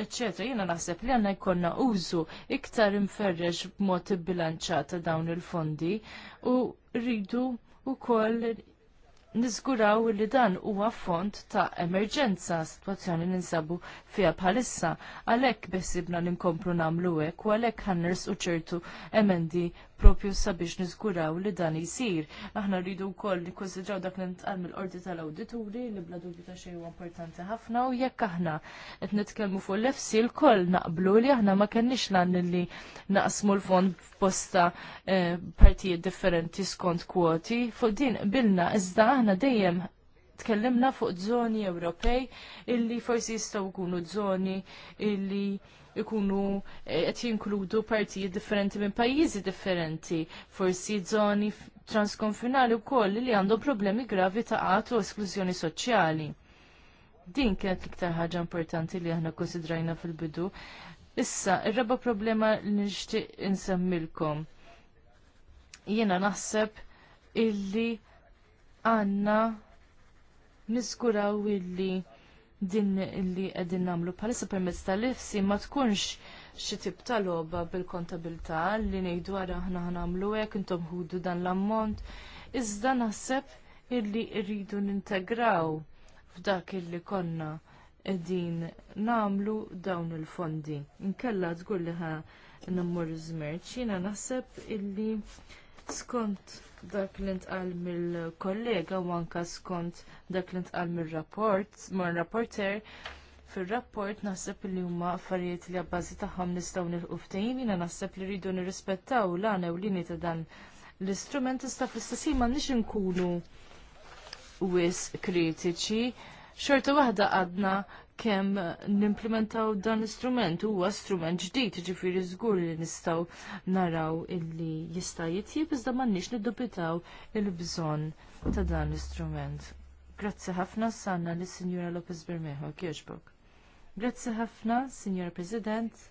eċċetra. Jiena naħseb li għandna jkollna użu iktar imferreġ b'mod bilanċata dawn il-fondi u rridu wkoll niżguraw li dan huwa font ta' emerġenza situazzjoni ninsabu fija fiha bħalissa għalhekk besibna li nkomplu nagħmlu hekk u għalhekk ħanners u ċertu emendi propju sabiex niżguraw li dan jisir. Aħna rridu wkoll nikkonsidraw dak li ntqal mill-qorti tal-awdituri li bla dubju ta' xejn huwa importanti ħafna u jekk aħna qed nitkellmu fuq l-efsi l-koll naqblu li aħna ma kenniex lan li naqsmu l-fond f'posta eh, partijiet differenti skont kwoti. Fuq din bilna iżda aħna dejjem tkellimna fuq żoni Ewropej illi forsi jistgħu jkunu żoni illi ikunu eh, qed jinkludu partijiet differenti minn pajjiżi differenti, forsi żoni transkonfinali wkoll li għandhom problemi gravi ta' qatt u esklużjoni soċjali. Din kienet l-iktar ħaġa importanti li aħna konsidrajna fil-bidu. Issa, ir-raba problema li nixtieq insemmilkom. Jiena naħseb illi għanna niskuraw illi din li qegħdin nagħmlu bħalissa permezz tal-ifsi ma tkunx xi tip tal logħba bil-kontabilità li ngħidu ara aħna ħnamlu hekk intom ħudu dan l-ammont. Iżda naħseb illi rridu nintegraw f'dak illi konna qegħdin nagħmlu dawn il-fondi. Inkella tgulli ħa nammur żmerċ, jiena naħseb illi skont dak li ntqal mill-kollega u anka skont dak li ntqal mill rapport mar-rapporter, fil-rapport naħseb li huma affarijiet li għabbażi tagħhom nistgħu nilqu ftehim, jiena naħseb li rridu nirrispettaw l-għana u lini ta' dan l-istrument tista' fl-istess ma nix inkunu wis kritiċi. Xorta waħda għadna kemm nimplementaw dan l-istrument huwa strument ġdid, ġifiri żgur li nistgħu naraw illi jista' jitjib iżda m'għandniex niddubitaw il-bżonn ta' dan l-istrument. Grazzi ħafna sanna li sinjura Lopez Bermejo Kirchbok. Grazzi ħafna, Sinjora President.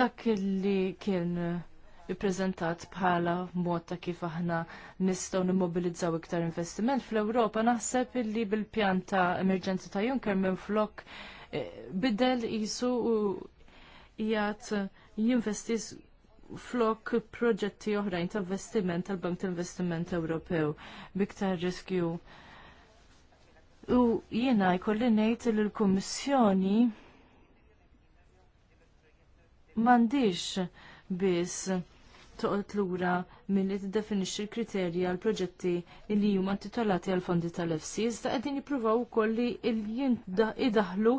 Dak li kien ippreżentat bħala mod ta' kif aħna nistgħu nimmobilizzaw iktar investiment fl-Ewropa naħseb illi bil-pjan ta' emerġenza ta' Juncker minn flok eh, bidel jisu u jgħat jinvestis flok proġetti oħrajn ta' investiment tal-Bank tal Investiment Ewropew biktar riskju. U jiena jkolli ngħid li l-Kummissjoni m'għandix biss toqgħod lura milli tiddefinixxi l-kriterji għal proġetti li huma titolati għal fondi tal-EFSI, iżda qegħdin jippruvaw ukoll li idaħlu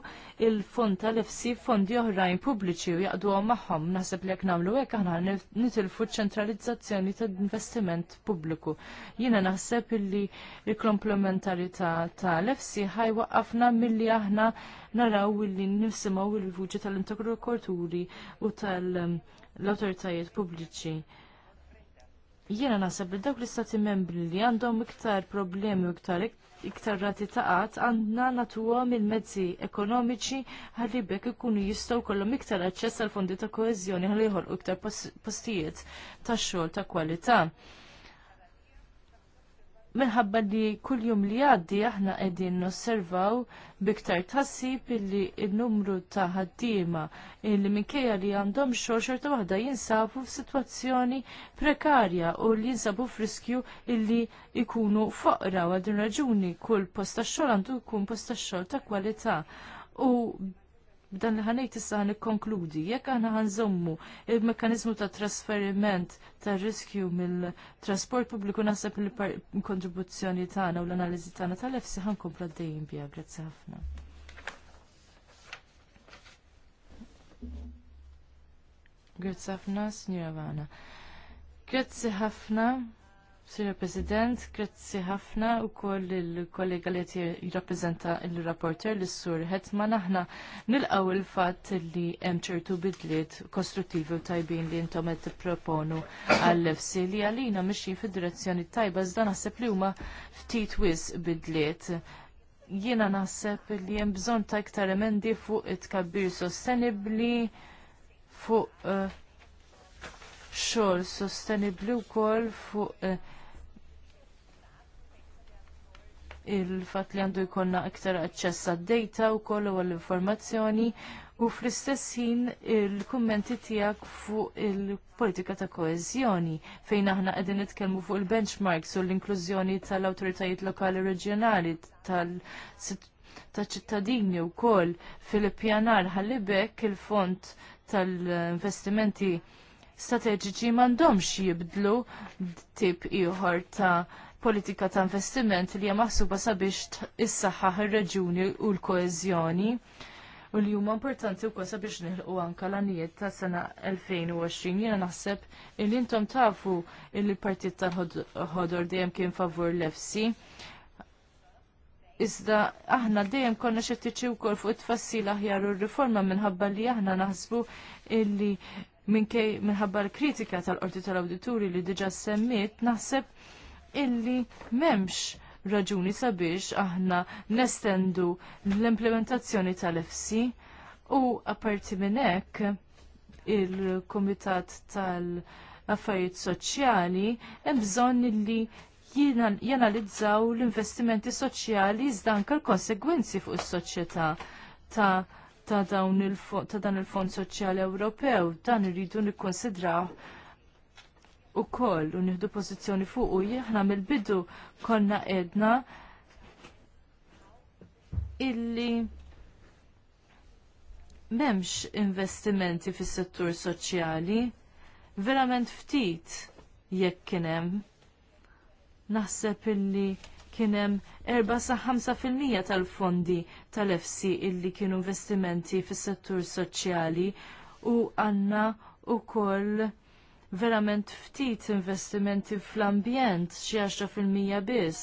il-fond tal-EFSI fondi oħrajn pubbliċi u jaqduhom magħhom. Naħseb li jekk nagħmlu hekk aħna nitilfu ċ-ċentralizzazzjoni tal-investiment pubbliku. Jiena naħseb illi l-komplementarità tal-EFSI ħajwaqqafna milli aħna naraw illi nifsimgħu il-vuġi tal-interlokuturi u tal- l-autoritajiet pubbliċi. Jiena naħseb li dawk l-istati membri li għandhom iktar problemi u iktar iktar rati taqat għandna natuwom il-mezzi ekonomiċi ħarribek ikunu jistgħu kollom iktar aċċess għal fondi ta' koeżjoni ħalli u iktar postijiet tax xogħol ta' kwalità minħabba li kuljum li għaddi aħna qegħdin nosservaw biktar tassib illi n-numru ta' ħaddiema illi minkejja li għandhom xogħol xorta waħda jinsabu f'sitwazzjoni prekarja u li jinsabu f'riskju illi ikunu foqra għadin raġuni kull posta xogħol għandu jkun posta xogħol ta' kwalità. U B'dan li ħanejt issa ħan ikkonkludi, jekk aħna ħanżommu il-mekkanizmu ta' trasferiment ta' riskju mill-trasport pubbliku naħseb il-kontribuzzjoni tagħna u l-analiżi tagħna tal-efsi ħankomplu għaddejjin biha, grazzi ħafna. Grazzi ħafna, signora Vana. Grazzi ħafna. Signor President, grazzi ħafna u koll il-kollega li jirrapprezenta il-rapporter l sur Hetman aħna nilqaw il-fat li hemm ċertu bidliet kostruttivi u tajbin li intom qed tipproponu għall-FC li għalina mixjin fid-direzzjoni tajba iżda naħseb li huma ftit wis bidliet jiena naħseb li hemm bżonn ta' iktar emendi fuq it-kabbir sostenibbli, fuq eh, xogħol sostenibbli wkoll fuq uh, il-fat li għandu jkollna iktar aċċess għad-data u kollu għall-informazzjoni u fl-istess ħin il-kummenti tiegħek fuq il-politika ta' koeżjoni fejn aħna qegħdin nitkellmu fuq il-benchmarks u l-inklużjoni tal-awtoritajiet lokali reġjonali tal-ċittadini wkoll fil-pjanar ħallibek il-fond tal-investimenti strateġiċi m'għandhomx jibdlu tip ieħor ta' politika ta' investiment li hija maħsuba sabiex issaħħaħ ir-reġuni u l koezjoni u li huma importanti wkoll sabiex nilqu anke l anijiet ta' sena 2020. Jiena naħseb il intom tafu il partit tal-ħodor dejjem kien favur l fsi Iżda aħna dejjem konna xettiċi wkoll fuq it fassil aħjar u r-riforma minħabba li aħna naħsbu illi minħabba l-kritika tal-qorti tal-awdituri li diġa semmit, naħseb illi m'hemmx raġuni sabiex aħna nestendu l-implementazzjoni tal-FC u apparti minn hekk il-Kumitat tal-Affarijiet Soċjali hemm bżonn illi janalizzaw l-investimenti soċjali iżda anke l-konsegwenzi fuq is-soċjetà ta' ta' dan il-Fond Soċjali Ewropew dan irridu nikkonsidraw u koll u nieħdu pożizzjoni fuq u jieħna mill-bidu konna edna illi memx investimenti fis settur soċjali verament ftit jekk kienem naħseb illi kienem 4-5% tal-fondi tal-EFSI illi kienu investimenti fis settur soċjali u għanna u koll verament ftit investimenti fl-ambjent xi 10% biss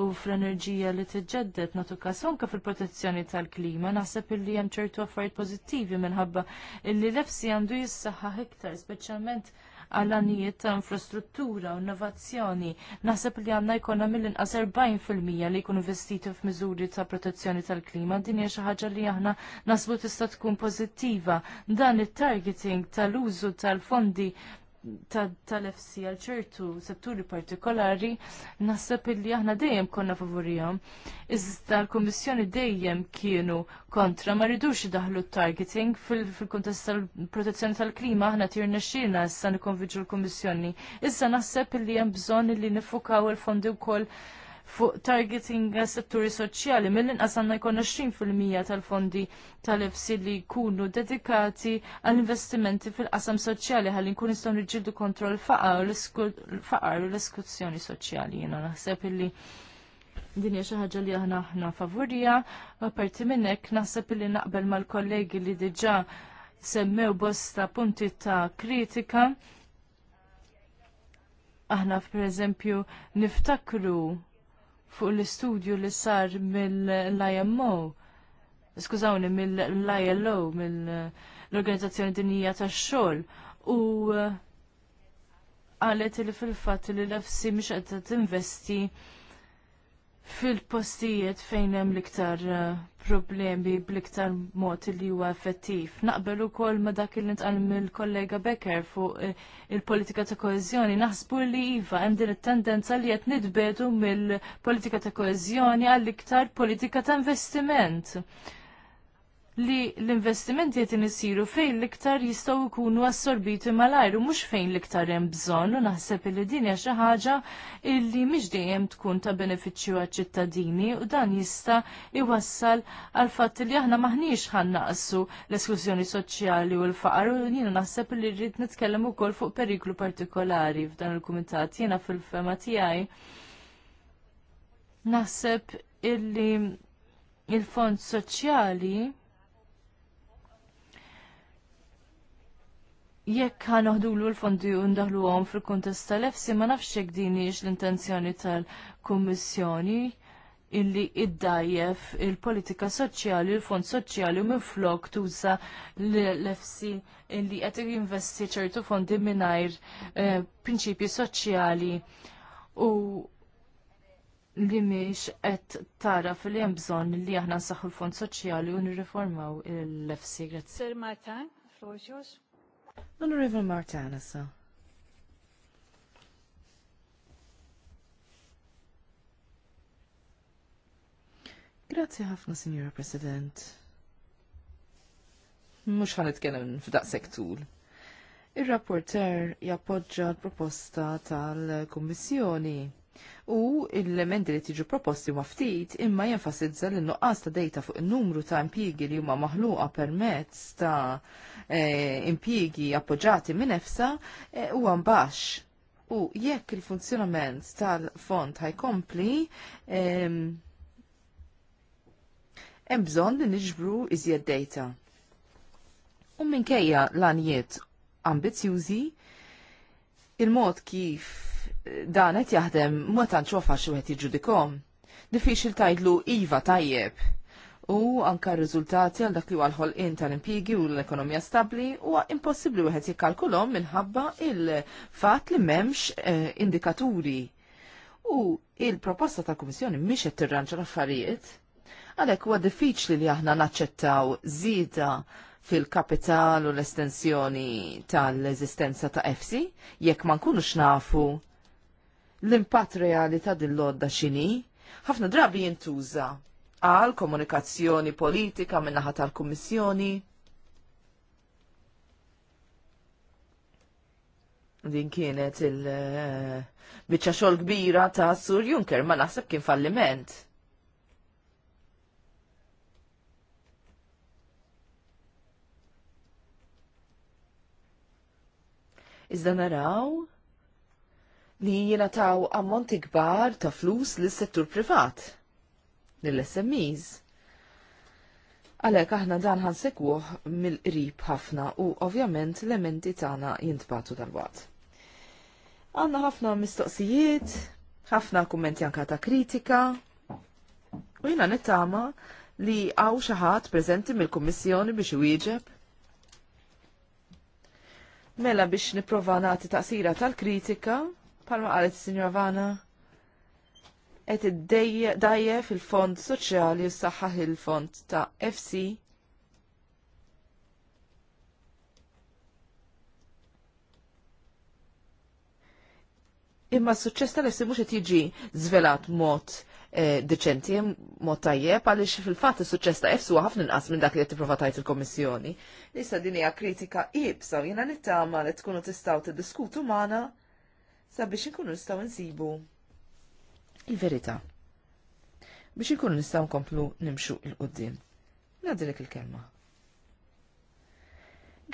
u fl-enerġija li tiġġedded natu kasonka fil-protezzjoni tal-klima naħseb illi hemm ċertu affarijiet pożittivi minħabba illi l-efsi għandu jissaħħa iktar speċjalment għal anijiet ta' infrastruttura u innovazzjoni. Naħseb li għandna jkollna mill-inqas 40% li jkunu investiti f'miżuri ta' protezzjoni tal-klima. Din hija xi ħaġa li aħna nasbu tista' tkun pożittiva. Dan it-targeting tal-użu tal-fondi tal-FC għal ċertu setturi partikolari, naħseb illi aħna dejjem konna favorijom. Iżda l komissjoni dejjem kienu kontra ma ridux daħlu targeting fil-kontest tal-protezzjoni tal-klima aħna tirna xina issa nikonviġu l komissjoni Iżda naħseb illi hemm bżonn li nifukaw il-fondi wkoll koll fuq targeting setturi soċjali mill-inqas għandna jkollna 20% tal-fondi tal-EFSI li jkunu dedikati għall investimenti fil-qasam soċjali ħalli nkun nistgħu niġġieldu kontroll faqar u l-eskuzzjoni soċjali. Jiena naħseb illi din hija xi ħaġa li aħna aħna favorija, apparti minn hekk naħseb illi naqbel mal-kollegi li diġà semmew bosta punti ta' kritika aħna per eżempju niftakru fuq l-istudju li sar mill-IMO, skużawni, mill-ILO, mill-Organizzazzjoni Dinija tax-Xogħol, u uh, qalet li fil-fatt li l-FC mhix qed tinvesti fil-postijiet fejn hemm l-iktar eh, problemi bl-iktar mod li huwa effettiv. Naqbel ukoll ma dak li ntqal mill-kollega Becker fuq eh, il-politika ta' koeżjoni, naħsbu li iva hemm din it-tendenza li qed nitbedu mill-politika ta' koeżjoni għall-iktar politika ta' investiment li l-investimenti qed isiru fejn l-iktar jistgħu jkunu assorbiti mal ajru mhux fejn l-iktar hemm bżonn u naħseb li din hija xi ħaġa illi mhix dejjem tkun ta' benefiċċju għaċ-ċittadini u dan jista' iwassal għal fatt li aħna maħniex ħannaqsu l-esklużjoni soċjali u l-faqar u jiena naħseb li rrid nitkellem ukoll fuq periklu partikolari f'dan il-kumitat jiena fil-fema tiegħi. Naħseb illi il-fond soċjali jekk ħan uħdulu l-fondi ndaħlu għom fil-kontest tal-efsi ma nafx jekk dinix l-intenzjoni tal-Kommissjoni illi iddajjef il-politika soċjali, il-fond soċjali u minflok tuża l-efsi illi qed jinvesti ċertu fondi mingħajr eh, prinċipji soċjali u li miex qed tara fil hemm bżonn li aħna nsaħħu l-fond soċjali u nirriformaw l-efsi. Grazzi. Sir Martin, floor is yours. Honorable Martana, sir. Grazzi ħafna, Signora President. Mux ħan itkellem f'daq sektul. Il-rapporter jappoġġa l-proposta tal-Kommissjoni u l emendi li tiġu proposti ma ftit imma jenfasizza li nuqqas ta' dejta fuq il-numru ta' impjiegi li huma maħluqa permezz ta' e, impjiegi appoġġati minn EFSA e, huwa mbaxx. U jekk il-funzjonament tal-fond ħajkompli, hemm bżonn li niġbru iżjed dejta. U minkejja l-għanijiet ambizjużi, il-mod kif dan qed jaħdem ma tantx xuħet xi wieħed jiġġudikom. tajdlu iva tajjeb. U anka r-riżultati għal dak li huwa l-ħolqien tal-impjigi u l-ekonomija stabbli huwa impossibbli wieħed jikkalkulhom minħabba il-fatt li m'hemmx eh, indikaturi. U il-proposta tal-Kummissjoni miex qed tirranġa l-affarijiet. Għalhekk huwa diffiċli li aħna naċċettaw żieda fil-kapital u l-estensjoni tal-eżistenza ta' EFSI jekk ma nkunux nafu l-impatt reali ta' din l-odda xini, ħafna drabi jintuża għal komunikazzjoni politika minnaħa tal-Kummissjoni. Din kienet il-bicċa eh, xol kbira ta' Sur Juncker, ma naħseb kien falliment. Iżda naraw li taw ammonti kbar ta' flus lis settur privat, lill-SMEs. Għalek aħna dan ħansekwuh mill-qrib ħafna u ovvjament l-elementi tagħna jintbatu dal-waqt. Għanna ħafna mistoqsijiet, ħafna kummenti anka ta' kritika, u jina nittama li għaw xaħat prezenti mill-Kummissjoni biex wieġeb. Mela biex niprofa nagħti taqsira tal-kritika palma qalet signor Vana, et dajje fil-fond soċjali u saħħaħ il-fond ta' FC imma s-suċċess tal mhux mux jiġi zvelat mod eh, deċenti, mod tajjeb, għaliex fil-fat is suċċess ta' huwa ħafna inqas minn dak li qed prova tajt il-Komissjoni. Issa din hija kritika ibsa, jena nittama li tkunu tistaw t-diskutu maħna sabiex inkunu nistgħu nsibu il-verità. Biex inkunu nistgħu nkomplu nimxu il-qudiem. Nadilek il-kelma.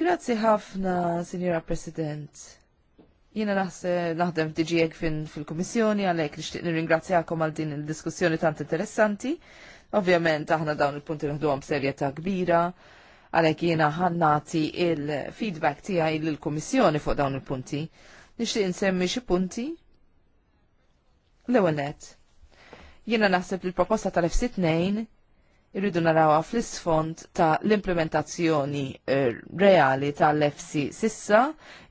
Grazzi ħafna, Sinjora President. Jiena naħdem tiġijek fin fil-Komissjoni għalhekk nixtieq nirringrazzjakom għal din il-diskussjoni tant interessanti. Ovvjament aħna dawn il-punti naħduhom serjeta kbira għalhekk jiena ħannati il-feedback tiegħi lill-Kummissjoni fuq dawn il-punti nixtieq insemmi xi punti. L-ewwel jiena naħseb li l-proposta tal-F6 irridu narawha fl-isfond ta' l-implementazzjoni eh, reali tal-FC sissa,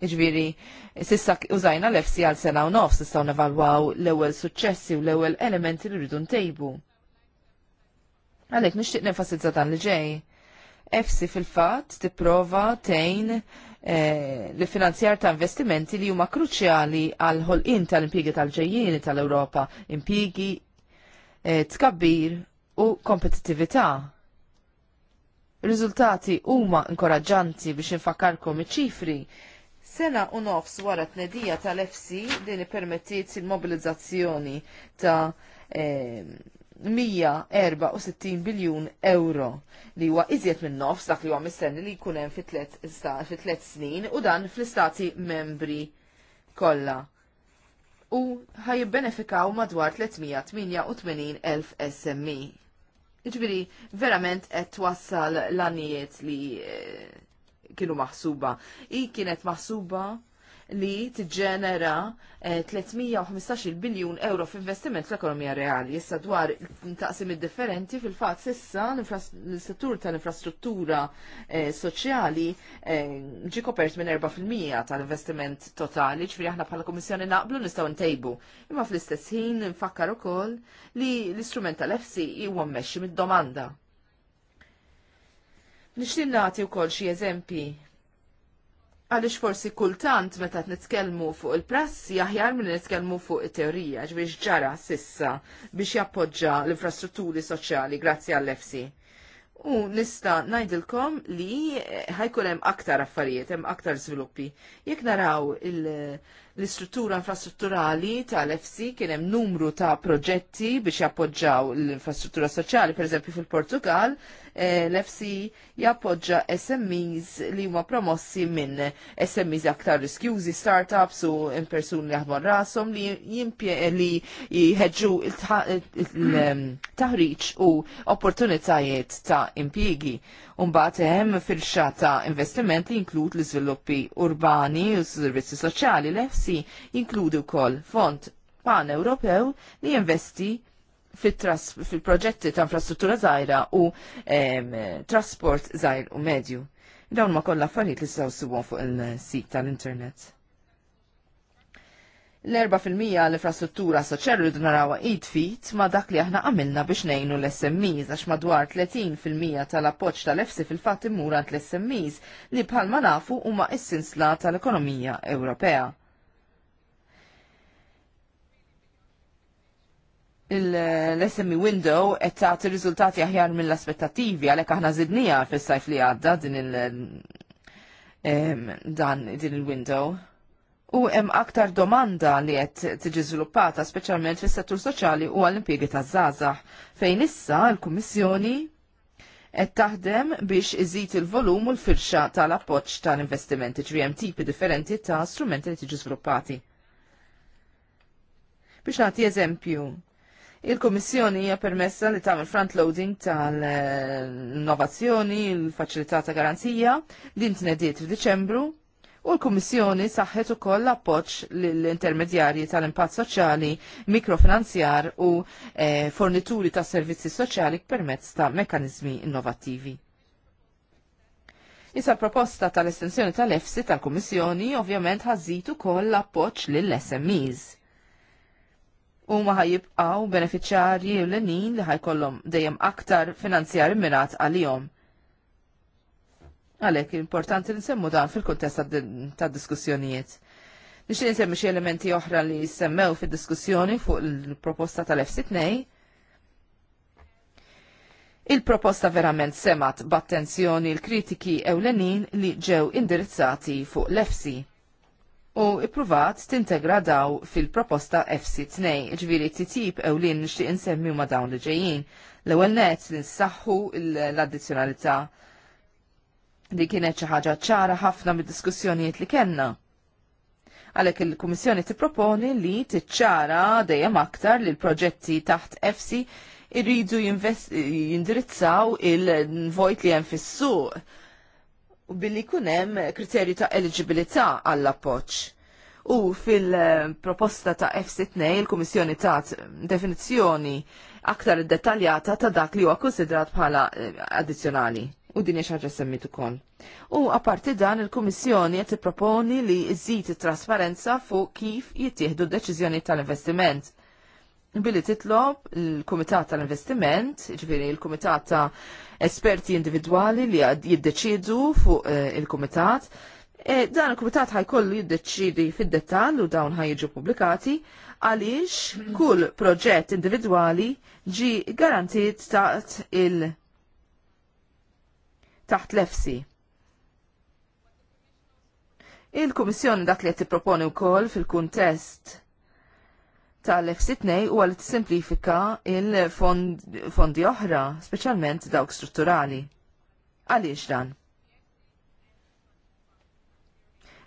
iġviri sissa użajna l-FC għal sena u nofs nistgħu nevalwaw l-ewwel suċċessi u l-ewwel elementi li rridu ntejbu. Għalhekk nixtieq nenfasizza dan li ġej. FC fil-fatt tipprova tejn Eh, li finanzjar ta' investimenti li huma kruċjali għal ħolqien tal-impjiegi tal-ġejjieni tal-Ewropa, impjiegi eh, tkabbir u kompetittività. Riżultati huma inkoraġġanti biex infakkarkom iċ-ċifri Sena u nofs wara t-nedija tal-FC li permettiet il-mobilizzazzjoni ta' eh, 164 biljun euro li huwa iżjed minn nofs dak li huwa mistenni li jkun hemm fi tliet snin u dan fl-istati membri kollha. U ħajibbenefikaw madwar 388,000 SMI. E. Iġbiri, verament qed twassal l-anijiet li eh, kienu maħsuba. I kienet maħsuba li tiġġenera 315 eh, biljun euro f'investiment fl-ekonomija reali. Issa dwar taqsim differenti fil-fatt sissa l-settur tal-infrastruttura eh, soċjali eh, ġi kopert minn 4% tal-investiment totali, ġifri aħna bħala Komissjoni naqblu nistgħu ntejbu. Imma fl-istess ħin nfakkar ukoll li l-istrument tal-EFSI huwa mmexxi mid-domanda. Nixtin nagħti wkoll xi eżempji għalix forsi kultant meta nitkellmu fuq il-prassi aħjar minn nitkellmu fuq it-teorija ġbiex ġara sissa biex jappoġġa l-infrastrutturi soċjali grazzi għall-EFSI. U nista najdilkom li ħajkunem hemm aktar affarijiet, hemm aktar żviluppi. Jekk naraw il- l-istruttura infrastrutturali tal-FC kien hemm numru ta' proġetti biex jappoġġaw l-infrastruttura soċjali, pereżempju fil-Portugal, eh, l-FC jappoġġa SMEs li huma promossi minn SMEs aktar riskjużi, startups u persuni jaħdmu rashom li li jħeġġu il-taħriġ u opportunitajiet ta' impjiegi. Umbat hemm fil-xata investiment li jinklud l-iżviluppi urbani u s-servizzi soċjali l-EFSI jinkludi wkoll fond pan-Ewropew li jinvesti fil-proġetti ta' infrastruttura żgħira u trasport żgħir u medju. Dawn ma kollha affarijiet li saw fuq il-sit tal-internet l-4% l-infrastruttura soċjali li narawa id fit ma dak li aħna għamilna biex nejnu l-SMEs għax madwar 30% tal-appoċ tal-EFSI fil-fat immurat l-SMEs li bħalma nafu huma s-sinsla tal-ekonomija Ewropea. L-SME window qed tagħti riżultati aħjar mill-aspettattivi għalhekk aħna żidnija fis-sajf li għadda din il- din il-window u hemm aktar domanda li qed tiġi żviluppata speċjalment fis-settur soċjali u għall-impjiegi taż-żgħażagħ fejn issa l-Kummissjoni qed taħdem biex iżid il-volum u l-firxa tal-appoġġ tal-investimenti ġrie hemm tipi differenti ta' strumenti li tiġi żviluppati. Biex nagħti eżempju, il kummissjoni hija permessa li tagħmel front loading tal-innovazzjoni, l-faċilità ta' garanzija, li tnediet f'Diċembru U l-Kummissjoni saħħet ukoll appoġġ l-intermedjarji tal-impatt soċjali, mikrofinanzjar u eh, fornituri ta' servizzi soċjali permezz ta' mekkaniżmi innovattivi. Issa proposta tal-estensjoni tal-EFSI tal-Kummissjoni ovvjament ħażit ukoll l-appoġġ lill-SMEs u ma ħajibqaw beneficjarji u l-nin li ħajkollhom dejjem aktar finanzjar mirat għalihom. Għalek, importanti li nsemmu dan fil-kontest ta' diskussjonijiet. Nix nsemmu nsemmi xie elementi oħra li semmew fil-diskussjoni fuq il-proposta tal-F6 Il-proposta verament semat b'attenzjoni l-kritiki ewlenin li ġew indirizzati fuq l-EFSI u ippruvat tintegra daw fil-proposta EFSI 2, ġviri titib ewlin nixtieq insemmi ma dawn li ġejjin. L-ewwel net li nsaħħu l-addizzjonalità li kienet xi ħaġa ċara ħafna mid-diskussjonijiet li kellna. Għalhekk il-Kummissjoni tipproponi li tiċċara dejjem aktar li l-proġetti taħt EFSI irridu jindirizzaw il-vojt li hemm fis-suq u billi kunem kriterju ta' eligibilità għall appoġġ U fil-proposta ta' F6 il-Kummissjoni tat definizzjoni aktar dettaljata ta' dak li huwa konsidrat bħala eh, addizzjonali u din xaġa semmit ukoll. U apparti dan il-Kummissjoni qed tipproponi li żżid it-trasparenza fuq kif jittieħdu d-deċiżjoni tal-investiment. Billi titlob il-Kumitat tal-Investiment, ġifieri il-Kumitat ta' esperti individwali li jiddeċidu fuq eh, il-Kumitat, e dan il-Kumitat ħajkollu jiddeċidi fid-dettall u dawn ħajġu publikati għaliex kull proġett individwali ġi garantit ta' il- taħt lefsi. Il-Kummissjoni dak li qed tipproponi wkoll fil-kuntest tal-F6 u għal t-simplifika il-fondi oħra, specialment dawk strutturali. Għaliex dan?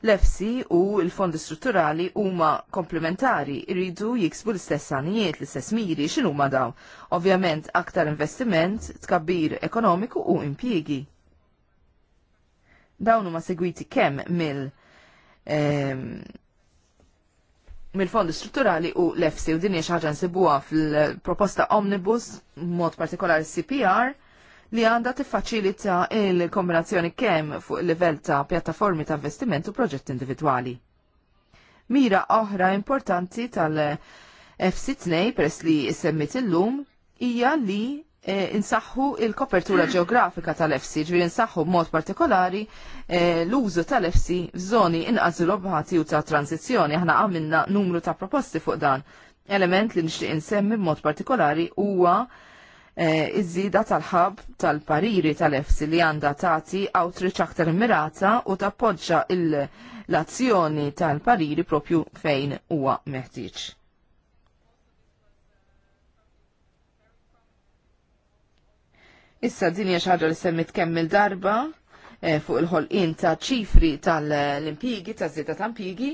L-FC u l-fondi strutturali huma komplementari irridu jiksbu l-istess għanijiet, l-istess miri, xinu ma daw. Ovvjament, aktar investiment, tkabbir ekonomiku u impjiegi. Dawn huma segwiti kemm mill ehm, mill-fondi strutturali u l-EFSI u din hija ħaġa nsibuha fil-proposta Omnibus mod partikolari CPR li għandha tiffaċilita il-kombinazzjoni kemm fuq il-livell ta' pjattaformi ta' investiment u proġett individwali. Mira oħra importanti tal-FC2 press li semmit illum hija li Eh, insaħħu il-kopertura ġeografika tal-EFSI, ġviri insaħħu b'mod partikolari eh, l-użu tal-EFSI f'żoni inqas l-obħati u ta' tranzizjoni. Aħna għamilna numru ta' proposti fuq dan. Element li nixtieq insemmi b'mod partikolari huwa eh, iż żieda tal-ħab tal-pariri tal-EFSI li għandha tagħti outreach aktar immirata u tappoġġa l-azzjoni tal-pariri propju fejn huwa meħtieġ. Issa din hija xi ħaġa li semmit kemm darba eh, fuq il-ħolqin ta' ċifri tal-impigi, ta' zita ta' impigi,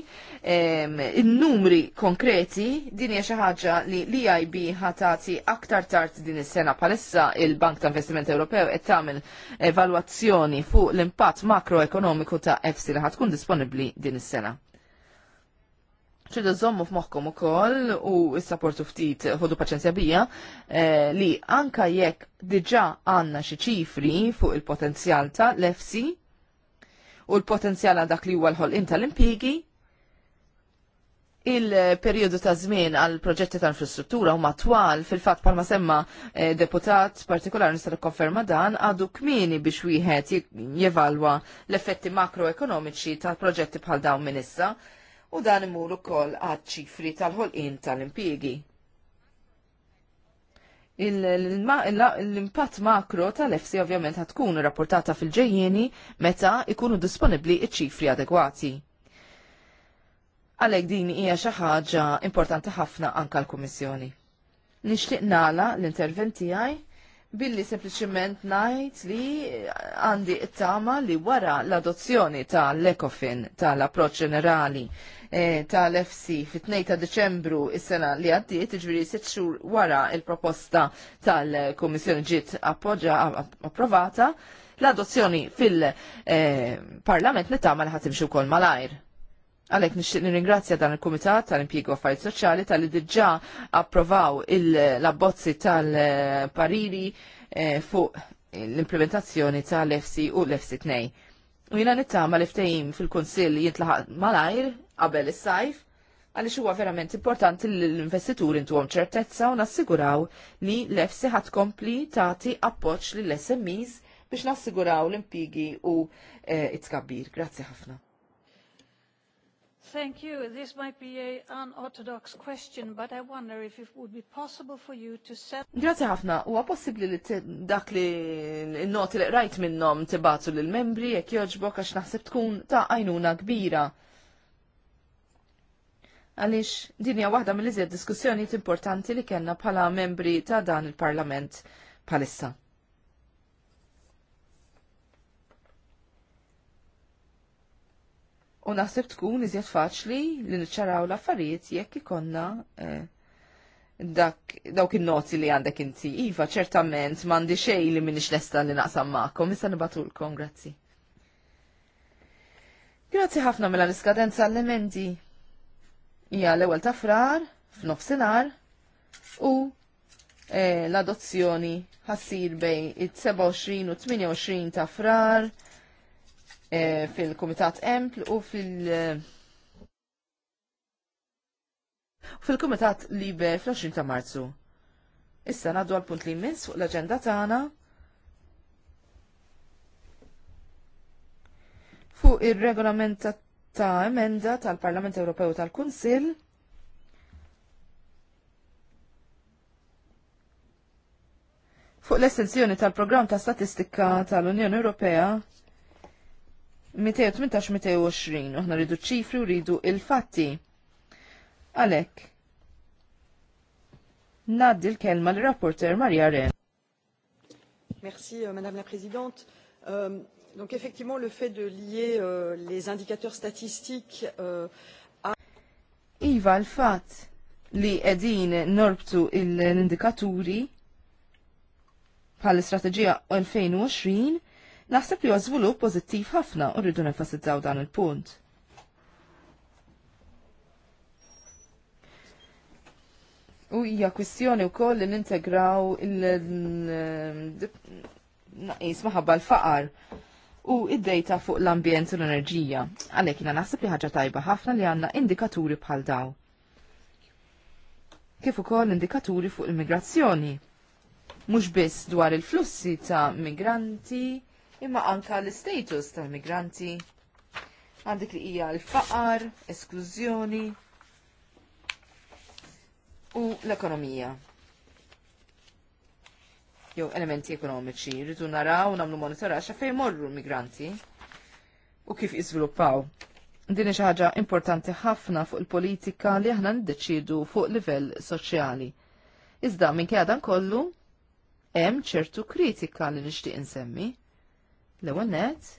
il-numri konkreti, din hija xi ħaġa li l-IIB ħatati aktar tard din is-sena palissa il-Bank ta' Investiment Ewropew qed tagħmel evalwazzjoni fuq l-impatt makroekonomiku ta' EFSI li ħatkun disponibbli din is-sena ċidu zommu f'moħkom u koll u s-sapportu ftit ħodu paċenzja bija eh, li anka jekk diġa għanna xi ċifri fuq il-potenzjal ta' l-FC u l-potenzjal għal dak li huwa l-ħolqin tal impigi il-periodu ta' żmien għal proġetti ta' infrastruttura huma twal fil-fatt palma semma eh, deputat partikolari nista' konferma dan għadu kmini biex wieħed jevalwa l-effetti makroekonomiċi ta' proġetti bħal dawn minn issa u dan imur ukoll għad-ċifri tal-ħolqien tal-impjiegi. L-impatt makro tal fc ovvjament tkun rapportata fil-ġejjeni meta ikunu disponibli ċ ċifri adegwati. Għalhekk din hija xi ħaġa importanti ħafna anke l-Kummissjoni. Nixtieq nagħla l-intervent tiegħi billi sempliċement ngħid li għandi t-tama li wara l-adozzjoni tal-Ecofin tal-approċċ ġenerali Eh, tal-FC fit-2 ta' Deċembru is-sena li għaddiet, ġviri sitt xhur wara il-proposta tal-Kummissjoni ġiet appoġġa approvata, l-adozzjoni fil-Parlament eh, nittama li ħatimxu kol malajr. Għalek nixtieq nirringrazzja dan il-Kumitat tal-Impjiegu Affarijiet Soċjali tal-li diġà approvaw l-abbozzi tal-pariri eh, fuq l-implementazzjoni tal-FC u l-FC2. U jina nittama li ftehim fil konsil jintlaħaq malajr qabel is-sajf għaliex huwa verament importanti li l-investituri għom ċertezza u nassiguraw li l-EFSI ħadd kompli tagħti appoġġ lill SMEs biex nassiguraw l-impigi u eh, it-tkabbir. Grazzi ħafna. Thank you. This might be an unorthodox question, but I wonder if it would be possible for you to set... Grazie ħafna. Huwa possibbli li dak li n-noti li rajt minnom tibatu lill membri jekk jogħġbok għax naħseb tkun ta' għajnuna kbira għaliex din hija waħda mill-iżjed diskussjonijiet importanti li kellna bħala membri ta' dan il-Parlament bħalissa. U naħseb tkun iżjed faċli li niċċaraw l-affarijiet jekk ikonna eh, dak dawk in-noti li għandek inti. Iva, ċertament m'għandi xej li minix lesta li naqsam magħkom, issa nibatulkom, grazzi. Grazzi ħafna mela l-iskadenza l-emendi hija l-ewwel ta' frar f'nofsinhar u eh, l-adozzjoni ħassir bejn it-27 u 28 ta' frar eh, fil-Kumitat Empl u fil- eh, fil-Kumitat Libe fl-20 ta' Marzu. Issa naddu għal punt li jmiss fuq l-agenda tagħna fuq ir regolamentat ta' emenda tal-Parlament Ewropew tal-Kunsill fuq l-estensjoni tal-programm ta' statistika tal-Unjoni Ewropea 218-220, uħna rridu ċifri u rridu il-fatti. Għalek, naddi l-kelma l-rapporter Marja Ren. Merci, euh, Madame la Présidente. Euh, Donc effectivement, le fait de lier euh, les indicateurs statistiques euh, à... Iva, l-fat li edin norbtu l-indikaturi pal istrateġija 2020 naħseb li huwa żvilupp pożittiv ħafna u rridu nefasizzaw dan il-punt. U hija kwistjoni wkoll li nintegraw il-naqis maħabba l-faqar u id-dejta fuq l-ambjent u l-enerġija. Għalhekk jiena naħseb li ħaġa tajba ħafna li għandna indikaturi bħal daw. Kif ukoll indikaturi fuq il-migrazzjoni. Mhux biss dwar il-flussi ta' migranti, imma anka l-status tal-migranti. Għandek li hija l-faqar, esklużjoni u l-ekonomija jew elementi ekonomiċi. Rridu naraw u nagħmlu monitoraġġ fejn morru l-migranti u kif jiżviluppaw. Din xi ħaġa importanti ħafna fuq il-politika li aħna niddeċidu fuq livell soċjali. Iżda minn dan kollu hemm ċertu kritika li nixtieq insemmi. L-ewwel net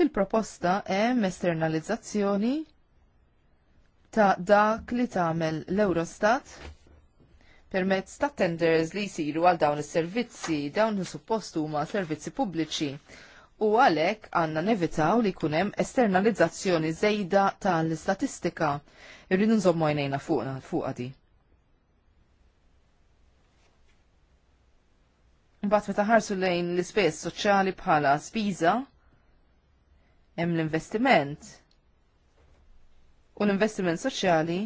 Fil-proposta hemm esternalizzazzjoni ta' dak li tagħmel l-Eurostat permezz ta' tenders li jisiru għal dawn is-servizzi, dawn suppost huma servizzi pubbliċi. U għalhekk għandna nevitaw li jkun hemm esternalizzazzjoni żejda tal-istatistika. Irridu nżommu għajnejna fuqna fuq di. Mbagħad meta ħarsu lejn l-ispejjeż soċjali bħala spiża hemm l-investiment. U l-investiment soċjali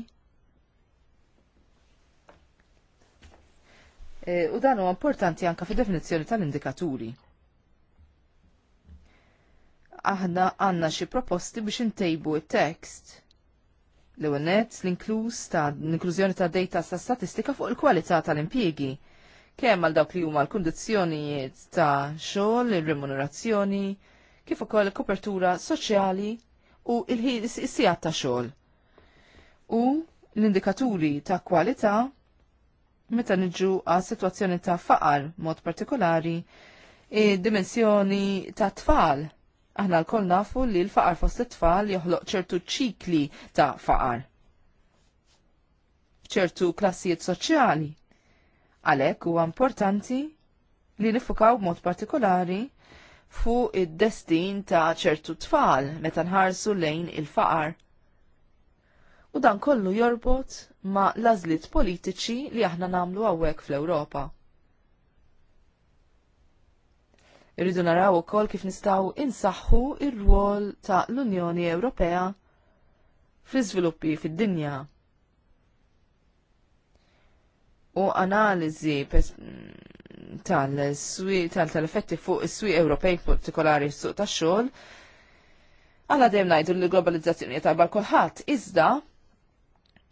Eh, u dan huwa importanti anka fi definizzjoni tal-indikaturi. Aħna għanna xi proposti biex intejbu it-tekst l net l-inkluż ta' l-inklużjoni ta' data sa' statistika fuq il-kwalità tal-impjiegi kemm għal dawk li huma l-kundizzjonijiet ta' xogħol, ir-remunerazzjoni, kif ukoll il kopertura soċjali u l-sijat ta' xogħol. U l-indikaturi ta' kwalità meta niġu għal situazzjoni ta' faqar, mod partikolari, dimensjoni ta' tfal. Aħna l-koll nafu li l-faqar fost it-tfal joħloq ċertu ċikli ta' faqar. ċertu klassijiet soċjali. Għalek huwa importanti li nifukaw mod partikolari fuq id-destin ta' ċertu tfal meta nħarsu lejn il-faqar. U dan kollu jorbot ma lażlit politiċi li aħna namlu hawnhekk fl-Ewropa. Irridu naraw ukoll kif nistgħu insaħħu ir-rwol ta' l-Unjoni Ewropea fl-iżviluppi fid-dinja. U analiżi tal-effetti fuq is-swieq Ewropej partikolari s-suq tax-xogħol għala dejjem ngħidu li l-globalizzazzjoni taqbal kulħadd iżda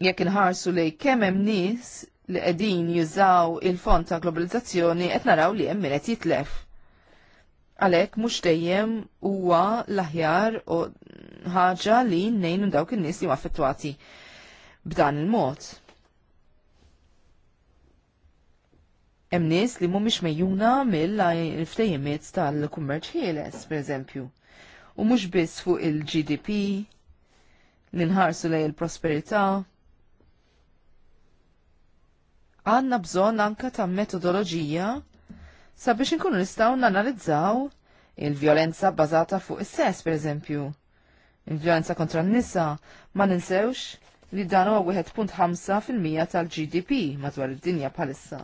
jekk inħarsu li kemm hemm nies li qegħdin jużaw il-fond ta' globalizzazzjoni qed naraw li hemm min qed jitlef. Għalhekk mhux dejjem huwa l-aħjar u ħaġa li nejnu dawk in-nies li affettwati b'dan il-mod. Hemm nies li mhumiex mejjuna mill-ftejjimiet tal-kummerċ ħieles, pereżempju. U mhux biss fuq il-GDP, l-inħarsu lej il-prosperità, għanna bżon anka ta' metodoloġija sabiex inkunu nistaw nanalizzaw il-violenza bazata fuq is-sess, per eżempju. Il-violenza kontra n-nisa ma ninsewx li dan huwa 1.5% tal-GDP madwar id-dinja bħalissa.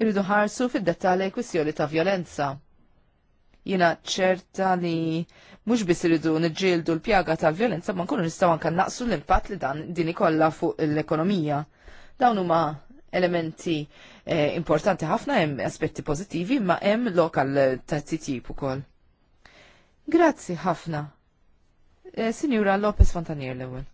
Irridu ħarsu fid-dettali kwistjoni ta' violenza. Jina ċerta li mhux biss iridu nġildu l-pjaga tal-vjolenza ma nkunu nistgħu anke naqsu l-impatt li dan din ikollha fuq l-ekonomija. Dawn huma elementi eh, importanti ħafna hemm aspetti pożittivi ma hemm lokal ta' tip ukoll. Grazzi ħafna. Eh, Sinjura Lopez Fontanier l-ewwel.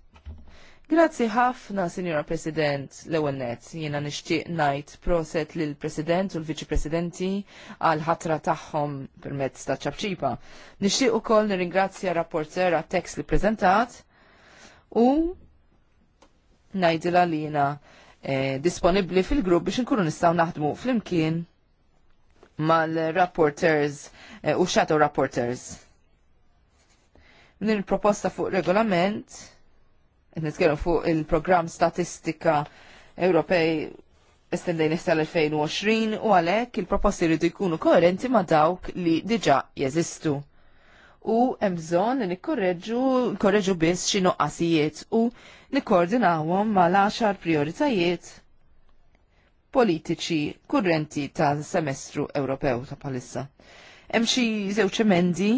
Grazzi ħafna, Sinjora President, l-ewwel nett jiena nixtieq ngħid proset lil President u l-Viċi Presidenti għal ħatra tagħhom permezz ta' ċabċipa. Nixtieq ukoll nirringrazzja rapporter għat-tekst li prezentat u ngħidilha li jiena eh, disponibbli fil-grupp biex inkunu nistgħu naħdmu flimkien mal-rapporters eh, u shadow rapporters. Min il-proposta fuq regolament nitkellmu fuq il-programm statistika Ewropej estendejn l 2020 u għalhekk il-proposti jridu jkunu koerenti ma' dawk li diġà jeżistu. U hemm bżonn li nikkorreġu nkorreġu biss xi noqqasijiet u nikkoordinawhom mal-10 prioritajiet politiċi kurrenti tal-semestru Ewropew ta' palissa. Hemm xi żewġ emendi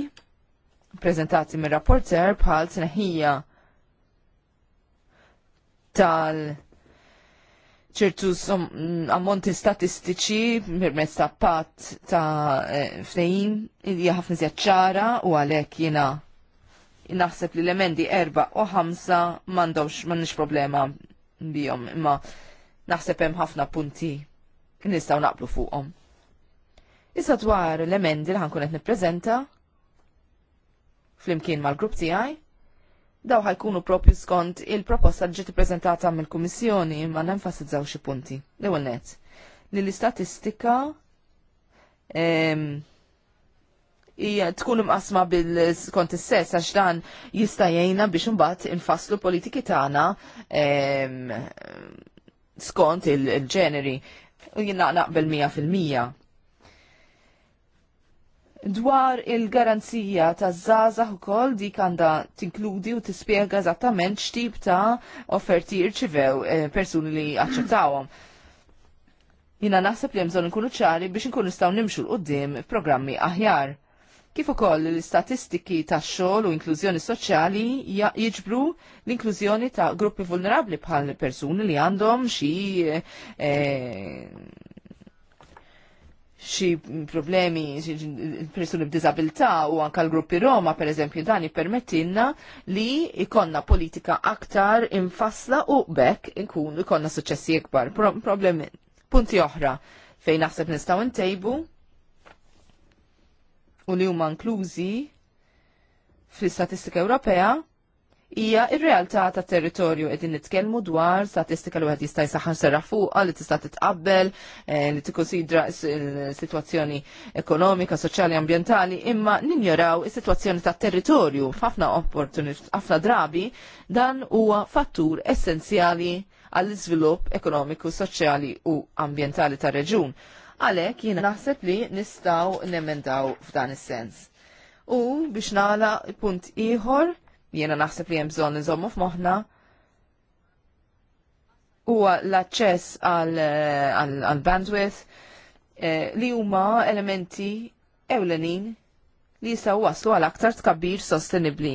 preżentati mir-rapporter bħal tneħħija tal ċertu ammonti statistiċi permezz ta' pat ta' eh, fejn li ħafna zjad ċara u għalhekk jiena naħseb li l-emendi erba u ħamsa m'għandhomx m'għandniex problema bihom imma naħseb hemm ħafna punti nistgħu naqblu fuqhom. Issa dwar l-emendi li ħankun qed nippreżenta flimkien mal-grupp tiegħi daw ħajkunu propju skont il-proposta li ġiet ippreżentata mill-Kummissjoni imma nenfasizzaw xi punti. L-ewwel nett li l-istatistika ehm, hija tkun imqasma bil-skont is-sess għax dan jista' jgħinna biex imbagħad infasslu politiki tagħna ehm, skont il-ġeneri u jien naqbel mija fil-mija. Dwar il-garanzija ta' zazah ukoll dik għandha tinkludi u tispjega eżattament x'tip ta' offerti irċivew eh, persuni li aċċettawhom. Jina naħseb li jemżon nkunu ċari biex nkunu staw nimxu l-qoddim programmi aħjar. Kif ukoll l-istatistiki ta' xogħol u inklużjoni soċjali jiġbru l-inklużjoni ta' gruppi vulnerabli bħal persuni li għandhom xi eh, xi problemi persuni b'diżabilità u anka l-gruppi Roma per eżempju dan jippermettilna li ikonna politika aktar infassla u bekk inkun ikonna suċċessi ikbar. Pro problemi punti oħra fejn naħseb nistgħu ntejbu u li huma inklużi fl-Istatistika Ewropea hija ir-realtà ta' territorju qegħdin nitkellmu dwar statistika li wieħed jista' jsaħħar serra fuqha li tista' titqabbel eh, li tikkonsidra s-sitwazzjoni eh, ekonomika, soċjali, ambjentali, imma ninjoraw is-sitwazzjoni tat territorju f'ħafna opportunit ħafna drabi dan huwa fattur essenzjali għall-iżvilupp ekonomiku, soċjali u ambjentali tar-reġun. Għalhekk jiena naħseb li nistgħu nemendaw f'dan is-sens. U biex nagħlaq punt ieħor jiena naħseb li hemm bżonn nżommu f'moħħna huwa l-aċċess għal bandwidth eh, li huma elementi ewlenin li jistgħu waslu għal aktar tkabbir sostenibbli.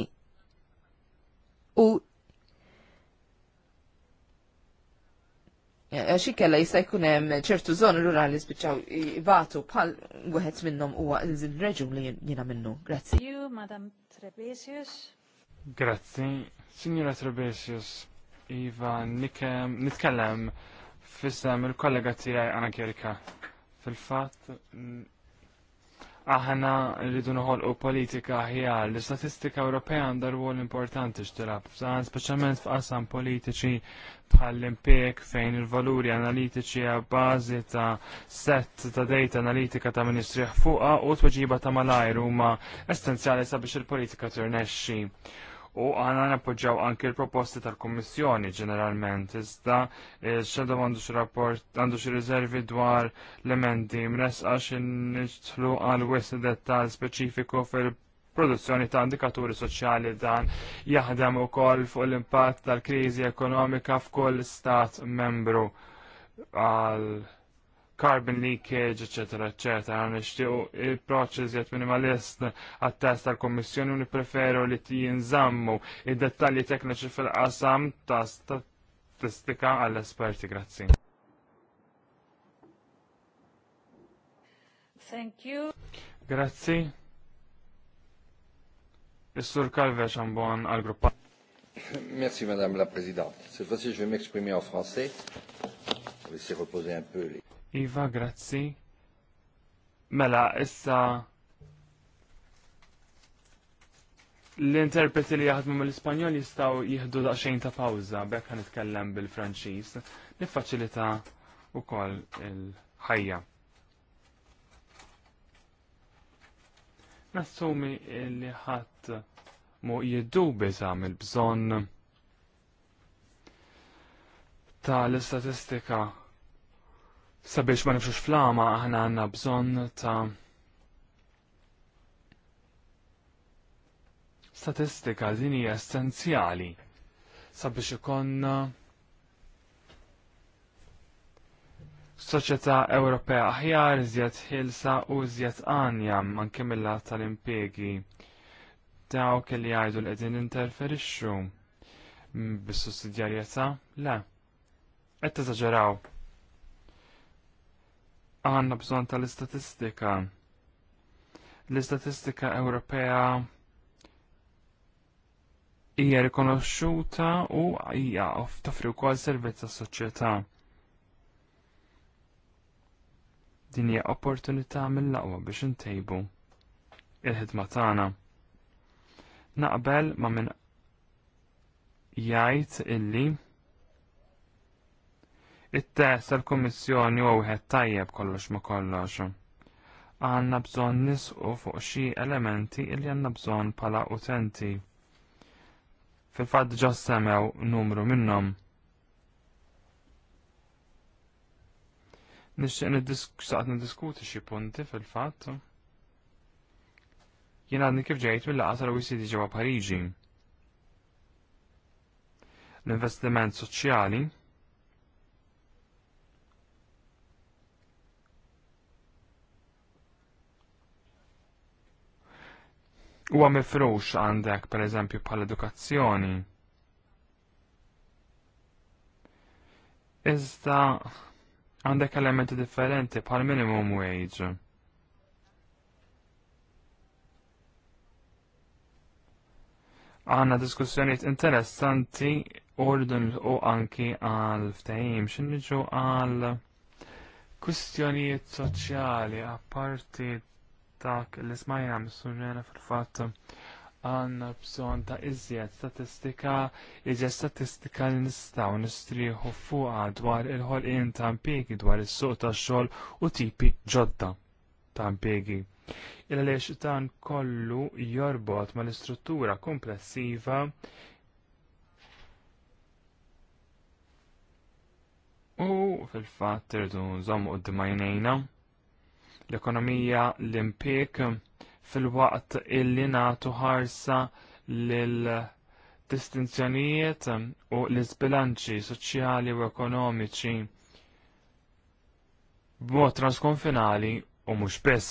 U eh, xi kella jista' jkun hemm ċertu żoni rurali spiċċaw ibatu bħal wieħed minnhom huwa il-reġum li jiena minnu. Grazzi. You, Madam Trebesius. Grazzi, Signora Trebesius, Iva, nitkellem fissem il-kollega tijaj għana kjerika. Fil-fat, aħna rridu noħol u politika ħjar, l-istatistika Ewropea għandha rwol importanti xtilab, saħan speċjalment f'qasam politiċi bħall-impjeg fejn il-valuri analitiċi bazi ta' set ta' data analitika ta' ministriħ fuqa u tweġiba ta' malajr huma essenzjali sabiex il-politika tirnexxi u għana nappoġġaw anki l-proposti tal-Kommissjoni ġeneralment, iżda xedda għandux rapport għandu xi riservi dwar l-emendi għax nitlu għal wis dettal speċifiku fil-produzzjoni ta' indikaturi soċjali dan jaħdem koll fuq l-impatt tal-kriżi ekonomika f'kull stat membru għal carbon leakage, etc., etc., eccetera. Nishtiqu il-proċess jgħat minimalist għat-test tal-Kommissjoni u nipreferu li jinżammu il dettalji tekniċi fil-qasam ta' statistika għall-esperti. Grazzi. Thank you. Grazzi. Is-Sur Calve Chambon għal-gruppa. Merci Madame la Présidente. Cette fois-ci, je vais m'exprimer en français. Je vais essayer de reposer un peu les Iva, grazzi. Mela, issa l-interpreti li jaħdmu mill-Ispanjol jistaw jihdu daqxejn ta' pawza bekk nitkellem bil-Franċiż niffaċilita wkoll il-ħajja. Nassumi li ħadd mu jiddubi sam il-bżonn tal-istatistika sabiex ma nifxux flama aħna għanna bżon ta' statistika din hija essenzjali sabiex ikonna soċjetà Ewropea aħjar iżjed ħilsa u iżjed għanja anke mill-lat tal impegi dawk li jgħidu li qegħdin interferixxu bis-sussidjarjetà le qed teżaġeraw għanna bżon tal-istatistika. L-istatistika Ewropea hija rikonoxxuta u hija toffri wkoll servizz għas-soċjetà. Din hija opportunità mill-aqwa biex intejbu il-ħidma tagħna. Naqbel ma' min jgħid illi it-test tal-Kummissjoni u wieħed tajjeb kollox ma kollox. Għanna bżonn nisqu fuq xi elementi li għandna bżonn pala utenti. Fil-fatt ġo semew numru minnhom. Nixtieq niddiskussaqt niddiskuti xi punti fil-fatt. Jien għadni kif ġejt mill-laqgħa tal-OECD ġewwa Pariġi l-investiment soċjali huwa mifrux għandek pereżempju bħal edukazzjoni. Iżda għandek elementi differenti bħal minimum wage. Għanna diskussjoniet interessanti ordun u anki għal ftajim xinniġu għal kustjonijiet soċjali apparti Tak li smajna mis-sunjena fil-fatt għanna bżon ta' iżjed statistika, iżjed statistika li nistaw nistriħu fuqa dwar il-ħolqien ta' impjegi dwar is-suq ta' xogħol u tipi ġodda ta' impjegi. Il-għaliex dan kollu jorbot ma' l-istruttura komplessiva u fil-fatt irdu nżommu d-dimajnejna l-ekonomija l-impik fil-waqt illi natu ħarsa l-distinzjonijiet u l-izbilanċi soċjali u ekonomiċi b'mod transkonfinali u mhux biss.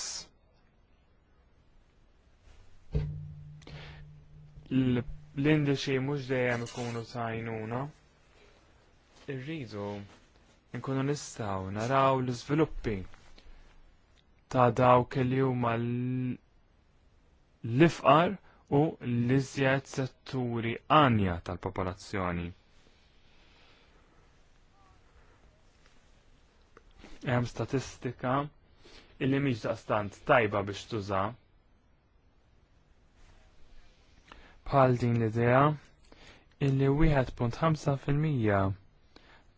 L-indiċi mhux dejjem ikunu tajnuna. Irridu nkunu nistgħu naraw l-iżviluppi ta' dawk li huma l-ifqar u l-iżjed setturi għanja tal-popolazzjoni. Hemm statistika illi mhix daqstant tajba biex tuża bħal din l-idea illi 1.5%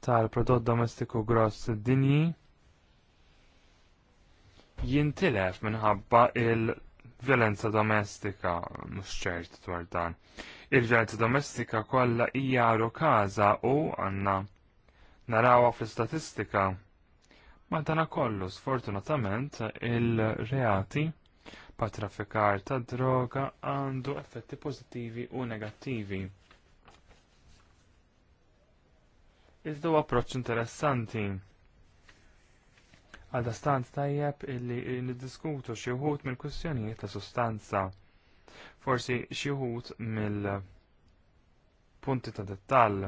tal-prodott domestiku gross dinji jintilef minħabba il-violenza domestika, mhux ċert dwar dan. Il-violenza domestika kollha hija rokaza u għandna narawha fl-istatistika. Ma dana kollu, sfortunatament, il-reati pa' traffikar ta' droga għandu effetti pożittivi u negattivi. Iżda approċċ interessanti Għadda stant tajjeb illi niddiskutu xi wħud mill-kwistjonijiet ta' sustanza. Forsi xi wħud mill-punti ta' dettall.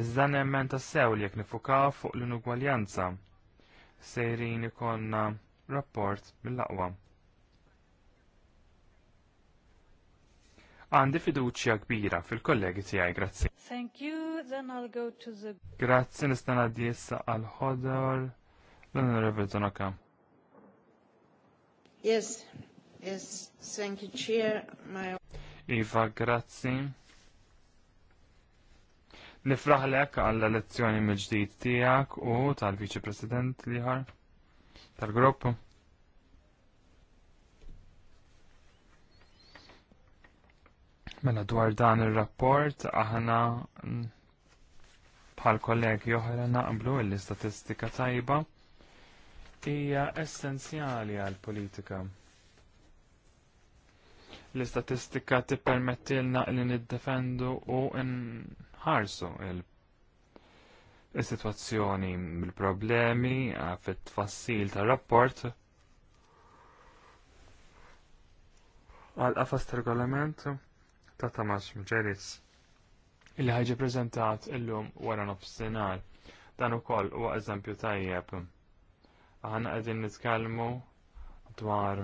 Iżda nemmen ta' sew li jekk nifukaw fuq l-inugwaljanza. Sejrin ikonna rapport mill-aqwa. għandi fiduċja kbira fil-kollegi tiegħi, grazzi. Thank you, then I'll go to the... Grazzi nistan d-jessa għal-ħodor l-Onorevole Zonaka. Yes, yes, thank you, Chair. My... Iva, grazzi. Nifraħlek għall-elezzjoni mill-ġdid tiegħek u tal-Viċi President liħar tal-grupp. Mela dwar dan ir-rapport aħna bħal kollegi oħra naqblu l-istatistika tajba hija essenzjali għal politika. L-istatistika tippermettilna li niddefendu u nħarsu il is-sitwazzjoni bil-problemi eh, fit-tfassil tar-rapport għal qafas regolament ta' Tamas Mġelis illi ħajġi prezentat illum wara nofsinhar. Dan ukoll huwa eżempju tajjeb. Aħna qegħdin nitkellmu dwar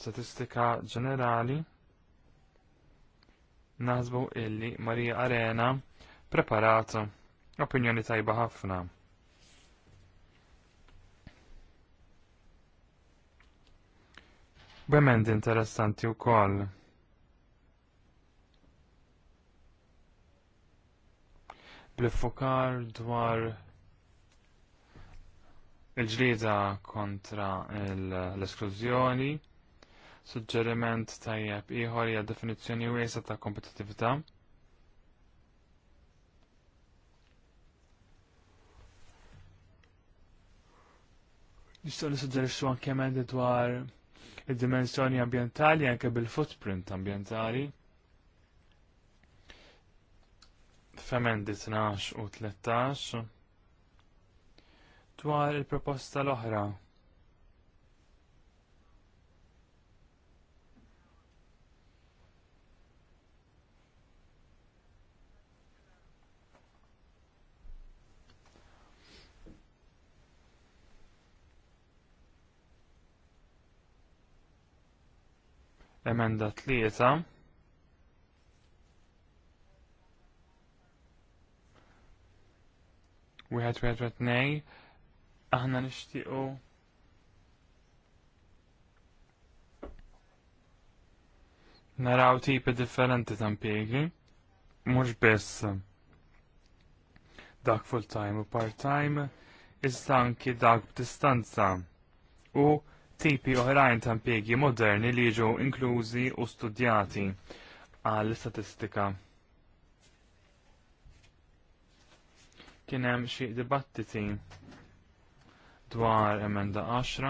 statistika ġenerali naħsbu illi Marija Arena preparat opinjoni tajba ħafna. Bemend interessanti u koll. blifokar dwar il-ġlieda kontra l-esklużjoni, suġġeriment tajjeb ieħor hija definizzjoni wiesa ta' kompetittività. Nistgħu nisuġġerixxu anke emendi dwar id-dimensjoni ambjentali anke bil-footprint ambjentali. f'emendi 12 u 13 dwar il-proposta l-oħra. Emenda tlieta. wieħed wieħed wieħed nej, aħna nixtiequ naraw tipi differenti ta' impjiegi, mhux biss dak full-time u part-time, iżda anki dak b'distanza u tipi oħrajn ta' impjiegi moderni li jiġu inklużi u studjati għall-istatistika. kien hemm xi dibattiti dwar emenda 10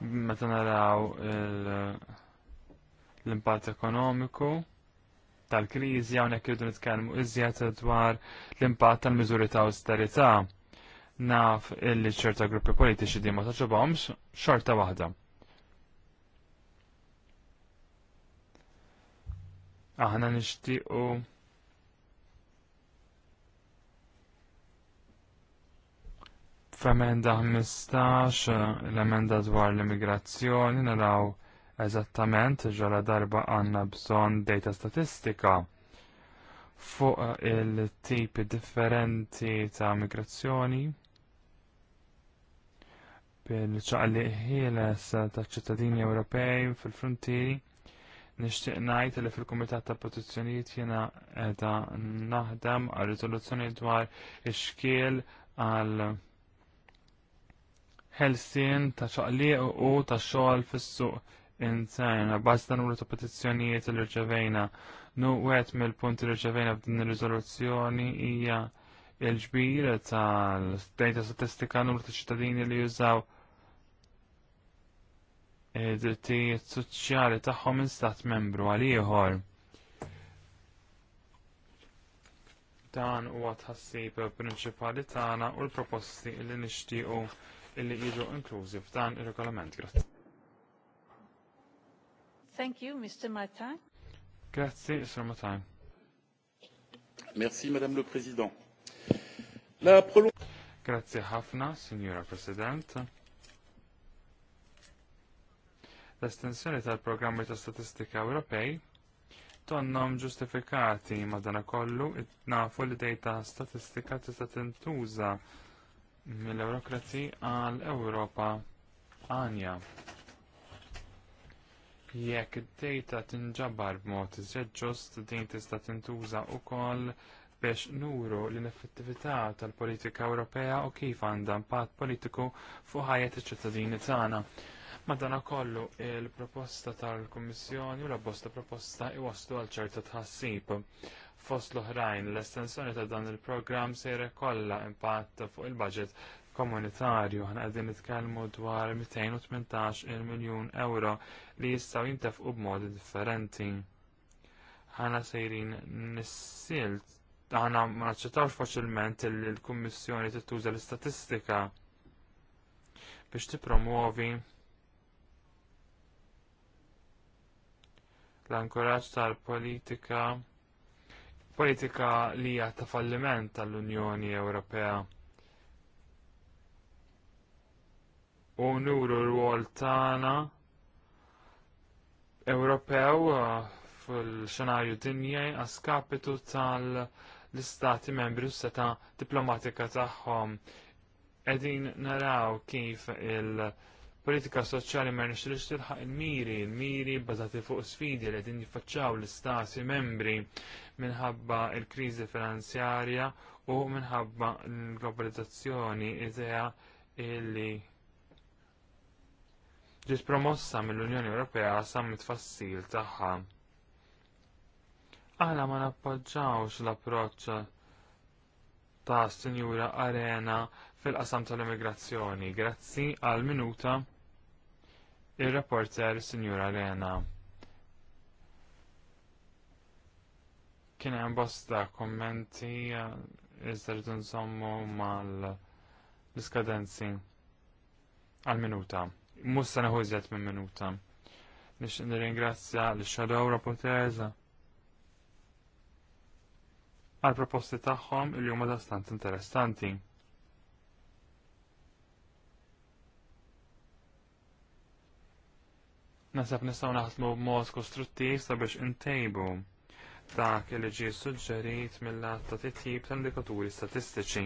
meta naraw l-impatt ekonomiku tal-kriżi hawnhekk irridu nitkellmu iżjed dwar l-impatt tal-miżuri ta' awsterità, naf illi ċerta gruppi politiċi di ma taġobhomx xorta waħda. aħna nixtiequ F'emenda 15, l-emenda dwar l-immigrazzjoni naraw eżattament ġara darba għanna bżon data statistika fuq il-tipi differenti ta' migrazzjoni bil-ċaqli ħieles ta' ċittadini Ewropej fil-frontieri Nixtieq ngħid li fil-Kumitat ta' Petizzjonijiet jiena qiegħda naħdem għal riżoluzzjoni dwar ix-xkiel għal ħelsien ta' ċaqliq u ta' xogħol fis-suq intern bażi ta' numru ta' petizzjonijiet li rċevejna. Nu wieħed mill-punti li rċevejna f'din ir-riżoluzzjoni hija il-ġbir tal-data statistika numru ta' ċittadini li jużaw id-drittijiet soċjali tagħhom minn stat membru għal ieħor. Dan huwa tħassib prinċipali tagħna u l-proposti li nixtiequ illi jiġu inklużi f'dan ir-regolament. Grazzi. Thank you, Mr. Martin. Grazzi, Mr. Martin. Merci, Madame le Président. La prolong... Grazie ħafna, Signora President l-estensjoni tal-programmi ta' statistika Ewropej tonnom ġustifikati madanakollu nafu li dejta statistika tista' tintuża mill-Eurokrati għal Ewropa għanja. Jekk id-dejta tinġabar b'mod iżjed ġust din tista' tintuża wkoll biex nuru l-effettività tal-politika Ewropea u kif għandha impatt politiku fuq ħajja iċ-ċittadini tagħna. Madana kollu il-proposta tal-Kommissjoni u l bosta proposta iwaslu għal ċerta tħassib. Fost l-oħrajn, l-estensjoni ta' dan il-programm se kollha impatt fuq il-budget komunitarju Għan għadin nitkellmu dwar 218 miljon miljun euro li jistaw jintefqu b'modi differenti. Ħana sejrin nissilt, Għana ma naċċettawx faċilment il-Kummissjoni tittuża l-istatistika biex tipromuovi promuovi l-ankoraġġ tal-politika politika li hija ta' falliment tal-Unjoni Ewropea. U nuru r-wol tagħna Ewropew uh, fil-xenarju dinji għaskapitu tal-istati membri u seta diplomatika tagħhom. Qegħdin naraw kif il- politika soċjali ma nixtrix tilħaq il-miri, il-miri bbażati fuq sfidi li qegħdin jiffaċċaw l-istati membri minħabba l-kriżi finanzjarja u minħabba l-globalizzazzjoni idea illi ġiet promossa mill-Unjoni Ewropea sa mit-tfassil tagħha. Aħna ma nappoġġawx l-approċċ ta' Sinjura Arena fil-qasam tal-immigrazzjoni. Grazzi għal minuta il reporter Sinjura Lena. Kien hemm bosta kommenti iżda rridu nżommu mal l-iskadenzi għal minuta. Mhux se neħu iżjed minn minuta. Nix nirringrazzja l shadow rapporters għal proposti tagħhom il huma dastant interessanti. Nasab nistaw naħdmu b'mod kostruttiv sabiex intejbu dak li ġie suġġerit mill-att ta' titjib ta' indikaturi statistiċi.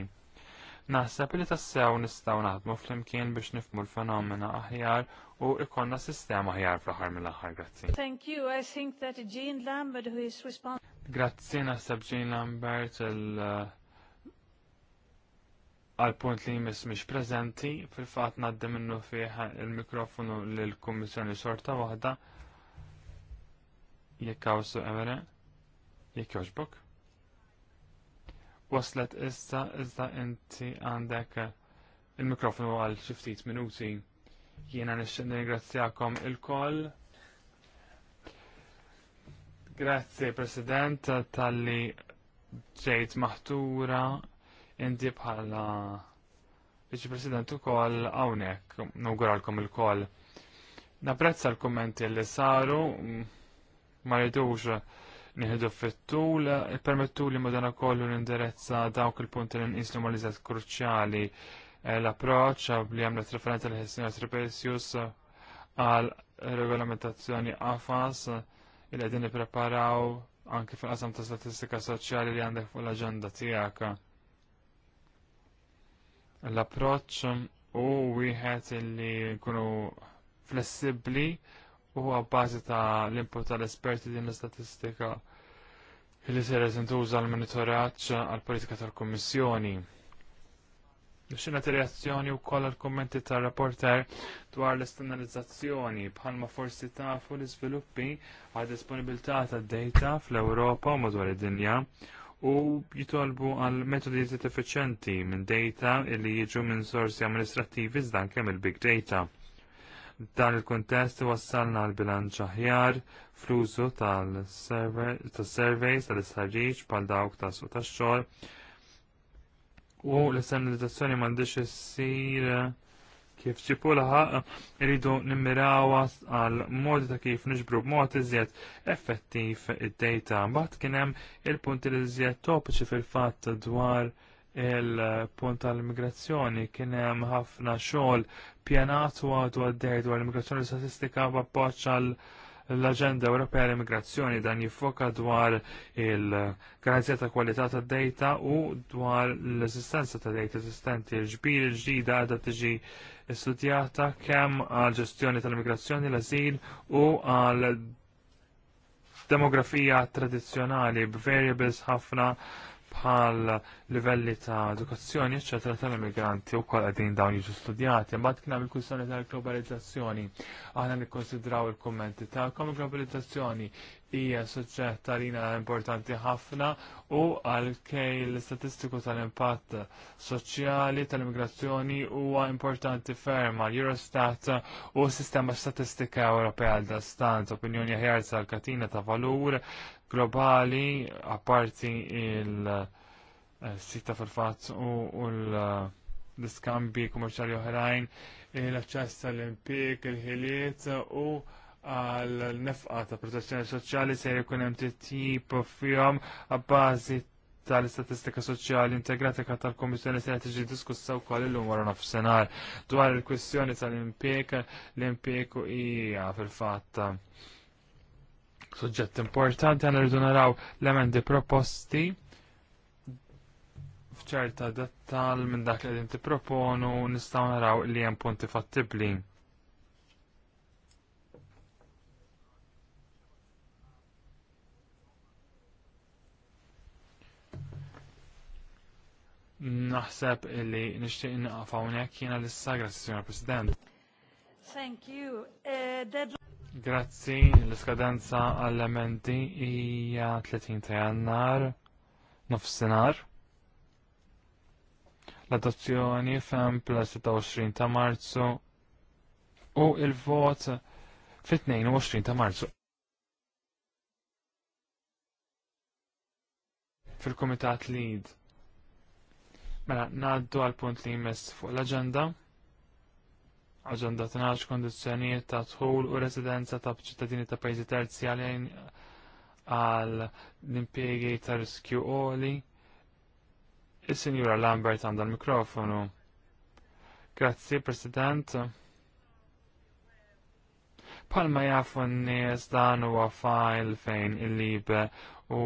Naħseb li tassew nistaw naħdmu flimkien biex nifmu l-fenomena aħjar u ikonna sistema aħjar fl-aħħar mill-aħħar. Grazzi. Thank you. I think that Jean Lambert who is responsible. Grazzi naħseb Jean Lambert il- għal punt li jmiss mhix prezenti fil-fatt ngħaddi minnu fih il-mikrofonu lill-Kummissjoni Sorta waħda. Jekk hawn su emre, jekk jogħġbok. Waslet issa iżda inti għandek il-mikrofonu għal xi ftit minuti. Jiena nixtieq il ilkoll. Grazzi President tal-li ġejt maħtura inti bħala Viċi president ukoll hawnhekk nawguralkom il kol Napprezza l-kummenti li saru ma rridux nieħdu fit-tul, permettu li madana kollu l-indirezza dawk il-punti li nqislu ma liżat kruċjali eh, l-approċċ li għamlet referenza l ħessinja Tripesius għal regolamentazzjoni AFAS il-għedin preparaw anki fil-qasam ta' statistika soċjali li għandek fuq l-agenda tijaka. L-approċċ u wieħed li jkunu flessibbli u għabbażi ta' l-input tal-esperti din l-istatistika li se tintuża l monitoraċ għal-politika tal-Kummissjoni. Xina reazzjoni u koll l kommenti tal-rapporter dwar l-esternalizzazzjoni bħalma forsi tafu l-izviluppi għad disponibilità ta' data fl-Europa madwar id-dinja u jitolbu għal metodi effiċenti minn data li jiġu minn sorsi amministrativi zdan kemm il-big data. Dan il-kontest wassalna għal bilanċ aħjar fl-użu tal-surveys tal-istħarriġ pal dawk ta' suq tax-xogħol u l-esternalizzazzjoni m'għandix issir kif ċipulaħa laħaq irridu nimmirawa għal modi ta' kif nġbru b'mod iżjed effettiv id-data. Mbagħad kien hemm il-punti li iżjed topiċi fil-fatt dwar il-punt tal-immigrazzjoni kien hemm ħafna xogħol pjanat u għadu għaddej dwar l-immigrazzjoni statistika b'appoġġ għal l-Aġenda Ewropea l-Immigrazzjoni dan jiffoka dwar il-garanzija ta' kwalità tad data u dwar l-esistenza ta' data esistenti l-ġbir ġdida għadha tiġi studjata kemm għal ġestjoni tal-immigrazzjoni, l-azil u għal demografija tradizzjonali b'variables ħafna bħal livelli ta' edukazzjoni, eccetera, tal-immigranti u kol għedin dawn jiġu studjati. Mbagħad kien hemm il-kwistjoni tal-globalizzazzjoni. Aħna nikkonsidraw il-kummenti ta' il-globalizzazzjoni hija suġġett tal-ina importanti ħafna u għalkej l-istatistiku tal-impatt soċjali tal-immigrazzjoni huwa importanti ferm għal Eurostat u s-sistema statistika Ewropea għal dastant opinjoni ħjar sal-katina ta' valur globali apparti il-sita eh, fil-fatt u eh, l-iskambi kummerċali oħrajn, l-aċċess tal-impik, il-ħiliet u għal-nefqa ta' protezzjoni soċjali se jkun hemm tip fihom għabbażi tal-istatistika soċjali integrata tal-Komissjoni se tiġi diskussa wkoll illum wara nofsinhar dwar il-kwistjoni tal-impjek l-impjek hija fil-fatt Suġġett importanti għan rridu naraw l-emendi proposti fċerta dettal minn dak li inti proponu nistaw naraw li hemm punti fattibli. Naħseb illi nixtieq naqaf hawnhekk jiena l-issa, grazzi President. Thank you. Uh, Grazzi, l-iskadenza għall-emendi hija 30 ta' jannar, nofsinhar. L-adozzjoni fem plus 26 ta' marzu u il-vot fit-22 ta' marzu. Fil-Komitat Lead. Mela, naddu għal punt li jmess fuq l-agenda. Aġenda naċ kondizzjonijiet ta' tħul u residenza ta' ċittadini ta' pajzi terzi għalejn għal l impiegi ta' riskju oli. Is-Sinjura Lambert għandha l-mikrofonu. Grazzi, President. Palma jafu n-nies dan huwa fajl fejn il-libe u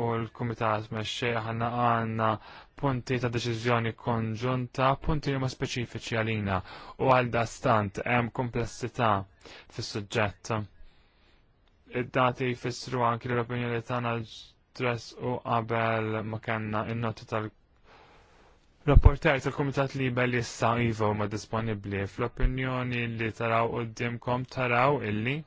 u l-Kumitat Mesċeħ ħanna għandna punti ta' deċiżjoni konġunta, punti li ma speċifiċi għalina u għal stant hemm komplessità fis-suġġett. Id-dati jfissru anki l-opinjoni tagħna dress u qabel ma kellna in-noti tal- Rapporter tal-Komitat Libel jissa Iva ma disponibli fl-opinjoni li taraw qoddimkom taraw illi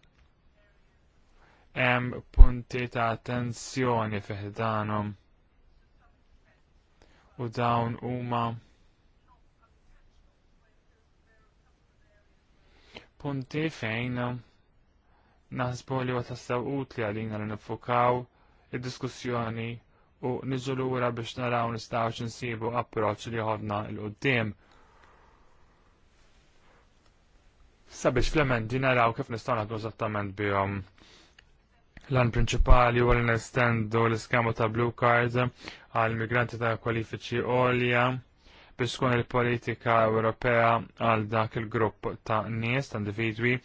hemm punti ta' tensjoni fiħdanhom. U dawn huma punti fejn naħsbu li tassew utli għalina li nifukaw id-diskussjoni u niġu lura biex naraw nistaw x'insibu approċ li ħodna l-qoddim. Sabiex fl-emendi naraw kif nistaw naħdu eżattament bihom. L-għan prinċipali u l-nestendu l-iskema ta' Blue Card għal migranti ta' kwalifiċi olja biex tkun il-politika Ewropea għal dak il-grupp ta' nies ta' individwi.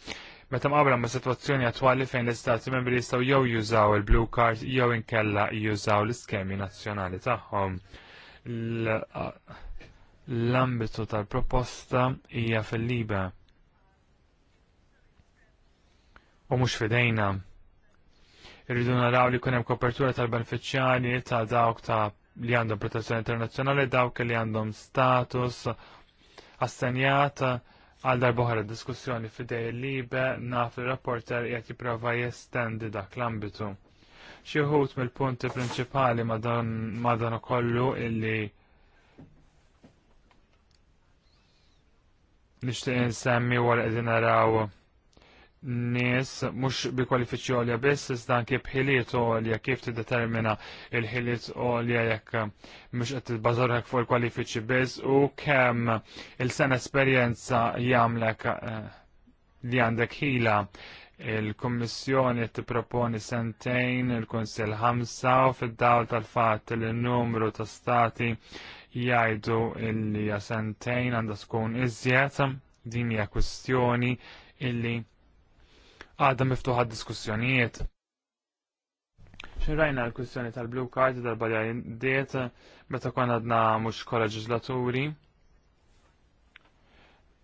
Meta mqabla ma' situazzjoni attwali fejn l-istati membri jistgħu jew jużaw il-Blue Card jew inkella jużaw l-iskemi nazzjonali tagħhom. L-ambitu tal-proposta hija fil-liba. U mhux fidejna Irridu naraw li kunem kopertura tal-beneficjani ta' dawk ta' li għandhom protezzjoni internazzjonali, dawk li għandhom status assenjat għal darbohra diskussjoni fidej libe naf il-rapporter jgħat jiprofa jestendi dak l-ambitu. Xieħut mill-punti prinċipali ma dan kollu illi nishtiq insemmi wara qegħdin naraw nies mhux bi kwalifiċi għolja biss iżda kif b'ħiliet għolja kif t-determina il-ħiliet għolja jekk mhux qed tibbażarek fuq il-kwalifiċi biss u kemm il-sena esperjenza jamlek eh, li għandek ħila il-Kommissjoni tipproponi sentejn il-Kunsill ħamsa u fid-dawl tal-fatt li n-numru ta' stati jgħidu illi sentejn għandha tkun iżjed din hija kwistjoni illi għadha miftuħa diskussjonijiet. Xirrajna l-kwistjoni tal-blue card tal li diet meta kon għadna mux koreġislaturi.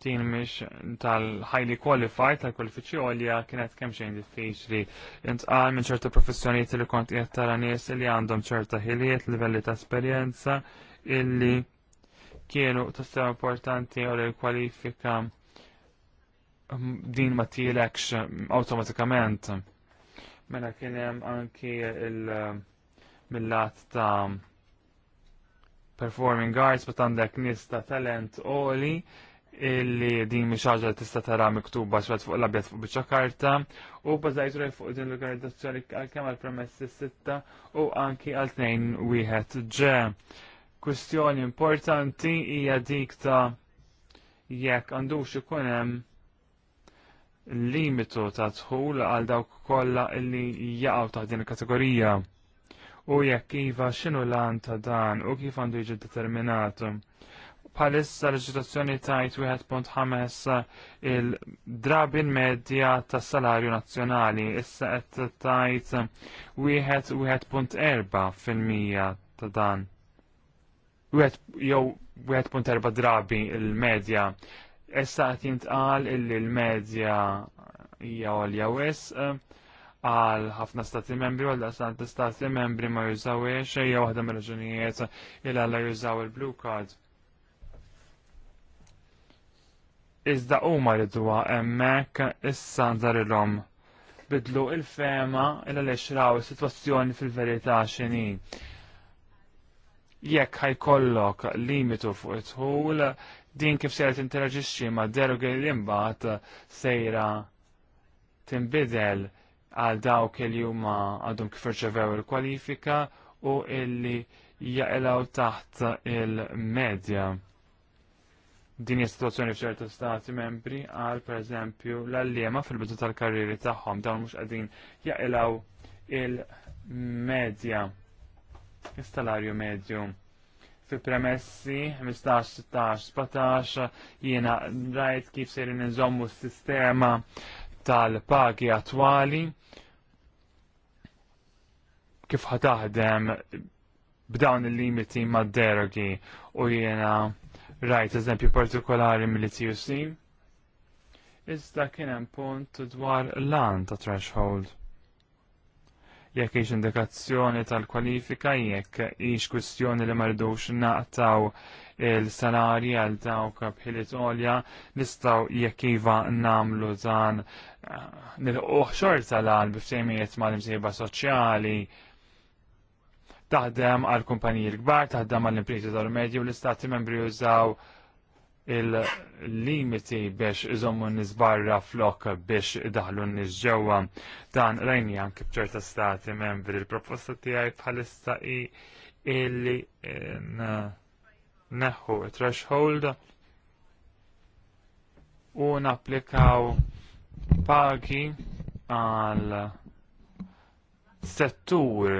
Tin mux tal-highly qualified, tal-kwalifiċi għolja kienet kemm xejn diffiċli. Intqal minn ċerta professjonijiet li kont qed tara nies li għandhom ċerta ħiliet, livelli ta' esperjenza illi kienu tassew importanti għal il-kwalifika din ma tielekx mm, automatikament. Mela kien hemm anki il- mm, mill-lat ta' performing arts, bat għandek nies ta' talent oli illi din mhix ħaġa tista' tara miktuba xwed fuq l-abjad fuq biċċa karta u bażajt rej fuq din l-organizzazzjoni għalkemm għal premessi sitta u anki għal tnejn wieħed ġe. Kwistjoni importanti hija dik ta' jekk għandux ikun hemm limitu ta' tħul għal dawk kollha illi jaqgħu taħt din il-kategorija. U jekk iva xinu lan ta' dan u kif għandu jiġi determinat. Bħalissa l-ġitazzjoni tajt 1.5 il-drabin medja tas salarju nazzjonali issa qed tajt 1.4 fil-mija ta' dan. Jew 1.4 drabi il-medja Issa qed jintqal illi l-medja hija għolja wisq eh, għal ħafna stati membri u għal stati membri ma jużaw xejja waħda mir raġunijiet il għalla jużaw il-blue card. Iżda huma ridwa hemmhekk issa ndarilhom bidlu il-fema illa għaliex raw is-sitwazzjoni fil-verità x'inhi. Jekk ħajkollok limitu fuq it-tħul, din kif sejra tinteraġixxi ma' derogi li mbagħad sejra tinbidel għal dawk li huma għadhom kif irċevew il-kwalifika u illi jaqlaw taħt il-medja. Din hija situazzjoni f'ċerti stati membri għal pereżempju l-allema fil-bidu tal-karriri tagħhom dawn mhux qegħdin jaqlaw il-medja, il-salarju medju fi premessi 15 15-16-17 jiena rajt kif seri nżommu s-sistema tal-pagi attwali kif ħataħdem b'dawn il-limiti mad derogi u jiena rajt eżempju partikolari mill-TUC. Iżda kien hemm punt dwar l-an ta' threshold jekk hiex indikazzjoni tal-kwalifika jekk hiex kwistjoni li mardux naqtaw il-salarji għal dawk bħilit olja nistgħu jekk iva nagħmlu dan eh, nil-uħxor tal-għal biftejmijiet ma' mal imsiba soċjali taħdem għal kumpaniji l-kbar, taħdem għal imprizi tal-medju l-istati membri jużaw il-limiti biex iżommu nizbarra flok biex daħlu nizġewa dan rajni anki bċerta stati membri il-proposta tijaj bħalista i illi eh, neħu threshold u naplikaw pagi għal settur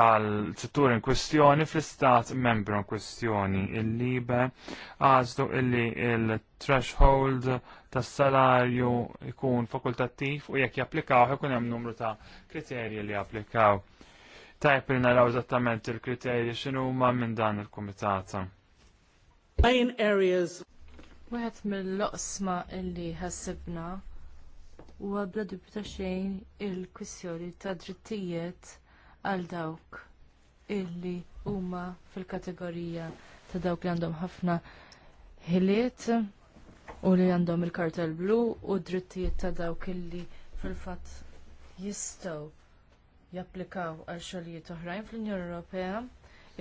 għal settur in kwestjoni fl-istat membru in kwestjoni il-libe għazdu illi il-threshold tas salarju ikun fakultattiv u jekk japplikaw ikun hemm numru ta' kriterji li japplikaw. Tajb li naraw eżattament il-kriterji x'inhuma minn dan il-kumitata. Main areas. Wieħed mill-loqsma illi ħassibna u għabla dubju ta' xejn il-kwissjoni ta' drittijiet għal dawk illi huma fil-kategorija ta' dawk li għandhom ħafna ħiliet u li għandhom il-kartel blu u drittijiet ta' dawk illi fil-fatt jistgħu japplikaw għal xogħlijiet oħrajn fl-Unjoni Ewropea,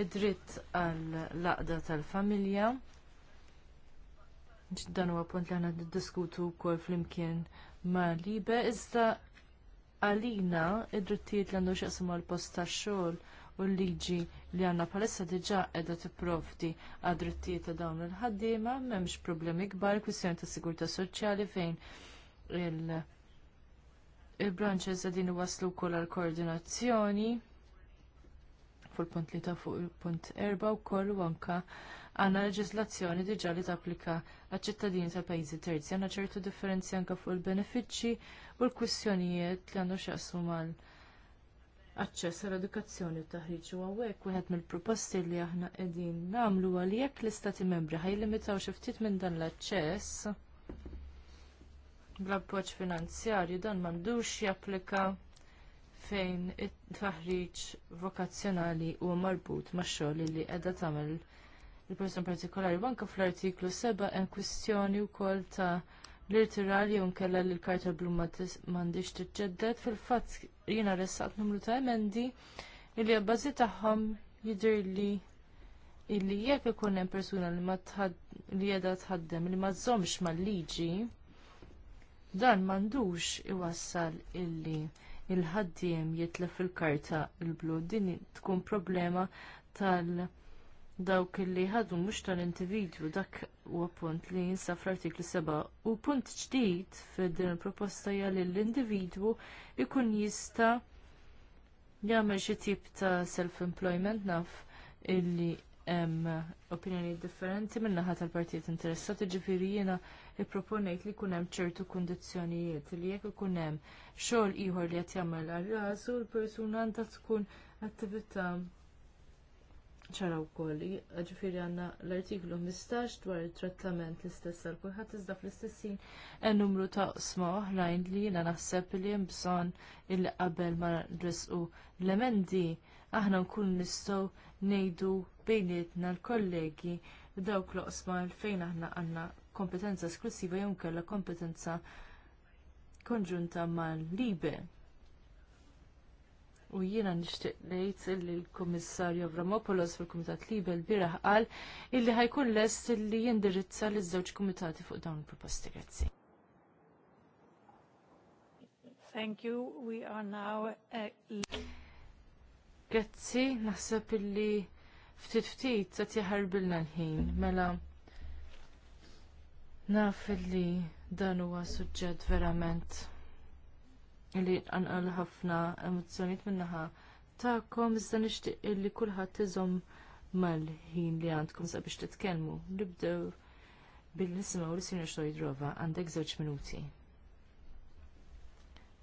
id-dritt għal laqda tal-familja. Dan huwa punt li għandna niddiskutu wkoll flimkien ma' libe iżda għalina id-drittijiet li għandu xieqsum għal-post ta' xogħol u l-liġi li għandna diġa diġà qiegħda tipprovdi għad drittijiet ta' dawn il-ħaddiema m'hemmx problemi kbar kwistjoni ta' sigurtà soċjali fejn il-branches qegħdin iwasslu wkoll għal koordinazzjoni fuq il-punt li ta' fuq il-punt erba' u u anke għandna leġislazzjoni diġà li tapplika għal ċittadini tal pajjiżi terzi għanna ċertu differenzi anka fuq il-benefiċċji u l-kwistjonijiet li għandu x'jaqsmu mal aċċess għal edukazzjoni u taħriġ u għawek wieħed mill-proposti li aħna qegħdin nagħmlu għal jekk l-istati membri ħajlimitaw xi ftit minn dan l-aċċess bl-appoġġ finanzjarju dan m'għandux japplika fejn it-taħriġ vokazzjonali huwa marbut max-xogħol li qiegħda tagħmel il-person partikolari. Banka fl-artiklu 7 hemm kwistjoni wkoll ta' l-irtirar li nkella li l-karta blu m'għandix ġeddet fil-fatt jiena ressaqt numru ta' emendi li għabbażi tagħhom jidr li illi jekk ikun hemm persuna li ma li qiegħda tħaddem li ma tżommx mal-liġi dan m'għandux iwassal illi il-ħaddiem jitlef il-karta l-blu din tkun problema tal- dawk li ħadu mhux tal-individwu dak huwa punt li jinsa fl-artiklu 7 u punt ġdid fid-din il-proposta hija li l-individwu ikun jista jagħmel xi tip ta' self-employment naf illi hemm opinjoni differenti min-naħa tal-partijiet interessati ġifieri jiena ipproponejt li jkun hemm ċertu kundizzjonijiet li jekk ikun hemm xogħol ieħor li qed jagħmel għal rasu l-persuna għandha tkun attività ċara wkoll, ġifieri għandna l-artiklu 15 dwar it trattament l-istess għal kulħadd iżda fl-istessin hemm numru ta' sma oħrajn li jiena naħseb li hemm bżonn illi qabel ma nresqu l-emendi aħna nkun nistgħu ngħidu bejnietna l-kollegi dawk l-oqsma fejn aħna għandna kompetenza esklusiva jew kompetenza konġunta mal-libe. U jiena nixtieq ngħid li l-Kummissarju Avramopoulos fil-Kumitat Libel bieraħ qal illi ħajkun lest illi jindirizza l żewġ kumitati fuq dawn il-proposti. Grazzi. Thank you. We are now uh, Grazzi, naħseb illi ftit ftit qed jaħarbilna l-ħin mela naf illi dan huwa suġġett verament li għanqal ħafna emozjoniet minnaħa ta'kom, iżda nixtieq li kulħadd iżomm mal-ħin li għandkom sabiex titkellmu. Nibdew bil-nisimgħu li Sinjor Xojdrova għandek żewġ minuti.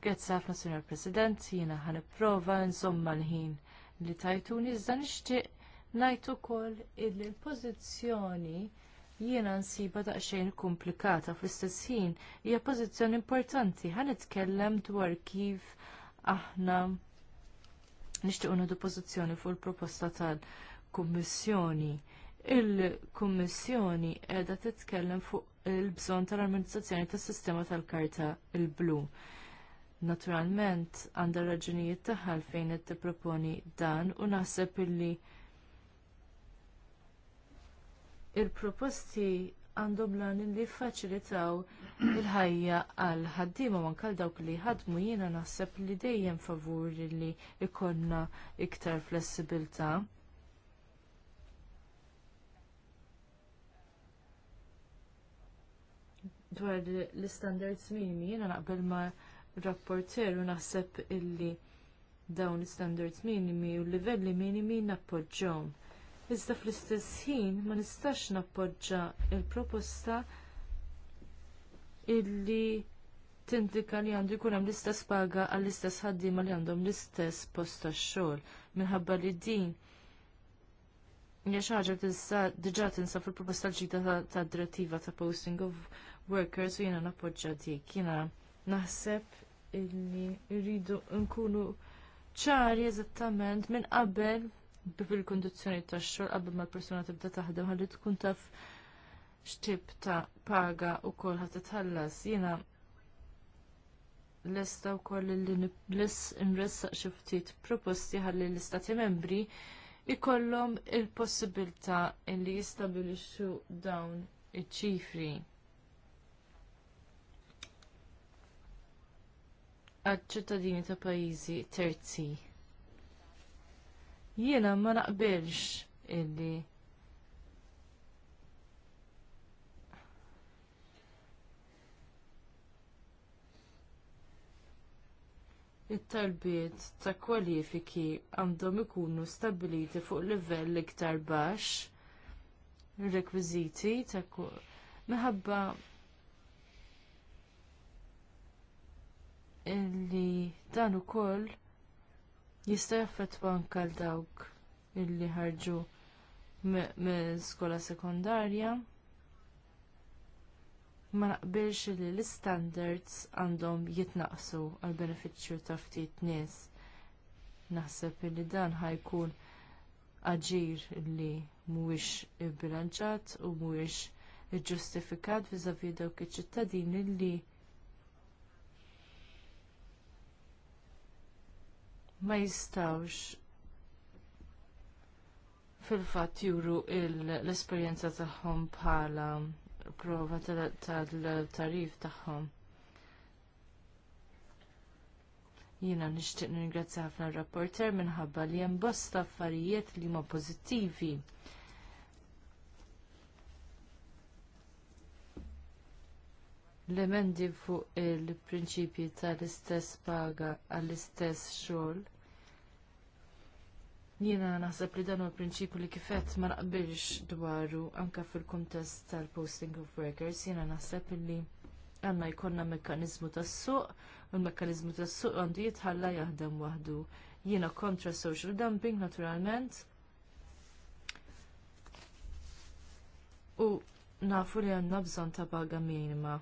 Grazzi ħafna Sinjor President, jiena ħaniprova nżomm mal-ħin li tajtuni iżda nixtieq ngħid ukoll il-pożizzjoni il pożizzjoni jiena nsiba daqsxejn komplikata fl-istess ħin hija pożizzjoni importanti ħa nitkellem dwar kif aħna nixtiequ nieħdu pożizzjoni fuq il-proposta tal-Kummissjoni. Il-Kummissjoni qiegħda titkellem fuq il-bżonn tal-armonizzazzjoni tas-sistema tal-karta il-blu. Naturalment għandha raġunijiet tagħha fejn qed tipproponi dan u naħseb illi il-proposti għandhom lan li faċilitaw il-ħajja għal ħaddiema man kal dawk li ħadmu jiena naħseb li dejjem favur li ikonna iktar flessibilità. Dwar l-standards minimi jiena naqbel ma rapporter u naħseb illi dawn l-standards minimi u l-livelli minimi nappoġġawhom iżda fl-istess ħin ma nistax nappoġġa l proposta illi tindika li għandu jkun hemm l-istess paga għall-istess ħaddiema li għandhom l-istess post tax-xogħol minħabba li din hija xi ħaġa tista' diġà tinsab fil-proposta l-ġdida tad direttiva ta' posting of workers u jiena nappoġġa dik. Jiena naħseb illi rridu nkunu ċari eżattament minn qabel fil kondizjoni tax-xogħol qabel ma persona persuna tibda taħdem ħalli tkun taf x'tib ta' paga wkoll ħadd titħallas. Jiena lesta wkoll li bliss imressaq xi ftit proposti ħalli l-istati membri ikollhom il-possibilità li jistabilixxu dawn iċ-ċifri. għad ċittadini ta' pajjiżi terzi. Jiena ma naqbilx illi it-talbiet ta' kwalifiki għandhom ikunu stabbiliti fuq livell iktar baxx rekwiżiti ta' minħabba illi dan ukoll jista' jaffettwa anke dawk illi ħarġu mill-skola sekondarja ma naqbilx li l istandards għandhom jitnaqsu għall benefiċċju ta' ftit nies. Naħseb li dan ħajkun aġir li mhuwiex ibbilanċat u mhuwiex iġġustifikat viżavi dawk iċ-ċittadini li ma jistawx fil-fatt juru l-esperjenza tagħhom bħala prova tal-tarif tagħhom. Jiena nixtieq ningrazzja ħafna r-rapporter minħabba li hemm bosta affarijiet li huma pożittivi l-emendi fuq il-prinċipji tal-istess paga għall-istess xogħol. Jiena naħseb li dan huwa prinċipju li kifett ma naqbilx dwaru anke fil-kuntest tal-posting of workers, jiena naħseb li għandna jkollna mekkaniżmu tas-suq u l-mekkaniżmu tas-suq għandu jitħalla jaħdem waħdu. Jiena kontra social dumping naturalment. U nafu li għandna bżonn ta' paga minima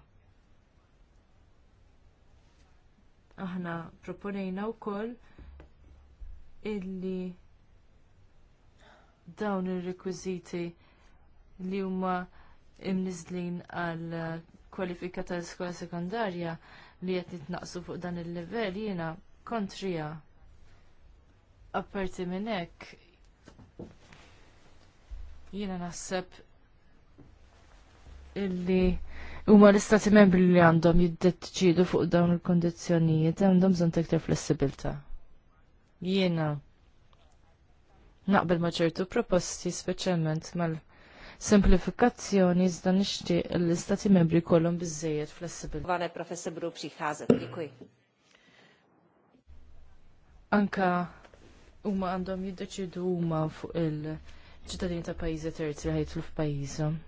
Aħna proponejna wkoll illi dawn ir-rekwiżiti li huma imnizlin għal kwalifika tal-iskola sekondarja li qed nitnaqsu fuq dan il-livell jiena kontrija. Apparti minn hekk jiena naħseb illi huma l-istati membri li għandhom jiddeċidu fuq dawn il kondizjonijiet għandhom bżonn iktar flessibilità. Jiena naqbel ma' ċertu proposti speċjalment mal-simplifikazzjoni iżda nixtieq l-istati membri kollhom biżejjed flessibilità. Vane professor Brub ħażet dikwi. Anka huma għandhom jiddeċidu huma fuq il-ċittadini ta' pajjiżi terzi li ħajtlu f'pajjiżhom.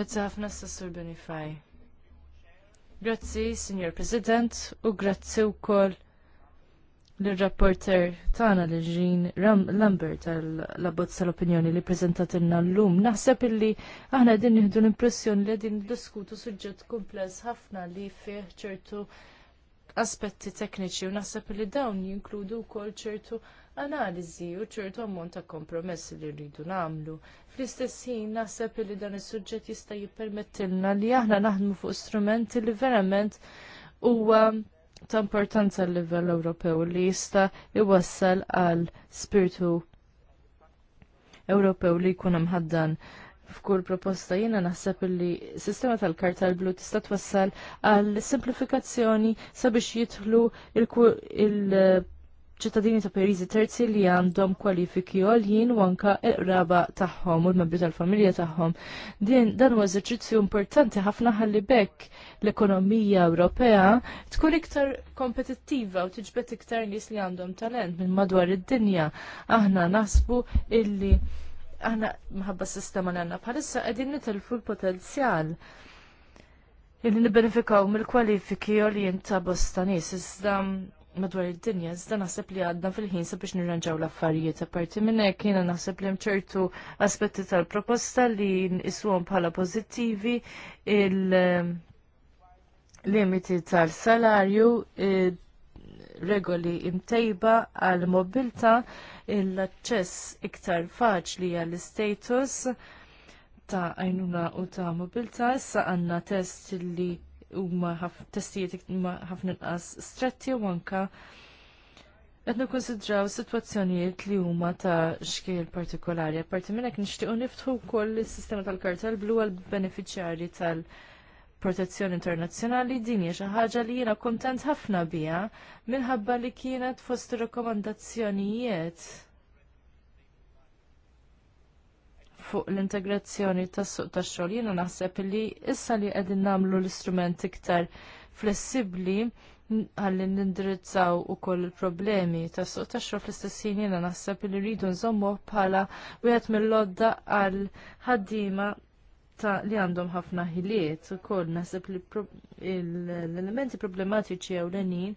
Grazzi ħafna s-sur Benifaj. Grazzi, Signor President, u grazzi u koll l-rapporter tana l ġin Ram Lambert għal-labbozz l opinjoni li inna l-lum. Naħseb illi aħna din nħidu l-impressjoni li din diskutu suġġett kumplez ħafna li fih ċertu aspetti tekniċi u naħseb illi dawn jinkludu kol ċertu analiżi u ċertu ammont ta' kompromess li rridu nagħmlu. Fl-istess ħin naħseb li dan is-suġġett jista' jippermettilna li aħna naħdmu fuq strumenti li verament huwa ta' importanza l livell Ewropew li jista' iwassal għal spiritu Ewropew li jkun hemm ħaddan f'kull proposta jiena naħseb li sistema tal-karta l-blu tista' twassal għal simplifikazzjoni sabiex jidħlu il-, il ċittadini ta' pajjiżi terzi li għandhom kwalifiki għoljien u anka il raba tagħhom u l-membri tal-familja tagħhom. Din dan huwa eżerċizzju importanti ħafna ħalli bekk l-ekonomija Ewropea tkun iktar kompetittiva u tiġbed iktar nies li għandhom talent minn madwar id-dinja. Aħna nasbu illi aħna mħabba s-sistema li għandna bħalissa qegħdin nitilfu l-potenzjal illi nibbenefikaw mill-kwalifiki għoljin ta' bosta nies. Iżda madwar id-dinja, iżda naħseb li għadna fil-ħin sabiex nirranġaw l-affarijiet. Apparti minn hekk jiena naħseb li hemm ċertu aspetti tal-proposta li nqisuhom bħala pożittivi il-limiti ehm, tal-salarju, regoli imtejba għal mobilta l-aċċess iktar faċli għall status ta' għajnuna u ta' mobilta. sa għandna test li huma testijiet ħafna inqas stretti u anka qed nikkonsidraw sitwazzjonijiet li huma ta' xkiel partikolari. Apparti minn hekk nixtiequ niftħu wkoll is-sistema tal-kartel blu għal beneficjari tal-protezzjoni internazzjonali din hija xi ħaġa li jiena kuntent ħafna biha minħabba li kienet fost ir-rakkomandazzjonijiet fuq l-integrazzjoni tas-suq tax-xogħol jiena naħseb li issa li qegħdin nagħmlu l-istrument iktar flessibbli ħalli nindirizzaw ukoll il-problemi tas-suq tax-xogħol fl-istess ħin jiena naħseb li rridu nżommu bħala wieħed mill-lodda għal ħaddiema ta' li għandhom ħafna ħiliet ukoll naħseb li l-elementi problematiċi ewlenin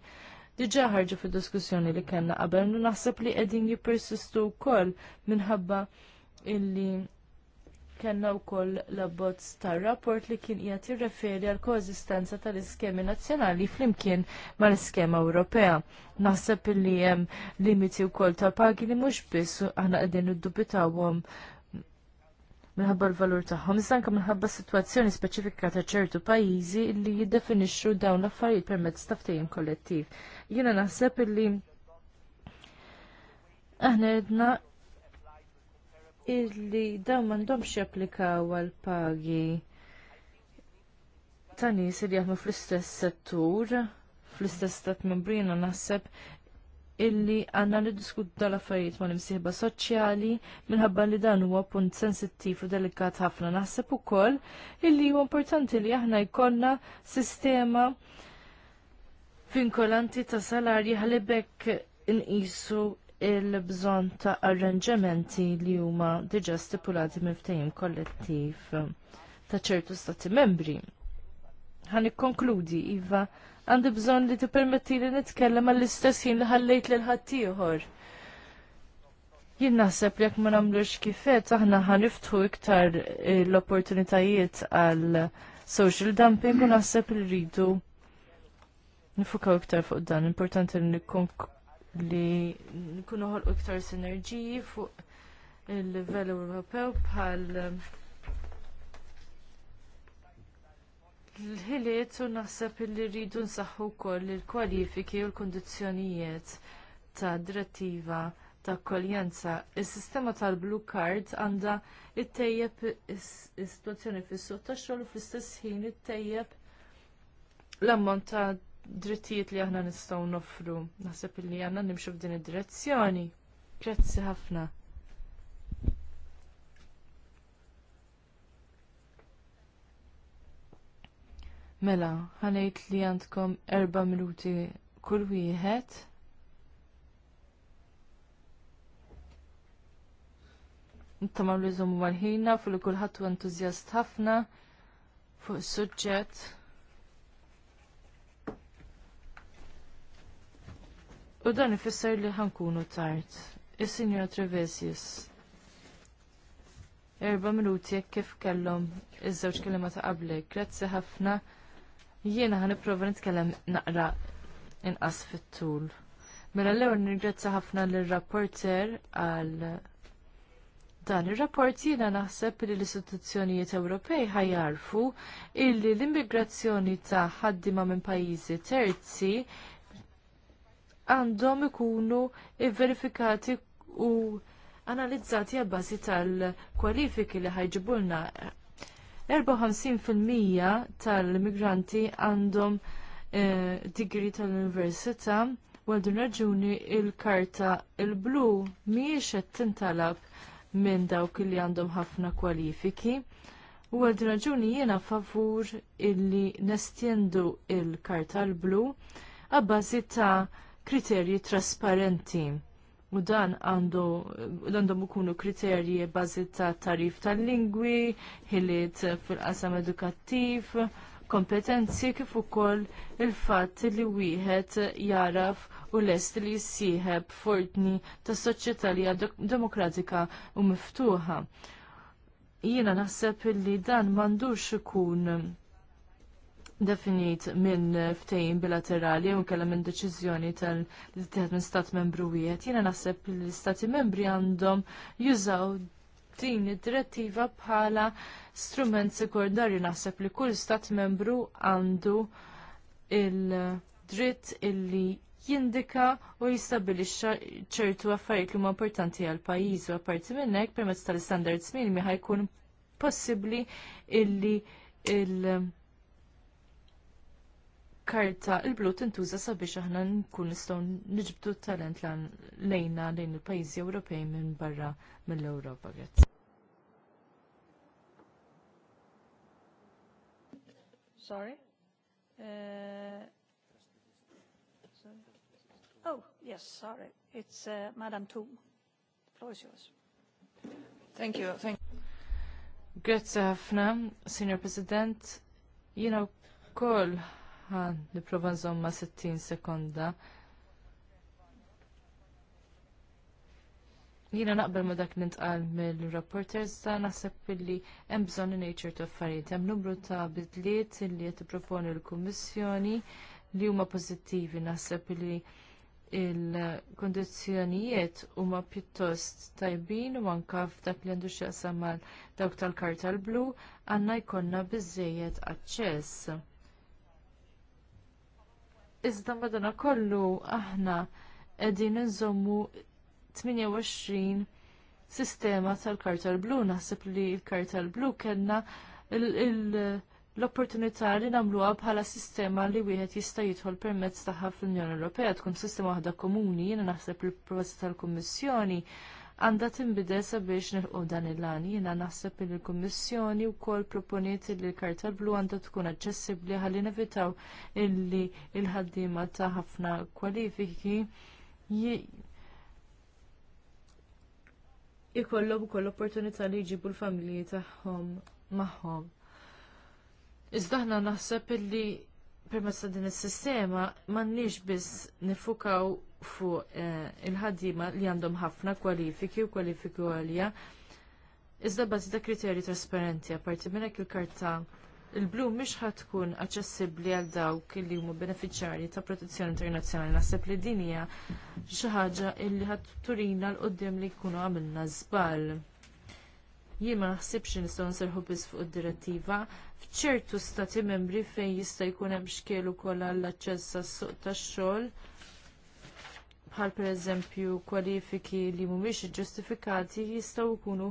diġa ħarġu fid diskussjoni li kellna qabel u naħseb li qegħdin jippersistu wkoll minħabba illi kellna wkoll l-abbozz tar-rapport li kien qiegħed jirreferi għal koeżistenza tal-iskemi nazzjonali flimkien mal-iskema Ewropea. Naħseb illi hemm limiti wkoll ta' pagi li mhux biss aħna qegħdin iddubitawhom minħabba l-valur tagħhom, iżda anke minħabba sitwazzjoni speċifika ta' ċertu pajjiżi li jiddefinixxu dawn l-affarijiet permezz ta' ftehim kollettiv. Jiena naħseb illi aħna jedna illi dawn m'għandhomx japplikaw għal pagi ta' nies li jaħdmu fl-istess settur, fl-istess stat membrina naħseb illi għanna li diskut l-affarijiet ma l-imsieħba soċjali minħabba li dan huwa punt sensittiv u delikat ħafna naħseb ukoll illi huwa importanti li aħna jkollna sistema vinkolanti ta' salarji ħalibek nqisu il-bżon ta' arranġamenti li huma diġa stipulati miftejim kollettiv ta' ċertu stati membri. Għan ikkonkludi, Iva, għandi bżon li permetti li nitkellem għall-istess jien li ħallejt lil ħaddieħor. Jien naħseb li jekk ma nagħmlux kifet aħna iftħu iktar l-opportunitajiet għal social dumping u naħseb li rridu nifukaw iktar fuq dan. Importanti li li nkunu ħolqu iktar sinerġiji fuq il-livell Ewropew bħal um, l-ħiliet u naħseb li rridu nsaħħu wkoll il-kwalifiki u l-kundizzjonijiet ta' direttiva ta' kolljenza. Is-sistema tal-Blue Card għandha ttejjeb is-sitwazzjoni fis-suq xogħol u fl-istess ħin ittejjeb l-ammont ta' drittijiet li aħna nistgħu nofru. Naħseb li għandna nimxu f'din id-direzzjoni. Grazzi ħafna. Mela, ħanejt li għandkom erba minuti kull wieħed. Nittamaw li zomu mal-ħina, fuq li kullħat u entuzjast ħafna fuq is-suġġett. U dan ifisser li ħankunu tard. Is-Sinjora Trevesius. Erba minuti jekk kif kellhom iż-żewġ kelima ta' qablek. Grazzi ħafna. Jiena ħan nipprova nitkellem naqra inqas fit-tul. Mela l-ewwel nirgrazzja ħafna lir-rapporter għal dan ir-rapport jiena naħseb li l-istituzzjonijiet Ewropej ħajarfu illi l-immigrazzjoni ta' ħaddiema minn pajjiżi terzi għandhom ikunu verifikati u analizzati għabbażi tal-kwalifiki li ħajġibulna. 54% tal-migranti għandhom eh, digri tal-università u għadun raġuni il-karta il-blu miex qed tintalab minn dawk li għandhom ħafna kwalifiki. U għadun raġuni jiena favur illi nestjendu il-karta l-blu għabbażi ta' kriterji trasparenti. U dan għandu għandhom ikunu kriterji bażi ta' tarif tal-lingwi, ħiliet fil-qasam edukattiv, kompetenzi kif ukoll il-fatt li wieħed jaraf u lest li jissieħeb fortni ta' soċjetà li demokratika u miftuħa. Jiena naħseb li dan m'għandux ikun definit minn ftejn bilaterali u kellha minn deċiżjoni tal-ittihad minn stat membru wieħed. Jiena naħseb li l-istati membri għandhom jużaw din id-direttiva bħala strument sekundarju naħseb li kull stat membru għandu il-dritt illi jindika u jistabilixxa ċertu affarijiet li huma importanti għal pajjiż u apparti minn hekk permezz tal-standards minimi ħajkun possibbli illi il- karta il-blu tintuża sabiex aħna nkun nistgħu niġbdu talent lejna lejn il-pajjiżi Ewropej minn barra mill-Ewropa. Grazzi. Sorry. Uh, sorry. Oh, yes, sorry. It's uh, Madam Tu. The floor is yours. Thank you. Thank Grazie ħafna, Signor President. You know, kol Ħa, niprofa nżomma 60 sekonda. Jina naqbel ma dak nintqal mill-reporters ta' naħseb illi hemm bżonn nature ta' affarijiet, hemm numru ta' bidliet illi qed tipproponi l-Kummissjoni li huma pożittivi naħseb li il-kondizjonijiet huma pjuttost tajbin u anka f'dak li għandu x'jaqsam mal dawk tal-karta l-blu għandna jkollna biżżejjed aċċess Iżda madonna kollu aħna qegħdin nżommu 28 sistema tal kartel blu Naħseb li l kartel blu kellna l-opportunità li nagħmluha bħala sistema li wieħed jista' jidħol permezz tagħha fl-Unjoni Ewropea tkun sistema waħda komuni, jiena naħseb il-proposta tal-Kummissjoni għandha tinbidel sabiex nilqu dan il-għan. Jiena naħseb li l-Kummissjoni wkoll proponiet li l-karta blu għandha tkun aċċessibbli ħalli nevitaw illi il ħaddima ta' ħafna kwalifiki u ukoll opportunità li jġibu l-familji tagħhom magħhom. Iżda naħseb illi permezz sa' din is-sistema m'għandniex biss nifukaw fuq eh, il-ħaddiema li għandhom ħafna kwalifiki u kwalifiki għalija. Iżda bażi kriterji trasparenti apparti minn hekk il-karta il-blu mhix ħatkun tkun aċċessibbli għal dawk li huma benefiċjarji ta' protezzjoni internazzjonali. Naħseb li din hija xi ħaġa li ħadd turina l qudiem li jkunu għamilna żball. Jien ma naħsibx nistgħu nserħu biss fuq id-direttiva f'ċertu stati membri fejn jista' jkun hemm xkiel ukoll għall-aċċess għas-suq tax-xogħol bħal pereżempju kwalifiki li mhumiex iġġustifikati jistgħu jkunu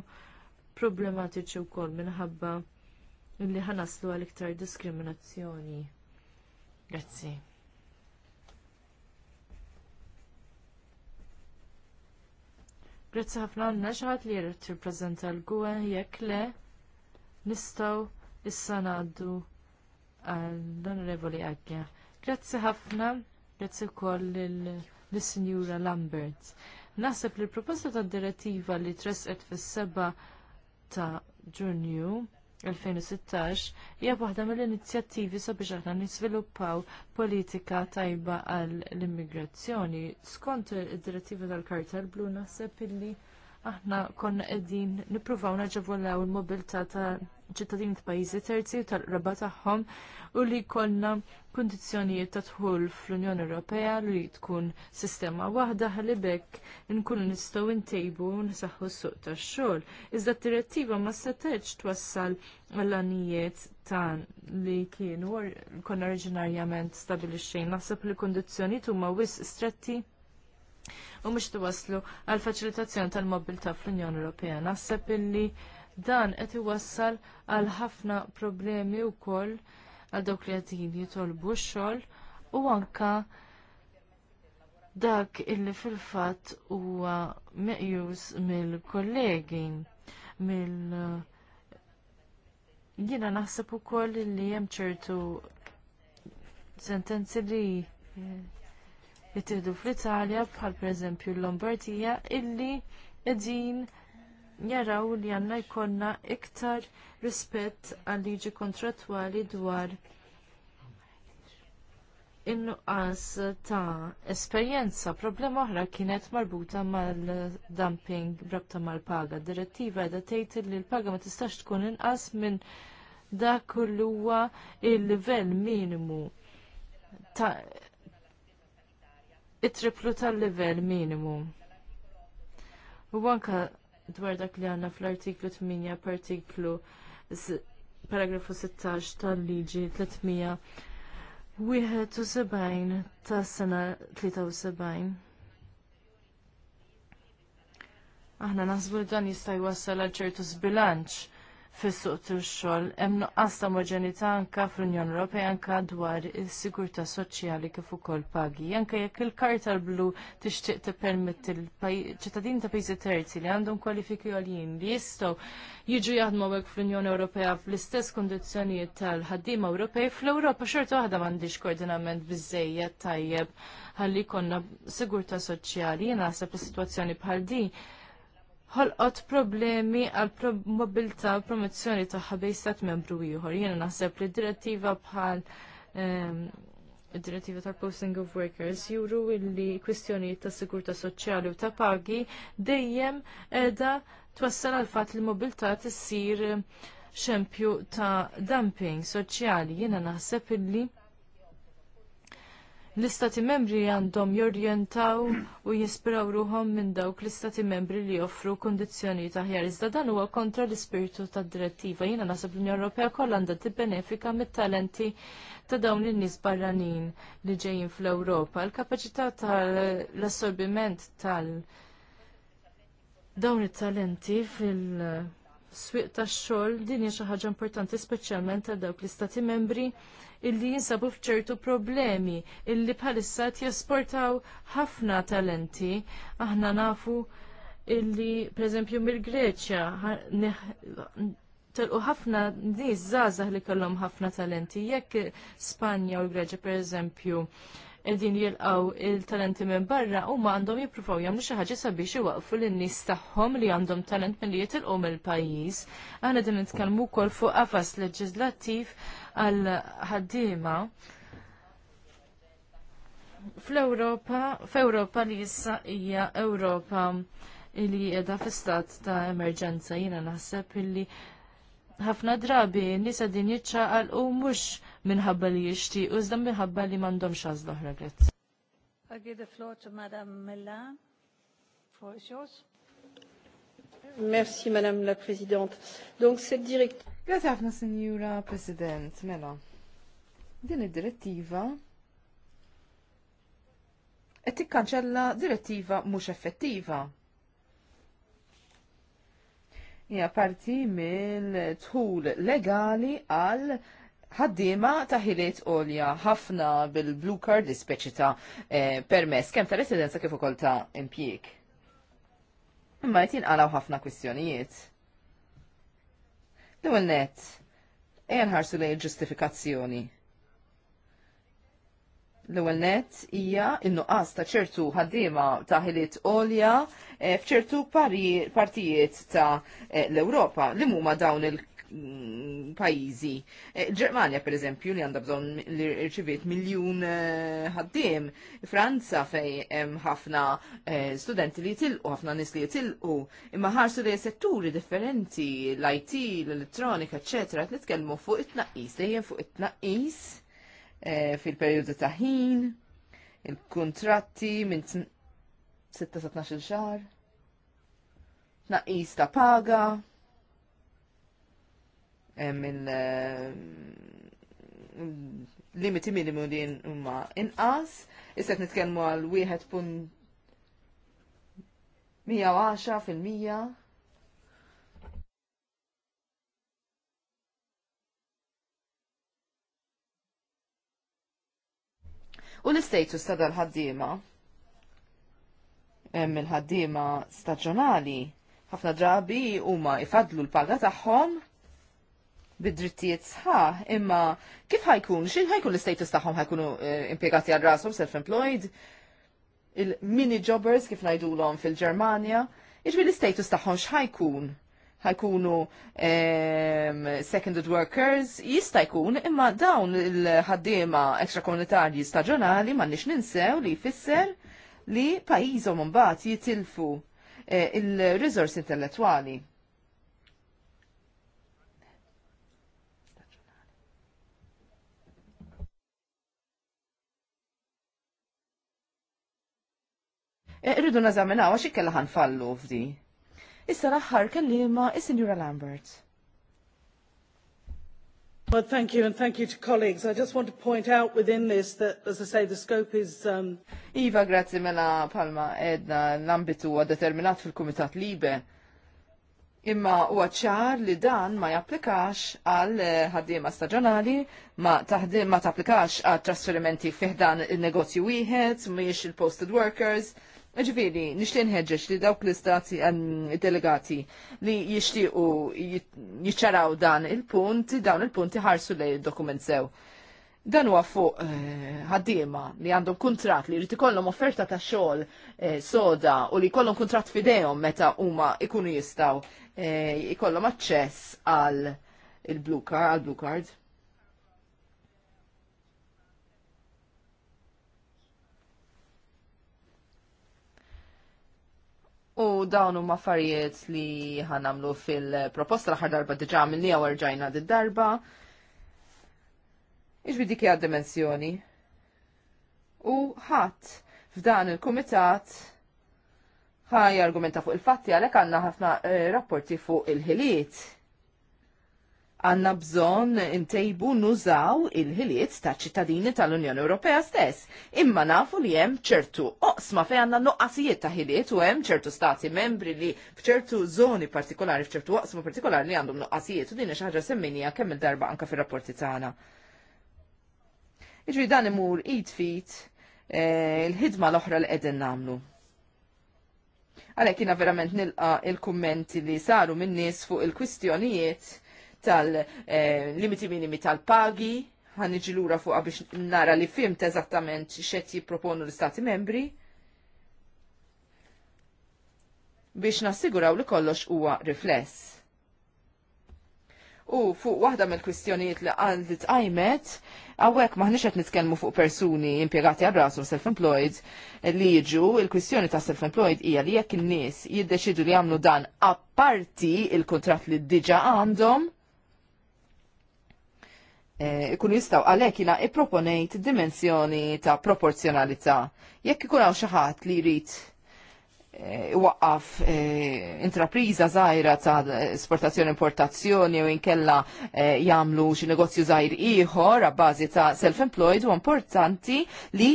problematiċi wkoll minħabba li ħanaslu għal iktar diskriminazzjoni. Grazzi. Grazzi ħafna għandna xi ħadd li jrid jirrappreżenta l-gwen jekk le nistgħu issa ngħaddu għall-Onorevoli Agja. Grazzi ħafna, grazzi wkoll lill-Sinjura Lambert. Naħseb li l-proposta tad direttiva li tresqet fis-seba ta' Ġunju 2016 hija waħda mill-inizjattivi sabiex aħna nisviluppaw politika tajba għal l-immigrazzjoni. Skont id-direttiva tal-Kartel Blu naħseb illi aħna konna qegħdin nippruvaw naġevolaw il-mobilità ta' ċittadini ta' pajjiżi terzi u tal-qraba tagħhom u li jkollna kundizzjonijiet ta' dħul fl-Unjoni Ewropea li tkun sistema waħda ħalli bekk nkunu nistgħu ntejbu u nsaħħu s-suq tax-xogħol. Iżda d-direttiva ma setgħetx twassal għall-anijiet ta' li kienu konna oriġinarjament stabilixxejn. Naħseb li kundizzjonijiet huma wisq stretti u mhux twasslu għal faċilitazzjoni tal-mobilità fl-Unjoni Ewropea. Naħseb illi dan qed iwassal għal ħafna problemi wkoll għal dawk li qed jitolbu x-xogħol u anke dak illi fil-fatt huwa meqjus mill-kollegi mill jiena naħseb ukoll li hemm ċertu sentenzi li jittieħdu fl-Italja bħal pereżempju l-Lombardija illi qegħdin jaraw li għanna jkollna iktar rispett għal liġi kontrattwali dwar in-nuqqas ta' esperjenza problema oħra kienet marbuta mal-dumping brabta mal-paga. Direttiva edha tejt li l-paga ma tistax tkun inqas minn dak huwa il-livell minimu ta' it-triplu tal-level minimu. U anka dwar dak li għandna fl-artiklu 8 partiklu paragrafu 16 tal-liġi 371 tas sena 73. Aħna nasbu li dan jista' jwassal għal ċertu sbilanċ fis-suq tax-xogħol hemm nuqqas ta' anka anke fl-Unjoni Ewropea anke dwar is-sigurtà soċjali kif ukoll pagi. Anke jekk il-karta l-blu tixtieq tippermetti l-ċittadini ta' pajjiżi terzi li għandhom kwalifiki għoljin li jistgħu jiġu jaħdmu hekk fl-Unjoni Ewropea fl-istess kundizzjonijiet tal ħaddim Ewropej fl-Ewropa xorta waħda m'għandix koordinament biżejjed tajjeb ħalli jkollna sigurtà soċjali. Jien naħseb is-sitwazzjoni bħal din ħolqot problemi għal mobilta u promozzjoni tagħha bejn stat membru ieħor. Jiena naħseb li direttiva bħal id-direttiva ehm, tal-posting of workers juru illi kwistjonijiet ta' sigurta soċjali u ta' pagi dejjem edha twassal għal fatt li mobilta tissir xempju ta' dumping soċjali. Jiena naħseb illi L-istati membri għandhom jorjentaw u jispiraw ruhom minn dawk l-istati membri li joffru kondizjoni taħjar. Iżda dan huwa kontra l-ispirtu tad-direttiva. Jiena nasab l-Unjoni Ewropea kollha għandha tibbenefika mit-talenti ta' dawn in-nies barranin li ġejjin fl-Ewropa. L-kapaċità tal-assorbiment tal- dawn it-talenti fil- swieq tax xogħol din hija xi ħaġa importanti speċjalment għal dawk l-istati membri illi jinsabu fċertu problemi illi bħalissa jasportaw ħafna talenti. Aħna nafu illi, pereżempju mill-Greċja, telqu ħafna nies zazah li kellhom ħafna talenti. Jekk Spanja u l per pereżempju, Il din jilqgħu il-talenti minn barra huma għandhom jippruvaw jagħmlu xi ħaġa sabiex iwaqfu lin-nies tagħhom li għandhom talent milli jitilqu mill-pajjiż. Aħna din nitkellmu wkoll fuq qafas leġislattiv għal ħaddiema fl-Ewropa, f'Ewropa li issa hija Ewropa li qiegħda fi stat ta' emerġenza jiena naħseb illi ħafna drabi nisa din jitċaqal u mux minħabba li jishti jixtiequ iżda minħabba li mandom għażla oħra grazzi. I give the floor to Madam Mella for issues. Merci Madame la Présidente. Donc cette directive Grazie ħafna Signora President, mela. Din id-direttiva qed tikkanċella direttiva mhux effettiva. Hija parti mill-tħul legali għal ħaddiema ta' ħiliet olja ħafna bil-blue card li ta' eh, permess kemm ta' residenza kif ukoll ta' impjieg. Imma qed jinqalgħu ħafna kwistjonijiet. L-ewwel nett, ejja nħarsu lejn ġustifikazzjoni. L-ewwel nett hija n-nuqqas ta' ċertu ħaddiema ta' ħiliet olja eh, f'ċertu partijiet ta' eh, l-Ewropa li huma dawn il- Mm, pajizi. Ġermanja, e, per eżempju, li għandha bżonn li rċiviet miljun e, ħaddiem. Franza fej hemm ħafna e, studenti li jitilqu, ħafna nis li jitilqu, imma ħarsu li setturi differenti, l-IT, l-elettronika, eċetera, li fuq it-tnaqqis, dejjem fuq it-tnaqqis fil-perjodu ta' ħin, il-kontratti minn 6 sa 12 xahar, tnaqqis ta' paga, Eh, minn eh, limiti minimu li huma inqas, issa nitkellmu għal wieħed pun fil-mija. U l-istatus ta' dal-ħaddima, mill-ħaddima staġjonali, ħafna drabi huma ifadlu l-paga tagħhom bid-drittijiet sħaħ, imma kif ħajkun, xin ħajkun l-status taħħom ħajkunu eh, impjegati għal rashom self-employed, il-mini jobbers kif ngħidulhom fil-Ġermanja, iġbi jiġifieri l-status tagħhom x'ħajkun? ħajkunu ehm, seconded workers, jista' jkun imma dawn il ħaddima ekstra komunitarji staġjonali m'għandniex ninsew li jfisser li pajjiżhom mbagħad jitilfu eh, il-resource intellettwali. Irridu eh, nażaminaw għax ikkella ħanfallu f'di. Issa l-aħħar kellima is-Sinjura Lambert. Well, thank you, and thank you to colleagues. I just want to point out within this that, as I say, the scope is... Um... Iva, grazie mela palma edna l-ambitu huwa determinat fil-Kumitat Libe. Imma huwa ċar li dan ma japplikax għal eh, ħaddiema staġjonali, ma taħdim ma tapplikax għal trasferimenti fiħdan il-negozju wieħed, mhijiex il-posted workers, Ġifiri, nishtin ħedġeċ li dawk l-istati delegati li jishtiqu jiċċaraw dan il-punt, dawn il-punti ħarsu li dokument sew. Dan huwa fuq eh, ħaddiema li għandhom kontrat li jrid ikollhom offerta ta' xogħol eh, soda u li jkollhom kontrat fidejhom meta huma ikunu jistgħu eh, ikollhom aċċess għal il-blue card, għal blue card. U dawn huma affarijiet li ħanamlu fil-proposta l-aħħar darba diġà minni għaw rġajna darba Iġbi dik hija dimensjoni. U ħadd f'dan il-kumitat ħaj argumenta fuq il-fatti għalhekk għandna ħafna eh, rapporti fuq il-ħiliet għanna bżon intejbu nużaw il-ħiliet ta' ċittadini tal-Unjoni Ewropea stess. Imma nafu li hemm ċertu oqsma fej għanna noqqasijiet ta' ħiliet u hemm ċertu stati membri li f'ċertu zoni partikolari, f'ċertu oqsma partikolari li għandhom noqqasijiet u din xi ħaġa semminija kemm il-darba anka fir-rapporti tagħna. Iġri dan imur id fit eh, il-ħidma l-oħra li qegħdin nagħmlu. Għalhekk jiena verament nilqa' il-kummenti li saru minn nies fuq il-kwistjonijiet tal-limiti minimi tal-pagi, ħanniġi lura fuqa biex nara li fimt eżattament xed jipproponu l-Stati membri biex nassiguraw li kollox huwa rifless. U fuq waħda mill-kwistjonijiet li għaldi tqajmet, għawek maħniċ qed nitkellmu fuq persuni impjegati għal rasu self-employed li jiġu, il-kwistjoni ta' self-employed hija li jekk in-nies jiddeċidu li jagħmlu dan apparti il kontrat li diġa għandhom, Eh, ikunu jistaw għalek jina i-proponejt dimensjoni ta' proporzjonalità. Jekk ikun għaw xaħat li jrid eh, waqqaf eh, intrapriza zaħira ta' esportazzjoni importazzjoni u jinkella jamlu xi negozju zaħir ieħor għabbażi ta' self-employed u importanti li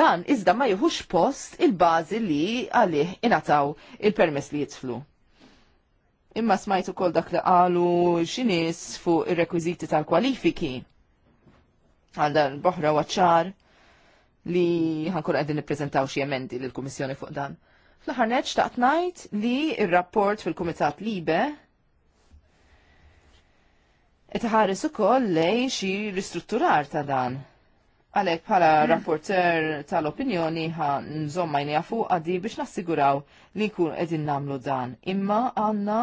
dan iżda ma jieħux post il-bażi li għalih inataw il-permess li jitflu imma smajtu kol dak li qalu xinis fuq ir-rekwiziti tal-kwalifiki għal l boħra waċċar li ħankun għedin niprezentaw xie emendi l-Komissjoni fuq dan. Fl-ħarneċ taqt li il-rapport fil-Komitat Libe etħares u koll lej xi ristrutturar ta' dan. Għalek bħala mhm. rapporter tal-opinjoni ħa nżommajni għafu għaddi biex nassiguraw li kun edin namlu dan. Imma għanna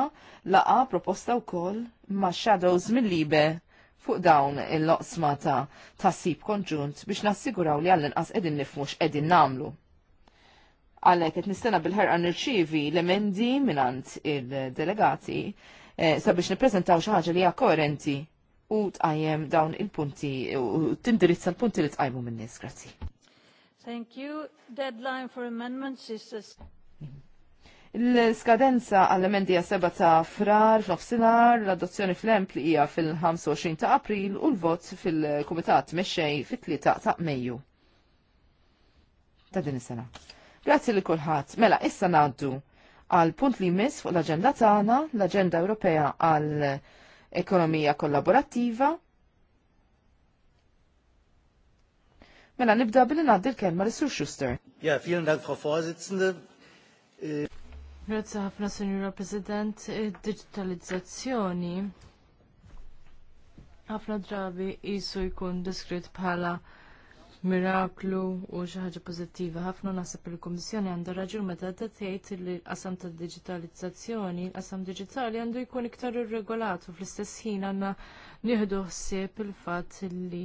laqa proposta u koll ma' shadows mill-libe fuq dawn il-loqsma ta' tassib konġunt biex nassiguraw li għall-inqas edin nifmux edin namlu. Għalek qed nistena bil-ħerqa nirċivi l-emendi minant il-delegati eh, sabiex niprezentaw xi ħaġa li hija koerenti u tqajjem dawn il-punti u tindirizza l-punti li tqajmu minn nies. Grazzi. Thank you. Deadline for amendments is this. Il-skadenza għall-emendi seba ta' frar f'nofsinhar, l-adozzjoni fl-emp li hija fil-25 ta' April u l-vot fil-Kumitat Mexxej fit-3 ta' Mejju. Ta' din is-sena. Grazzi li kulħadd. Mela, issa ngħaddu għal punt li jmiss fuq l-aġenda tagħna, l-aġenda Ewropea għal ekonomija kollaborattiva. Mela nibda billi ngħaddi l-kelma li Sur Schuster. Ja, vielen Dank, Frau Vorsitzende. Grazie ħafna, Signora President. Digitalizzazzjoni ħafna drabi jisu jkun diskrit bħala miraklu u xi ħaġa pożittiva. Ħafna naħseb il-Kummissjoni għandha raġun meta tgħid li l-qasam tad-diġitalizzazzjoni, l-qasam digitali għandu jkun iktar irregolatu fl-istess ħin għandna nieħdu ħsieb il-fatt li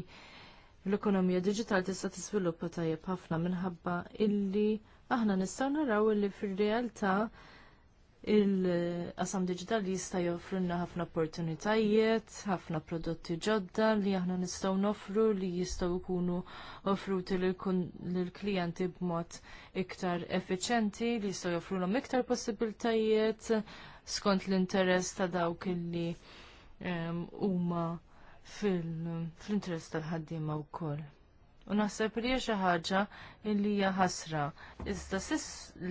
l-ekonomija diġitali tista' tiżviluppa tajjeb ħafna minħabba illi aħna nistgħu naraw illi fir-realtà il-qasam digitali jista' joffrilna ħafna opportunitajiet, ħafna prodotti ġodda li aħna nistgħu nofru li jistgħu jkunu offruti lill-klijenti b'mod iktar effiċenti li jistgħu joffrulhom iktar possibiltajiet skont l-interess ta' dawk li ehm, huma fil-interess tal-ħaddiema wkoll. U naħseb li hija xi ħaġa li hija ħasra. Iżda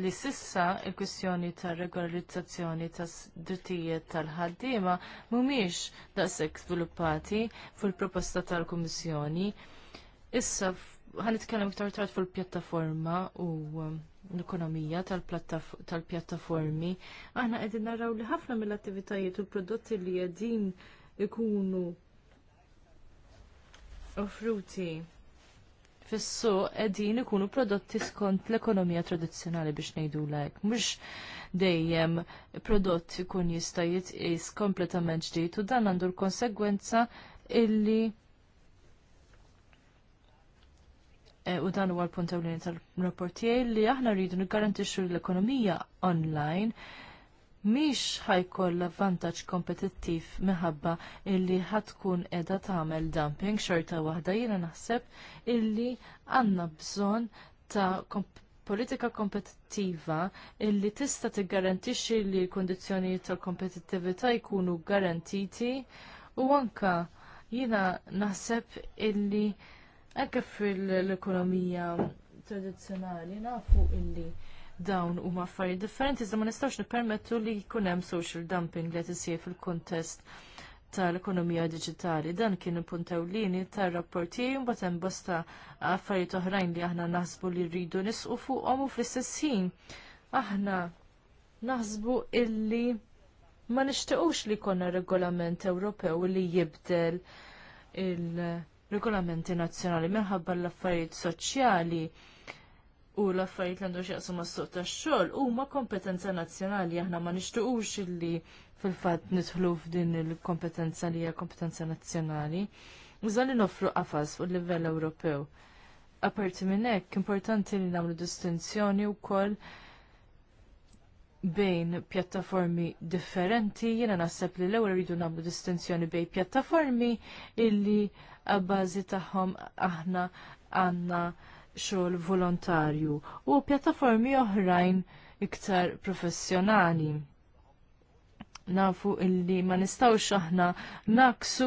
li sissa l-kwistjoni tar regolarizzazzjoni tas drittijiet tal-ħaddiema mhumiex daqshekk sviluppati fil-proposta tal-Kummissjoni. Issa ħanitkellem iktar tard fil-pjattaforma u um, l-ekonomija tal-pjattaformi. Aħna qegħdin naraw li ħafna mill-attivitajiet u l-prodotti li qegħdin ikunu offruti fis-suq qegħdin ikunu prodotti skont l-ekonomija tradizzjonali biex nejdu lek. Mhux dejjem prodott ikun jista' jitqis kompletament ġdid u dan għandu l-konsegwenza illi E, u dan huwa l-punt tal rapportijaj li aħna rridu niggarantixxu l-ekonomija online miex ħajkolla vantaġġ kompetittiv minħabba illi ħatkun edha tagħmel dumping xorta waħda jiena naħseb illi għandna bżonn ta' politika kompetittiva illi tista' tiggarantixxi li l-kundizzjonijiet tal-kompetittività jkunu garantiti u anke jiena naħseb illi anke fil-ekonomija tradizzjonali nafu illi dawn huma affarijiet differenti, iżda ma nistgħux nippermettu li jkun hemm social dumping li qed isir fil-kuntest tal-ekonomija diġitali. Dan kien il lini ewlieni tar-rapporti mbagħad hemm bosta affarijiet oħrajn li aħna naħsbu li rridu nisqu fuqhom u fl-istess ħin aħna naħsbu illi ma nixtiequx li jkollna regolament Ewropew li jibdel il-regolamenti nazzjonali minħabba l-affarijiet soċjali u l-affarijiet li għandu xieqsu mas-suq tax-xogħol huma kompetenza nazzjonali aħna ma nixtuqux illi fil-fatt nidħlu f'din il-kompetenza li hija kompetenza nazzjonali. Użan li nofru qafas fuq livell Ewropew. Aparti minn hekk importanti li nagħmlu distinzjoni wkoll bejn pjattaformi differenti, jiena naħseb li l-ewwel rridu nagħmlu distinzjoni bejn pjattaformi illi għabbażi tagħhom aħna għandna xogħol volontarju u pjattaformi oħrajn iktar professjonali nafu illi ma nistaw aħna naqsu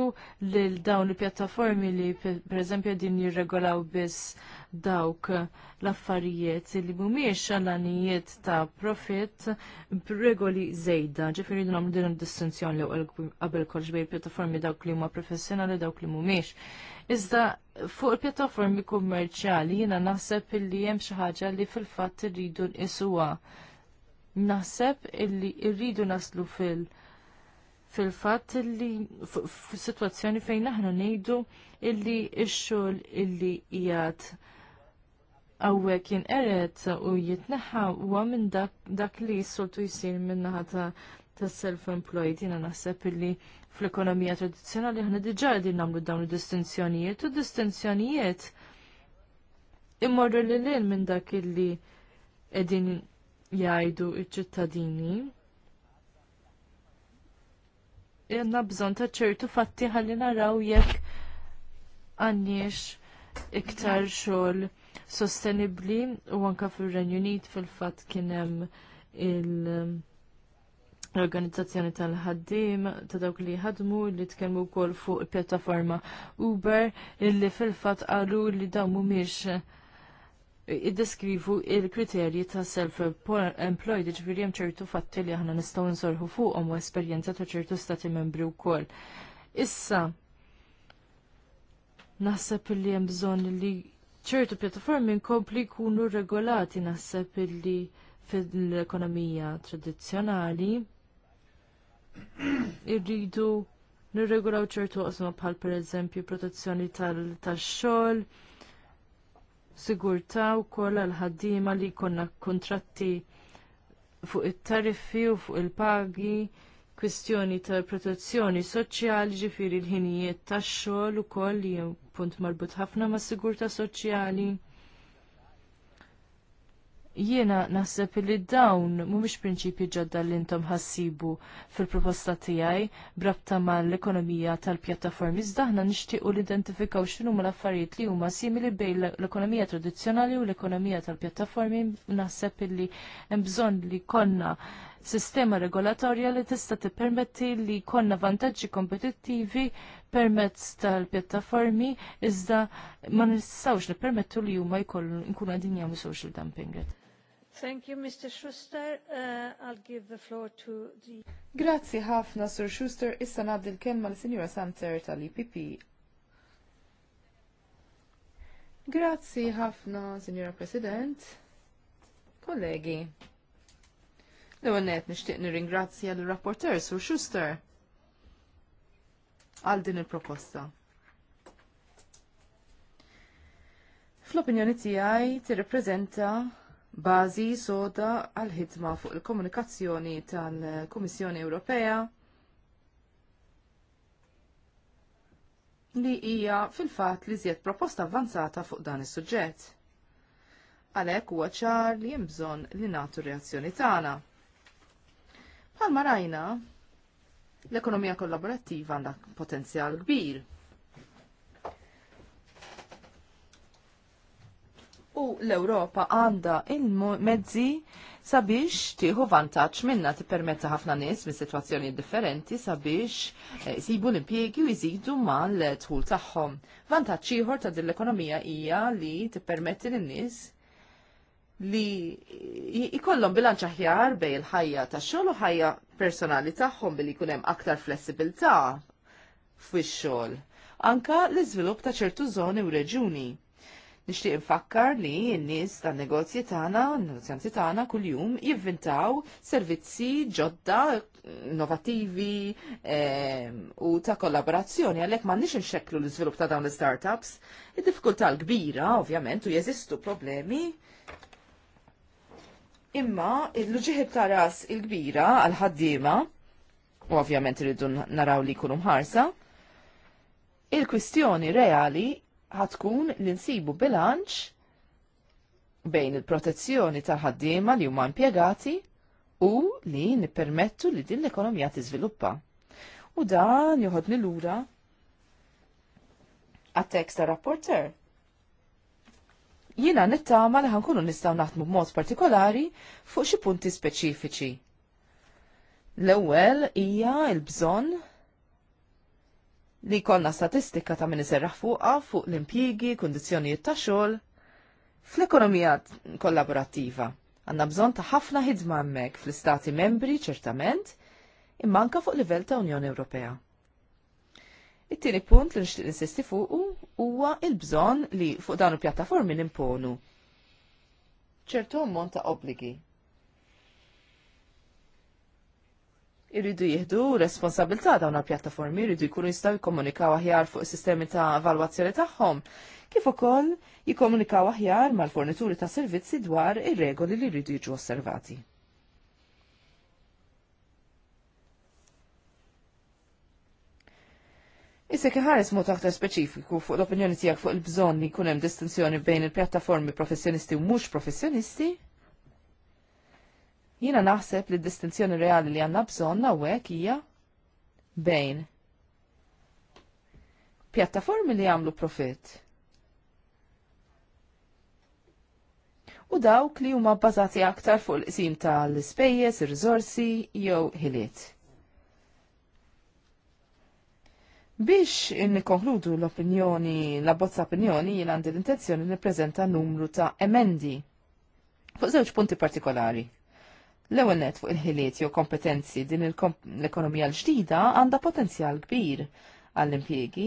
lil dawn il-pjattaformi li per eżempju din jirregolaw biss dawk l-affarijiet li mhumiex xalanijiet ta' profit b'regoli żejda. Ġifieri nagħmlu din distinzjoni li qabel kollox bejn pjattaformi dawk li huma professjonali dawk li mhumiex. Iżda fuq il-pjattaformi kummerċjali jiena naħseb illi hemm xi ħaġa li fil-fatt irridu nqisuha naħseb illi irridu naslu fil- fil-fatt illi f-situazzjoni fejn aħna nejdu illi ix-xogħol illi qiegħed għawek eret u jitneħħa huwa minn dak li s-soltu jisir minnaħa ta' ta' self-employed jina naħseb illi fl-ekonomija tradizjonali aħna diġà għedin namlu dawn distinzjonijiet u distinzjonijiet immorru li l minn dak illi edin jajdu iċ-ċittadini jenna bżon ta' ċertu fatti ħalli naraw jekk għanniex iktar xogħol sostenibli u anka fir-Renju Unit fil-fatt kien hemm l-organizzazzjoni tal-ħaddim ta' dawk li ħadmu li tkellmu wkoll fuq il-pjattaforma Uber illi fil-fatt qalu li dawn mhumiex iddeskrivu il-kriterji ta' self-employed, ġifiri hemm ċertu fatti li aħna nistgħu nsorħu fuqhom u esperjenza ta' ċertu stati membri wkoll. Issa naħseb li hemm bżonn li ċertu pjattaformi nkompli jkunu regolati naħseb li fil-ekonomija tradizzjonali [CLEARS THROAT] irridu nirregolaw ċertu qosma bħal pereżempju protezzjoni tal-xogħol, tal, xogħol sigurtà wkoll għal ħaddiema li jkollna kuntratti fuq it-tariffi u fuq il-pagi, kwistjoni ta' protezzjoni soċjali ġifiri l-ħinijiet tax-xogħol ukoll li punt marbut ħafna mas sigurtà soċjali jiena naħseb li dawn mhumiex prinċipji ġodda li intom ħassibu fil-proposta tiegħi brabta mal-ekonomija tal-pjattaformi iżda aħna nixtiequ li identifikaw x'inhu l-affarijiet li huma simili bejn l-ekonomija tradizzjonali u l-ekonomija tal-pjattaformi naħseb li hemm bżonn li konna sistema regolatorja li tista' tippermetti li konna vantaġġi kompetittivi permezz tal-pjattaformi iżda ma nistgħux nippermettu li huma jkollu nkunu qegħdin social dumping. Thank you, Mr. Schuster. Uh, I'll give the floor to the... Grazzi ħafna, Sir Schuster. Issa nabdi l-kelma l-Sinjura Santer tal-IPP. Grazzi ħafna, Sinjura President. Kollegi. L-għonet nishtiq nir-ingrazzja l-rapporter, Sir Schuster, għal din il-proposta. Fl-opinjoni tijaj, ti reprezenta bażi soda għal ħidma fuq il-komunikazzjoni tal-Kummissjoni Ewropea li hija fil-fatt li żjed proposta avvanzata fuq dan is-suġġett. Għalhekk huwa ċar li hemm bżonn li nagħtu reazzjoni tagħna. Bħalma rajna, l-ekonomija kollaborattiva għandha potenzjal kbir u l-Ewropa għandha il-mezzi sabiex tieħu vantaġġ minna permetta ħafna nies minn situazzjoni differenti sabiex eh, jsibu l-impjiegi u jżidu mal-tħul tagħhom. Vantaġġ ieħor ta' din l-ekonomija hija li tippermetti lin-nies li jkollhom bilanċ aħjar bej il-ħajja tax-xogħol u ħajja personali tagħhom billi jkun hemm aktar flessibilità fix-xogħol. Anka l-iżvilupp ta' ċertu żoni u reġuni Nixtieq infakkar li n-nies tan-negozji tagħna, negozjanti tagħna kuljum jivvintaw servizzi ġodda innovattivi ehm, u ta' kollaborazzjoni għalhekk m'għandniex nxeklu l izvilup ta' dawn l-startups. Id-diffikultà l-kbira ovvjament u jeżistu problemi imma l-ġiħib ta' ras il-kbira għal-ħaddima, u ovvjament rridu naraw li kunu mħarsa, il-kwistjoni reali ħatkun li nsibu bilanċ bejn il-protezzjoni tal-ħaddiema li huma impjegati u li nippermettu li din l-ekonomija tiżviluppa. U dan joħodni lura għat-tekst ta' rapporter. Jiena nittama li ħankunu nistgħu naħdmu b'mod partikolari fuq xi punti speċifiċi. L-ewwel hija l-bżonn li konna statistika ta' min iserraħ fuqa fuq l-impjigi, kondizjonijiet ta' xogħol fl-ekonomija kollaborattiva. Għanna bżon ta' ħafna ħidma hemmhekk fl-istati membri ċertament, imma fuq livell ta' Unjoni Ewropea. It-tieni punt li nixtieq insisti fuq huwa l-bżonn li fuq dawn il-pjattaformi nimponu ċertu ammont ta' obbligi irridu jihdu responsabilta dawn il-pjattaformi, irridu jkunu jistgħu jikkomunikaw aħjar fuq sistemi ta' valwazzjoni tagħhom, kif ukoll jikkomunikaw aħjar mal-fornituri ta' servizzi dwar ir-regoli li jridu jiġu osservati. Issa ħares mod aktar speċifiku fuq l-opinjoni tiegħek fuq il-bżonn li jkun hemm distinzjoni bejn il-pjattaformi professjonisti u mhux professjonisti, Jiena naħseb li d-distinzjoni reali li għandna bżonn hawnhekk hija bejn pjattaformi li għamlu profit u dawk li huma bbażati aktar fuq il-qsim tal-ispejjeż, ir-riżorsi jew ħiliet. Biex nikkonkludu l-opinjoni, la bozza opinjoni jien għandi l-intenzjoni nippreżenta numru ta' emendi fuq żewġ punti partikolari. L-ewwel net fuq il-ħiliet jew kompetenzi din l-ekonomija l-ġdida għandha potenzjal kbir għall-impjiegi.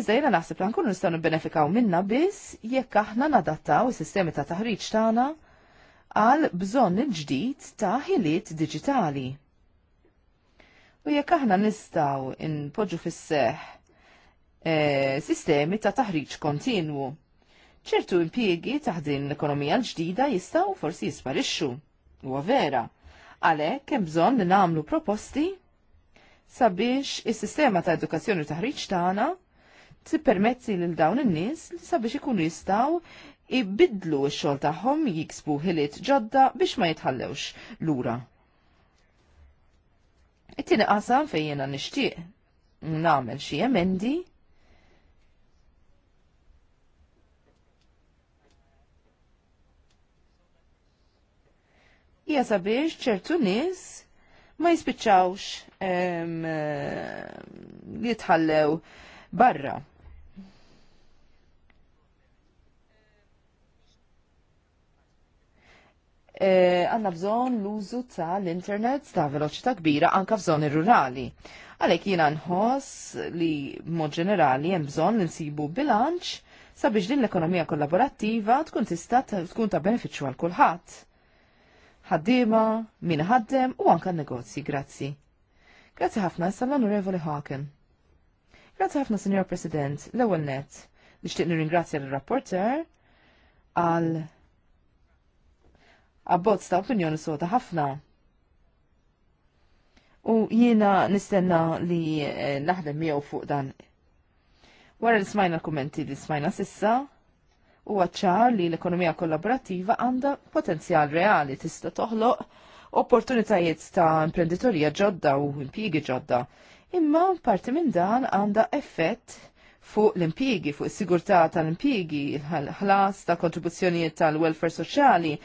Iżda jiena naħseb li nkunu nistgħu nibbenefikaw minnha biss jekk aħna nadattaw is-sistemi ta' taħriġ tagħna għal bżonn il-ġdid ta' ħiliet diġitali. U jekk aħna nistgħu npoġġu fis-seħ e, sistemi ta' taħriġ kontinwu. ċertu impjiegi taħdin l-ekonomija l-ġdida jistgħu forsi jisparixxu huwa vera. Għalhekk hemm bżonn li nagħmlu proposti sabiex is-sistema ta' edukazzjoni u taħriġ tagħna tippermezzi lil dawn in-nies li sabiex ikunu jistgħu jbiddlu x-xogħol tagħhom jiksbu ħiliet ġodda biex ma jitħallewx lura. It-tieni qasam fejn jiena nixtieq nagħmel xi emendi hija sabiex ċertu nies ma jispiċċawx eh, jitħallew barra. Eh, għanna bżon l-użu tal-internet ta' veloċità kbira anka f'żoni rurali. Għalek jina nħoss li mod ġenerali hemm bżon l-insibu bilanċ sabiex din l-ekonomija kollaborattiva tkun tista' tkun ta' benefiċċju għal kulħadd ħaddiema, min ħaddem u anka negozji, grazzi. Grazzi ħafna sal-Onorevoli Hawken. Grazzi ħafna, Signor President, l-ewwel net. Nixtieq nirringrazzja l-rapporter għal abbozz ta' opinjoni sota ħafna. U jiena nistenna li eh, naħdem miegħu fuq dan. Wara li smajna l-kummenti li smajna sissa, u ċar li l-ekonomija kollaborattiva għandha potenzjal reali tista' toħloq opportunitajiet ta' imprenditorija ġodda u impjiegi ġodda. Imma parti minn dan għandha effett fuq l-impjiegi, fuq is-sigurtà tal-impjiegi, il-ħlas ta' kontribuzzjonijiet tal-welfare soċjali,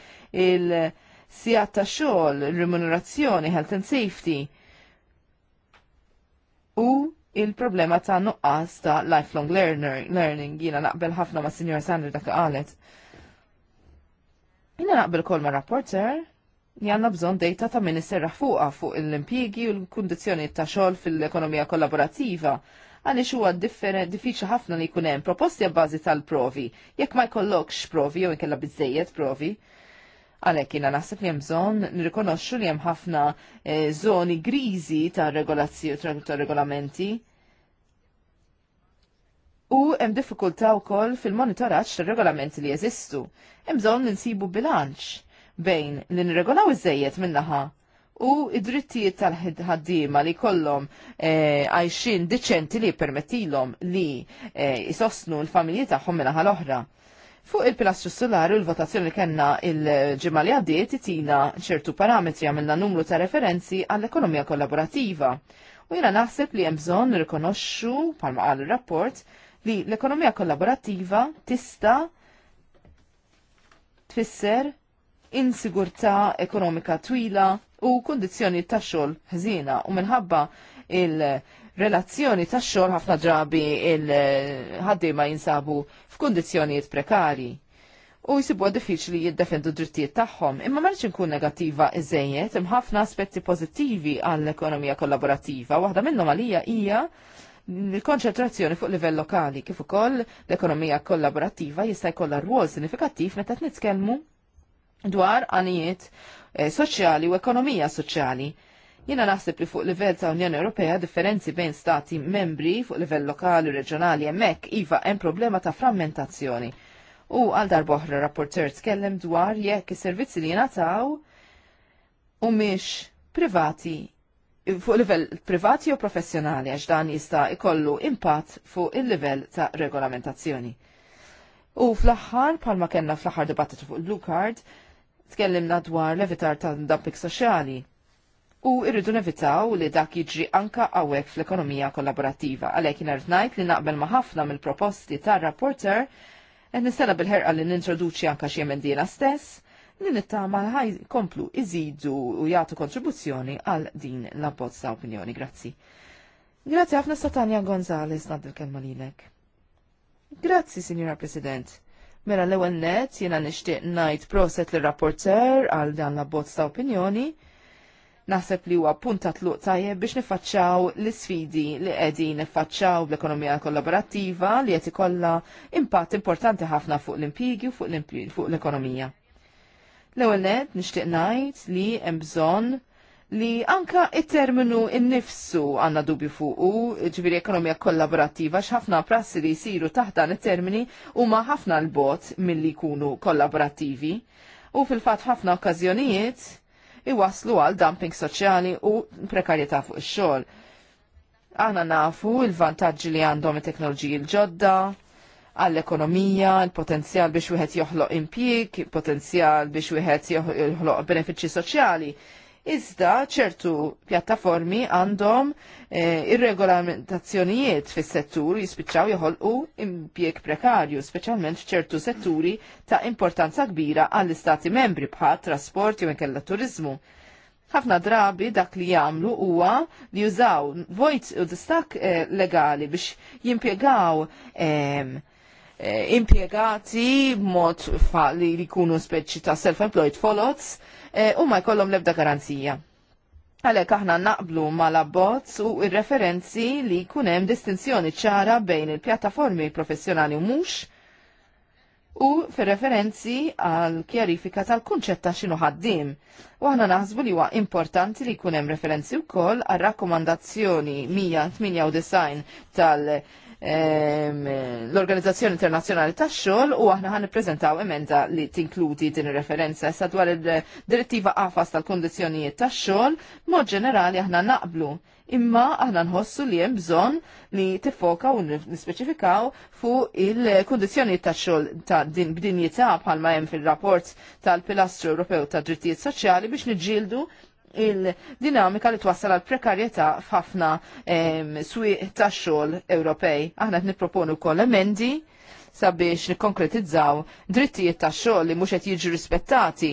il-sijat ta' xogħol, il-remunerazzjoni, health and safety. U il-problema ta' nuqqas ta' lifelong learner, learning jina naqbel ħafna ma' Senior Sandra dak li qalet. Jina naqbel kol ma' rapporter li għanna bżon data ta' Minister isserra fuqa fuq l impiegi u l-kondizjoni ta' xogħol fil-ekonomija kollaborattiva għaliex huwa diffiċli ħafna li jkun hemm proposti għabbażi tal-provi jekk ma jkollokx provi jew inkella biżejjed provi Għalhekk jiena naħseb li hemm bżonn li hemm ħafna eh, żoni griżi ta' regolazzjoni ta' regolamenti. U hemm diffikultà wkoll fil-monitoraġġ tar-regolamenti li jeżistu. Hemm bżonn ninsibu bilanċ bejn li nirregolaw iżejjed minnaħa u id-drittijiet tal-ħaddiema li kollom eh, għajxin diċenti li permettilhom li e, eh, jisostnu l-familji tagħhom minnaħa l-oħra. Fuq il-pilastru solari l-votazzjoni li kellna il-ġimgħa li għaddiet itina ċertu parametri għamilna numru ta' referenzi għall-ekonomija kollaborattiva. U jiena naħseb li hemm bżonn nirrikonoxxu bħalma qal ir-rapport li l-ekonomija kollaborattiva tista' tfisser insigurtà ekonomika twila u kondizzjoni ta' xogħol ħżiena u minħabba il- relazzjoni ta' xogħol ħafna drabi il-ħaddiema jinsabu f'kundizzjonijiet prekari u jisibu diffiċli jiddefendu drittijiet tagħhom. Imma marriċ nkun negattiva iżejjed hemm ħafna aspetti pożittivi għall-ekonomija kollaborattiva. Waħda minnhom għalija hija il-konċentrazzjoni fuq livell lokali kif ukoll l-ekonomija kollaborattiva jista' jkollha rwol sinifikattiv meta nitkellmu dwar għanijiet eh, soċjali u ekonomija soċjali. Jiena naħseb li fuq livell ta' Unjoni Ewropea differenzi bejn stati membri fuq livell lokali u reġjonali hemmhekk iva hemm problema ta' frammentazzjoni. U għal darboħra rapporter tkellem dwar jekk is-servizzi li jingħataw u mhix privati fuq livell privati u professjonali għax dan jista' ikollu impatt fuq il-livell ta' regolamentazzjoni. U fl-aħħar, palma kellna fl-aħħar dibattitu fuq il-Blue Card, tkellimna dwar l-evitar ta' dumping soċjali u irridu nevitaw li dak jiġri anka għawek fl-ekonomija kollaborativa. Għalek jina rtnajt li naqbel ma ħafna mill-proposti tar rapporter għed nistella bil-ħerqa li nintroduċi anka xie mendina stess, li nittama ħaj komplu iżidu u jgħatu kontribuzzjoni għal din l bozza opinjoni. Grazzi. Grazzi ħafna Satania Gonzalez nad il-kelma lilek. Grazzi, Signora President. Mela l-ewel net jena nishtiq najt proset l-rapporter għal dan l bozza opinjoni. Naħseb li huwa punta tluq tajjeb biex nifaċċaw l-isfidi li qegħdin nifaċċaw l-ekonomija kollaborattiva li qed ikollha impatt importanti ħafna fuq l-impjigi u fuq l-ekonomija. L-ewwel nett nixtieq ngħid li hemm bżonn li anka it-terminu innifsu għanna dubju fuq u ġviri ekonomija kollaborattiva x'ħafna prassi li jisiru taħt dan it-termini huma ħafna l-bot milli jkunu kollaborattivi. U fil-fatt ħafna okkażjonijiet iwaslu għal dumping soċjali u prekarjetà fuq ix-xogħol. Aħna nafu l vantaġġi li għandhom it-teknoloġiji l-ġodda, għall-ekonomija, il-potenzjal biex wieħed joħloq impjieg, potenzjal biex wieħed joħloq benefiċċji soċjali, Iżda ċertu pjattaformi għandhom eh, irregolamentazzjonijiet fis-settur jispiċċaw joħolqu impjeg prekarju, speċjalment f'ċertu setturi ta' importanza kbira għall-istati membri bħal trasport jew inkella turizmu. Ħafna drabi dak li jagħmlu huwa li jużaw vojt u distak eh, legali biex jimpjegaw eh, impjegati b'mod li jkunu speċi ta' self-employed follows. Eh, u ma jkollhom lebda garanzija. Għalek aħna naqblu mal-abbozz u il-referenzi li kunem distinzjoni ċara bejn il-pjattaformi professjonali u mux, u fil-referenzi għal kjarifika tal-kunċetta xinu ħaddim. U għana naħsbu li huwa importanti li kunem referenzi u koll għal rakkomandazzjoni 198 tal- l-Organizzazzjoni Internazzjonali tax-Xogħol u aħna ħan nippreżentaw emenda li tinkludi din ir-referenza sa dwar id direttiva qafas tal-kondizzjonijiet tax-xogħol, mod ġenerali aħna naqblu imma aħna nħossu li hemm bżonn li tifoka u nispeċifikaw fuq il kundizzjonijiet ta' xogħol ta' din b'dinjità bħalma hemm fil-rapport tal-Pilastru Ewropew ta' Drittijiet Soċjali biex niġġieldu il-dinamika li twassal għal prekarjetà f'ħafna swieq tax-xogħol Ewropej. Aħna qed nipproponu wkoll emendi sabiex nikkonkretizzaw drittijiet ta' xogħol li mhux qed jiġu rispettati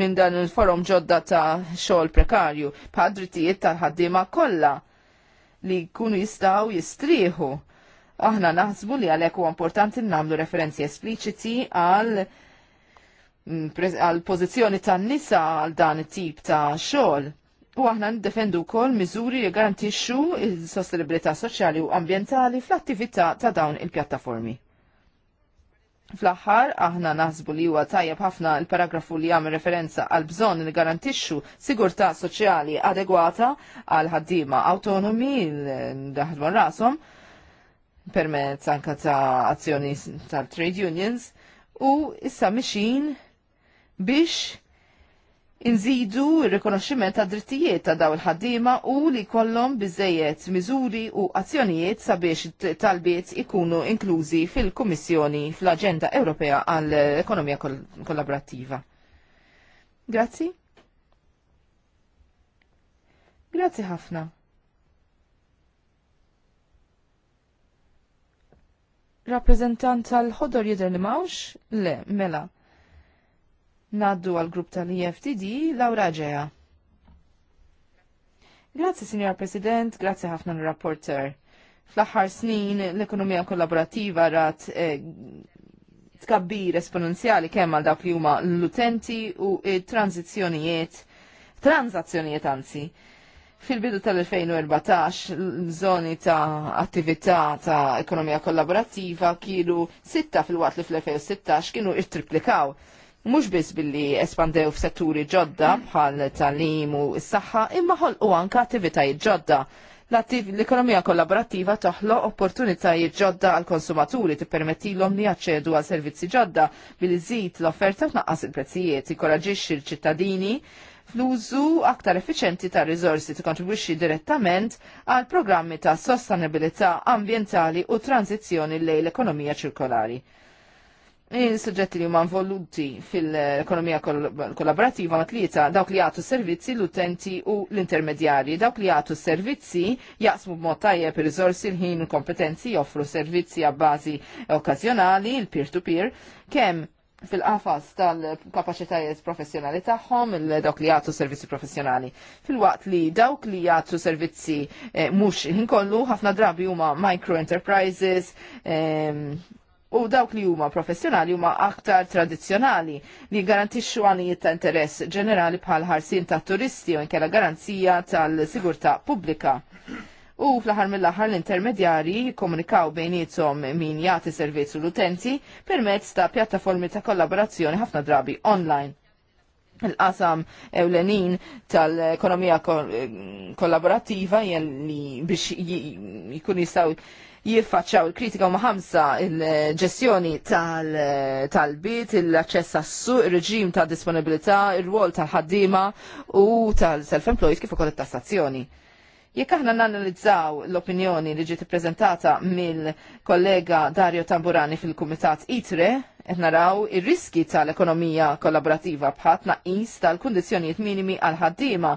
minn dan il-forum ġodda ta' xogħol prekarju bħal drittijiet tal-ħaddiema kollha li jkunu jistgħu jistrieħu. Aħna naħsbu li għalhekk huwa importanti nagħmlu referenzi espliċiti għal Mm, għal pożizzjoni tan-nisa għal dan it-tip ta' xogħol. U aħna ndefendu wkoll miżuri li garantixxu il-sostenibilità soċjali u ambjentali fl-attività ta' dawn il-pjattaformi. Fl-aħħar aħna naħsbu li huwa tajjeb ħafna l-paragrafu li jagħmel referenza għal bżonn li garantixxu sigurtà soċjali adegwata għal ħaddiema awtonomi daħdmu ħadma rashom permezz anka ta' azzjoni tal-trade unions u issa mixin biex inżidu r-rikonoxximent ta' drittijiet ta' daw il-ħaddiema u li kollom bizzejiet miżuri u azzjonijiet sabiex talbiet ikunu inklużi fil-Kummissjoni fl-Aġenda Ewropea għall-Ekonomija Kollaborattiva. Grazzi. Grazzi ħafna. Rappresentant tal-ħodor jidher li mawx? Le, mela. Naddu għal grupp tal-EFTD, Laura Ġeja. Grazzi, Signor President, grazzi ħafna l-rapporter. Fl-aħħar snin l-ekonomija kollaborativa rat eh, tkabbir esponenzjali kemm għal dawk li huma l-utenti u tranzizzjonijiet, tranzazzjonijiet anzi. Fil-bidu tal-2014, l-żoni ta' attività ta' ekonomija kollaborattiva kienu sitta fil-waqt li fl-2016 kienu irtriplikaw. triplikaw mhux biss billi espandew f'setturi ġodda bħal tal-lim u s-saħħa imma ħolqu anke attivitajiet ġodda l-ekonomija kollaborattiva toħloq opportunitajiet ġodda għal konsumaturi tippermettilhom li jaċċedu għal servizzi ġodda billi żid l-offerta tnaqqas il-prezzijiet, ikoraġixxi l-ċittadini fl-użu aktar effiċenti ta' riżorsi tikkontribwixxi direttament għal programmi ta' sostenibilità ambjentali u tranzizzjoni lejn l-ekonomija ċirkolari. Is-suġġetti eh, li huma voluti fil-ekonomija kollaborattiva ma tlieta dawk li jagħtu servizzi l-utenti u l-intermedjarji. Dawk li jagħtu servizzi jaqsmu b'mod tajjeb ir-riżorsi l-ħin u kompetenzi joffru servizzi għabbażi okkażjonali, il-peer-to-peer, kemm fil-qafas tal-kapacitajiet professjonali tagħhom il-dawk li jagħtu servizzi professjonali. Fil-waqt li dawk li jagħtu servizzi eh, mhux ħin kollu ħafna drabi huma micro enterprises, ehm, u dawk li huma professjonali huma aktar tradizzjonali li garantixxu għanijiet ta' interess ġenerali bħal ħarsin ta' turisti u nkella garanzija tal-sigurtà pubblika u fl-aħħar mill-aħħar l-intermedjari jikkomunikaw bejniethom min jagħti servizz l-utenti permezz ta' pjattaformi ta' kollaborazzjoni ħafna drabi online. Il-qasam ewlenin tal-ekonomija kollaborattiva li biex jikun jistaw jiffaċċaw il-kritika u ħamsa il-ġestjoni tal-bit, il aċċess għas-suq, ir-reġim ta' disponibilità, ir-rwol tal-ħaddiema u tal-self-employed kif ukoll it-tassazzjoni. Jekk aħna nanalizzaw l-opinjoni li ġiet ippreżentata mill-kollega Dario Tamburani fil-Kumitat ITRE, qed naraw ir-riski tal-ekonomija kollaborattiva bħat naqis tal-kundizzjonijiet minimi għal ħaddiema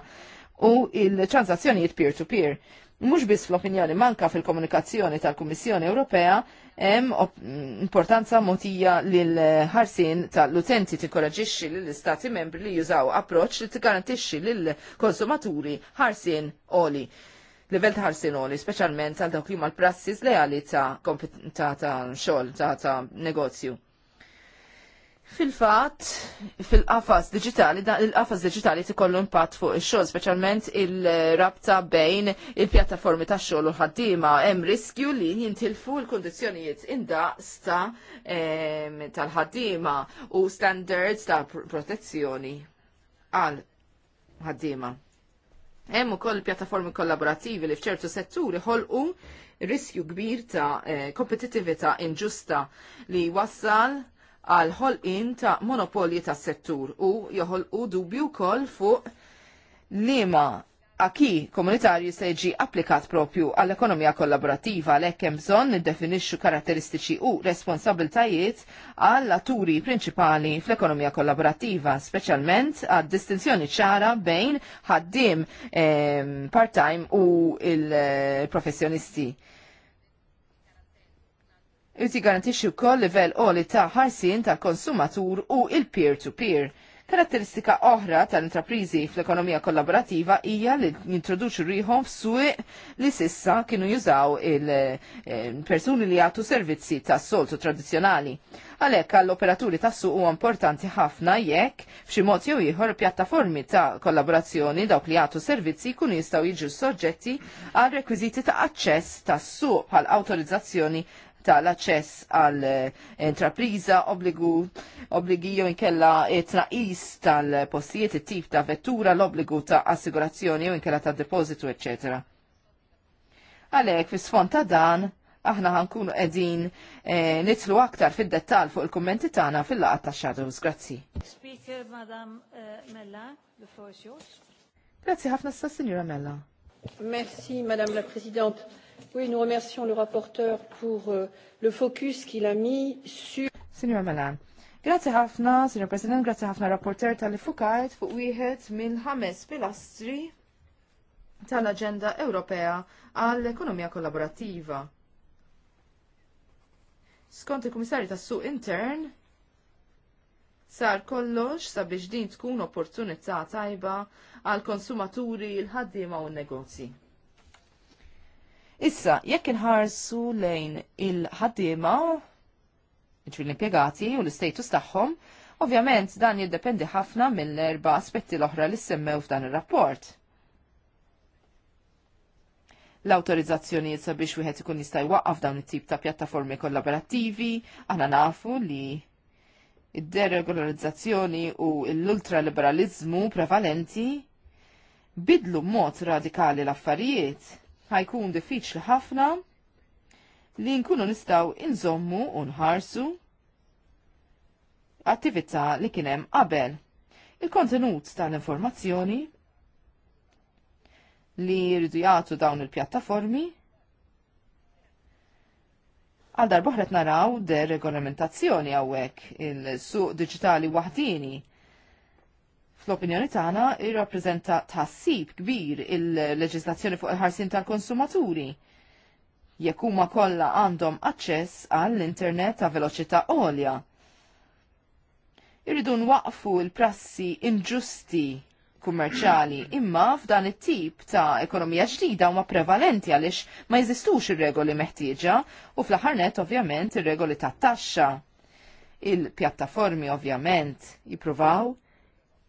u il-transazzjonijiet peer-to-peer. peer to peer mhux biss fl-opinjoni manka fil-komunikazzjoni tal-Kummissjoni Ewropea hemm importanza motija lill ħarsin tal-utenti tikkoraġixxi lill istati membri li jużaw approċċ li tigarantixxi lill konsumaturi ħarsin oli. Level ta' ħarsin oli, speċjalment għal dawk li mal-prassis leali ta' ta' xogħol ta' negozju. Fil-fat, fil-qafas digitali, da il-qafas digitali kollu impatt fuq ix-xogħol, speċjalment il-rabta bejn il-pjattaformi ta' xogħol u ħaddiema hemm riskju li jintilfu l-kundizzjonijiet indaqs ta' tal ħaddima u standards ta' protezzjoni għal ħaddiema. Hemm ukoll pjattaformi kollaborattivi li f'ċertu setturi ħolqu riskju kbir ta' eh, kompetittività inġusta li wassal għal ħolqien ta' monopolji tas settur u joħolqu dubju wkoll fuq liema aki komunitarju se jiġi applikat propju għall-ekonomija kollaborattiva l hekk hemm bżonn niddefinixxu karatteristiċi u responsabiltajiet għall atturi prinċipali fl-ekonomija kollaborattiva, speċjalment għad distinzjoni ċara bejn ħaddiem ehm, part-time u il-professjonisti. il professjonisti Iżi garantixxi wkoll livell qoli ta' ħarsien ta' konsumatur u il-peer-to-peer. Karatteristika oħra tal-intraprizi fl-ekonomija kollaborativa hija li jintroduċu rieħhom f'suq li sissa kienu jużaw il-persuni eh, li jagħtu servizzi tas soltu tradizzjonali. Għalhekk għall-operaturi tas suq huwa importanti ħafna jekk f'xi mod jew ieħor pjattaformi ta' kollaborazzjoni dawk li jagħtu servizzi jkunu jistgħu jiġu soġġetti għal rekwiżiti ta' aċċess tas suq bħal awtorizzazzjoni tal-aċċess għal eh, intrapriża obbligu obbligi jew inkella eh, traqis tal-postijiet it-tip ta' vettura l-obbligu ta' assigurazzjoni jew inkella ta' depositu eċċetera. Għalhekk fis-sfond ta' dan aħna ħankunu edin eh, nitlu aktar fid-dettal fuq il-kommenti tagħna fil-laqgħa ta' Shadows. Grazzi. Speaker Madam Mella, the floor is yours. Grazzi ħafna sta' Signora Mella. Merci Madam la Presidente. Oui, nous remercions le rapporteur pour euh, le focus qu'il a mis sur... Signor Malan, grazie ħafna, signor President, grazie ħafna rapporter tal-fukajt fuq wieħed mill-ħames pilastri tal-Aġenda Ewropea għall-Ekonomija Kollaborattiva. Skont il-Kummissarju tas-Suq Intern, sar kollox sabiex din tkun opportunità tajba għal konsumaturi, l-ħaddiema u n-negozji. Issa, jekk inħarsu lejn il-ħaddiema, ġvili impjegati u l-istatus tagħhom, ovvjament dan jiddependi ħafna mill-erba aspetti l-oħra li semmew f'dan ir-rapport. L-autorizzazzjonijiet sabiex wieħed ikun jista' jwaqqaf dawn it-tip ta' pjattaformi kollaborattivi, aħna nafu li id-deregolarizzazzjoni u l-ultraliberalizmu prevalenti bidlu mod radikali l-affarijiet ħajkun diffiċli ħafna li nkunu nistaw inżommu u nħarsu attività li kienem qabel. Il-kontenut tal-informazzjoni li jridu jagħtu dawn il-pjattaformi għal darbohret naraw der-regolamentazzjoni għawek il-suq digitali waħdini l opinjoni tagħna jirrappreżenta tassib kbir il-leġislazzjoni fuq il-ħarsin tal-konsumaturi jekk huma kollha għandhom aċċess għall-internet ta' veloċità għolja. Irridu nwaqfu l-prassi inġusti kummerċali imma f'dan it-tip ta' ekonomija ġdida huma prevalenti għaliex ma jeżistux ir-regoli meħtieġa u fl-aħħar net ovvjament ir-regoli tat-taxxa. Il-pjattaformi ovvjament jippruvaw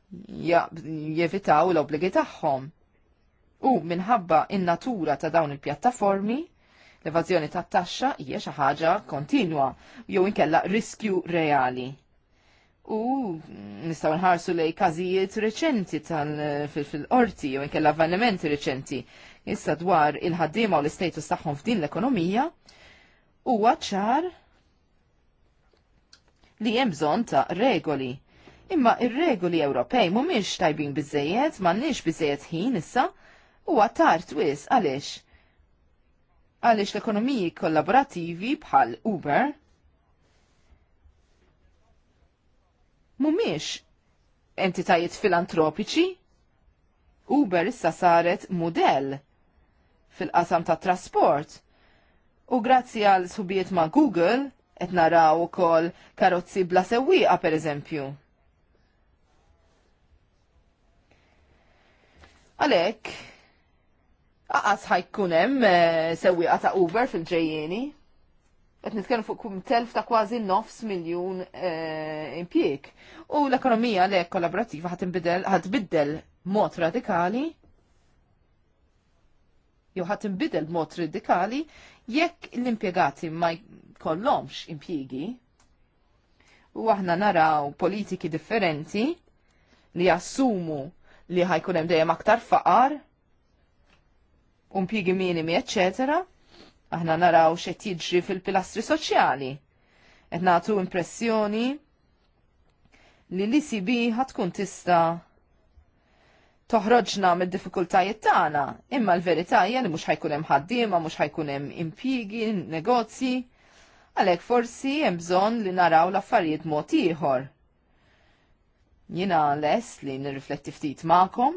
jevitaw l-obligi tagħhom. U minħabba in-natura ta' dawn il-pjattaformi, l-evażjoni ta' taxxa hija xi ħaġa kontinwa jew inkella riskju reali. U nistgħu nħarsu lej każijiet reċenti fil-qorti jew inkella avvenimenti reċenti issa dwar il-ħaddiema u l-istatus tagħhom f'din l-ekonomija huwa ċar li hemm bżonn ta' regoli Imma ir-regoli Ewropej mhumiex tajbin biżejjed, m'għandniex biżejjed ħin issa, huwa tard wis għaliex. Għaliex l-ekonomiji kollaborattivi bħal Uber mhumiex entitajiet filantropiċi. Uber issa saret mudell fil-qasam ta' trasport. U grazzi għal subiet ma' Google, et naraw ukoll karozzi bla sewwieqa per eżempju. Għalek, għas ħajkunem eh, sewi ta' Uber fil-ġejjeni. Għet nitkellem fuq kum telf ta' kważi nofs miljon eh, impjek. U l-ekonomija għalek kollaborativa biddel mod radikali Jo ħadd inbidel mod radikali jekk l-impjegati ma jkollhomx impjiegi u aħna naraw politiki differenti li jassumu li ħajkun hemm dejjem aktar faqar, impjiegi minimi, eċċetera, aħna naraw x'qed jiġri fil-pilastri soċjali. Qed nagħtu impressjoni li l-ICB ħatkun tista toħroġna mid-diffikultajiet tagħna, imma l-verità hija li mhux ħajkun hemm ħaddiema, mhux ħajkun hemm impjiegi, negozji, għalhekk forsi hemm bżonn li naraw l-affarijiet mod ieħor Jina les li nirrifletti ftit ma'kom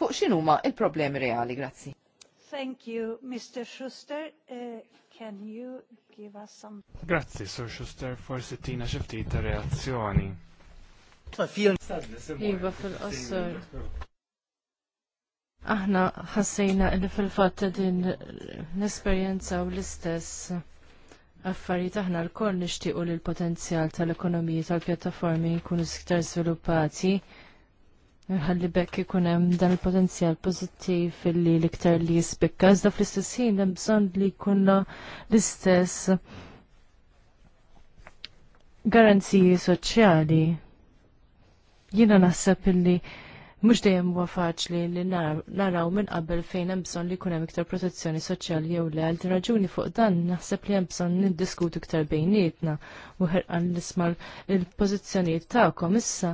fuq x'inhuma il-problemi reali, grazzi. Thank you, Mr. Schuster. Uh, can you give us some... Grazzi, Sir Schuster, forsi tina xiftit ta' reazzjoni. Iva fil qassar Aħna ħassejna il fil fatta din l-esperjenza u l-istess affarijiet aħna l nixtiequ li l-potenzjal tal-ekonomiji tal-pjattaformi jkunu iktar sviluppati. Ħalli bekk ikun hemm dan il-potenzjal pożittiv li l-iktar li jispikka, iżda fl-istess ħin hemm bżonn li jkunna l-istess garanziji soċjali. Jiena naħseb illi mhux dejjem huwa faċli li naraw minn qabel fejn hemm bżonn li jkun hemm iktar protezzjoni soċjali jew le għal raġuni fuq dan naħseb li hemm bżonn niddiskutu iktar bejnietna u ħerqan nismal il-pożizzjonijiet tagħkom issa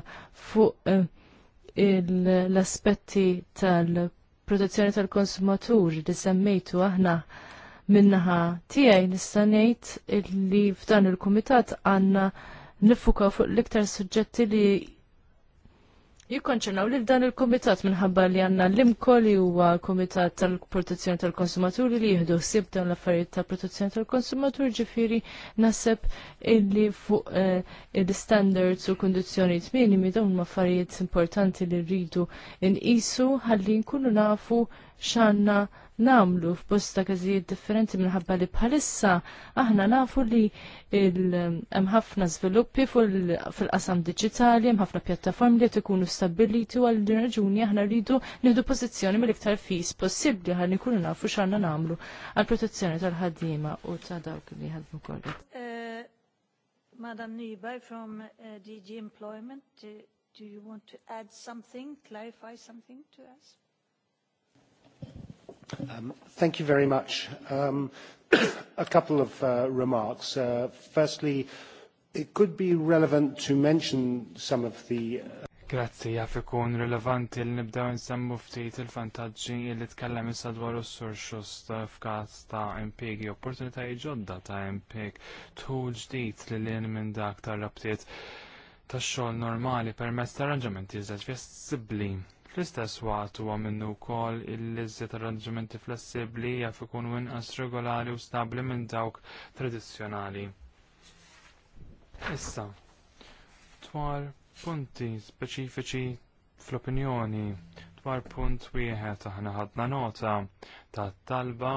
fuq eh, l-aspetti tal- protezzjoni tal-konsumatur li semmejtu aħna minnaħa tiegħi nista' ngħid li f'dan il-kumitat għandna nifuka fuq l-iktar suġġetti li jikkonċernaw li f'dan il-komitat minħabba li għanna l-imkoli huwa komitat tal-protezzjoni tal-konsumaturi li jihdu sib dawn l-affarijiet tal-protezzjoni tal-konsumaturi ġifiri naseb illi fuq eh, il-standards u kondizjonijiet minimi dawn l affarijiet importanti li rridu nqisu ħalli nkunu nafu xanna namlu f'bosta każijiet differenti minħabba li bħalissa aħna nafu li hemm ħafna żviluppi fil-qasam diġitali, hemm ħafna pjattaformi li tkunu u għal din raġuni aħna rridu nieħdu pożizzjoni mill-iktar fis possibbli ħalli nkunu nafu x'għandna nagħmlu għal protezzjoni tal-ħaddiema u ta' dawk li ħadmu kollet. Uh, Madam Nibaj from uh, DG Employment, do you want to add something, clarify something to us? Um, thank you very much. Um, [COUGHS] a couple of uh, remarks. Uh, firstly, it could be relevant to mention some of the uh, Grazzi, jaf ikun rilevanti li nibdew nsemmu ftit il-vantaġġi li tkellem issa dwar is-sur xust f'każ ta' impjegi opportunitajiet ġodda ta' impjeg tul ġdid li lien minn dak tar-rabtiet tax-xogħol normali permezz ta' arranġamenti iżgħaġ flessibbli Fl-istess waqt huwa minnu wkoll il-liżja arranġamenti flessibbli jaf ikunu inqas regolari u stabbli minn dawk tradizzjonali. Issa, dwar punti speċifiċi fl-opinjoni dwar punt wieħed aħna ħadna nota ta' talba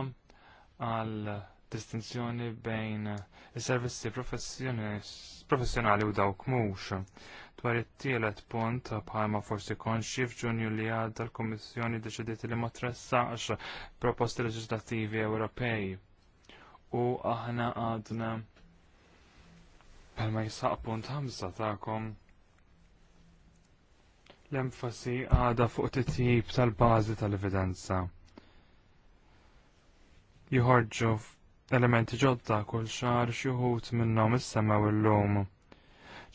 għal distinzjoni bejn is-servizzi professjonali u dawk mhux. Dwar it-tielet punt bħalma forsi konxi f'Ġunju li għadda l-Kummissjoni deċidiet li ma tressaqx proposti leġislattivi Ewropej. U aħna għadna bħalma jisaq punt ħamsa tagħkom l-enfasi għada fuq titjib tal-bazi tal-evidenza. Jħorġu elementi ġodda kull xar xuħut minnom is-sema u l-lum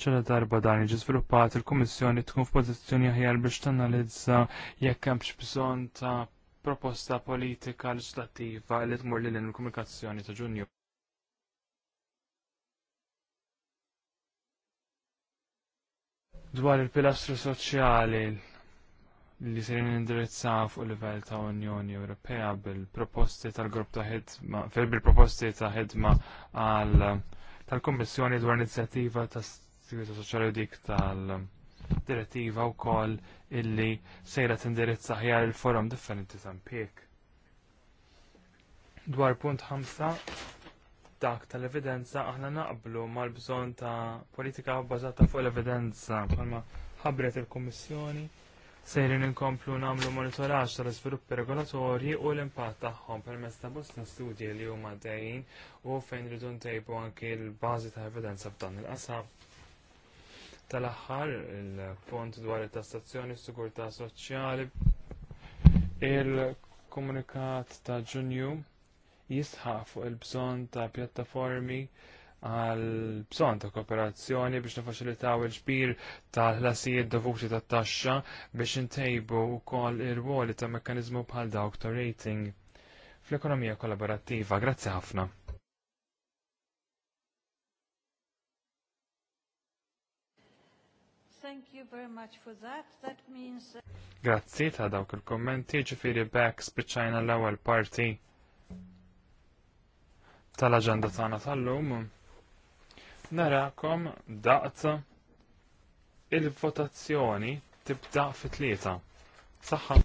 ċala darba dan jiġi żviluppat il-Kummissjoni tkun f'pożizzjoni aħjar biex tanalizza jekk hemmx bżonn ta' proposta politika leġislattiva li tmur lil il-komunikazzjoni ta' Ġunju. Dwar il-pilastru soċjali li se indirizzaw fuq livell ta' Unjoni Ewropea bil-proposti tal-grupp ta' ħidma, fil bil-proposti ta' ħidma għal tal komissjoni dwar inizjattiva ta' l-effettività soċjali dik tal-direttiva wkoll illi sejra tindirizza ħjar il-forum differenti ta' impjieg. Dwar punt 5 dak tal-evidenza aħna naqblu mal-bżonn ta' politika bbażata fuq l-evidenza bħalma ħabbret il-Kummissjoni sejrin inkomplu namlu monitoraġġ tal-iżviluppi regolatorji u l-impatt tagħhom permezz ta' bosta studji li huma dejjin u fejn ridu ntejbu anki l-bażi ta' evidenza f'dan il-qasam. Tal-aħħar il-pont dwar it-tassazzjoni s-sigurtà soċjali il-komunikat ta' Ġunju jisħaq fuq il-bżonn ta' pjattaformi għal bżonn ta' kooperazzjoni biex nifaċilitaw il-ġbir ta' ħlasijiet dovuti ta' taxxa biex intejbu wkoll ir-ruoli ta' mekkaniżmu bħal dawk ta' rating fl-ekonomija kollaborattiva. Grazzi ħafna. Thank you very much for that. That means... Grazzi ta' dawk il-kommenti, ġifiri back spiċċajna l-ewwel parti tal-aġenda tagħna tal-lum. Narakom daqt il-votazzjoni tibda fit-tlieta. Saħħa.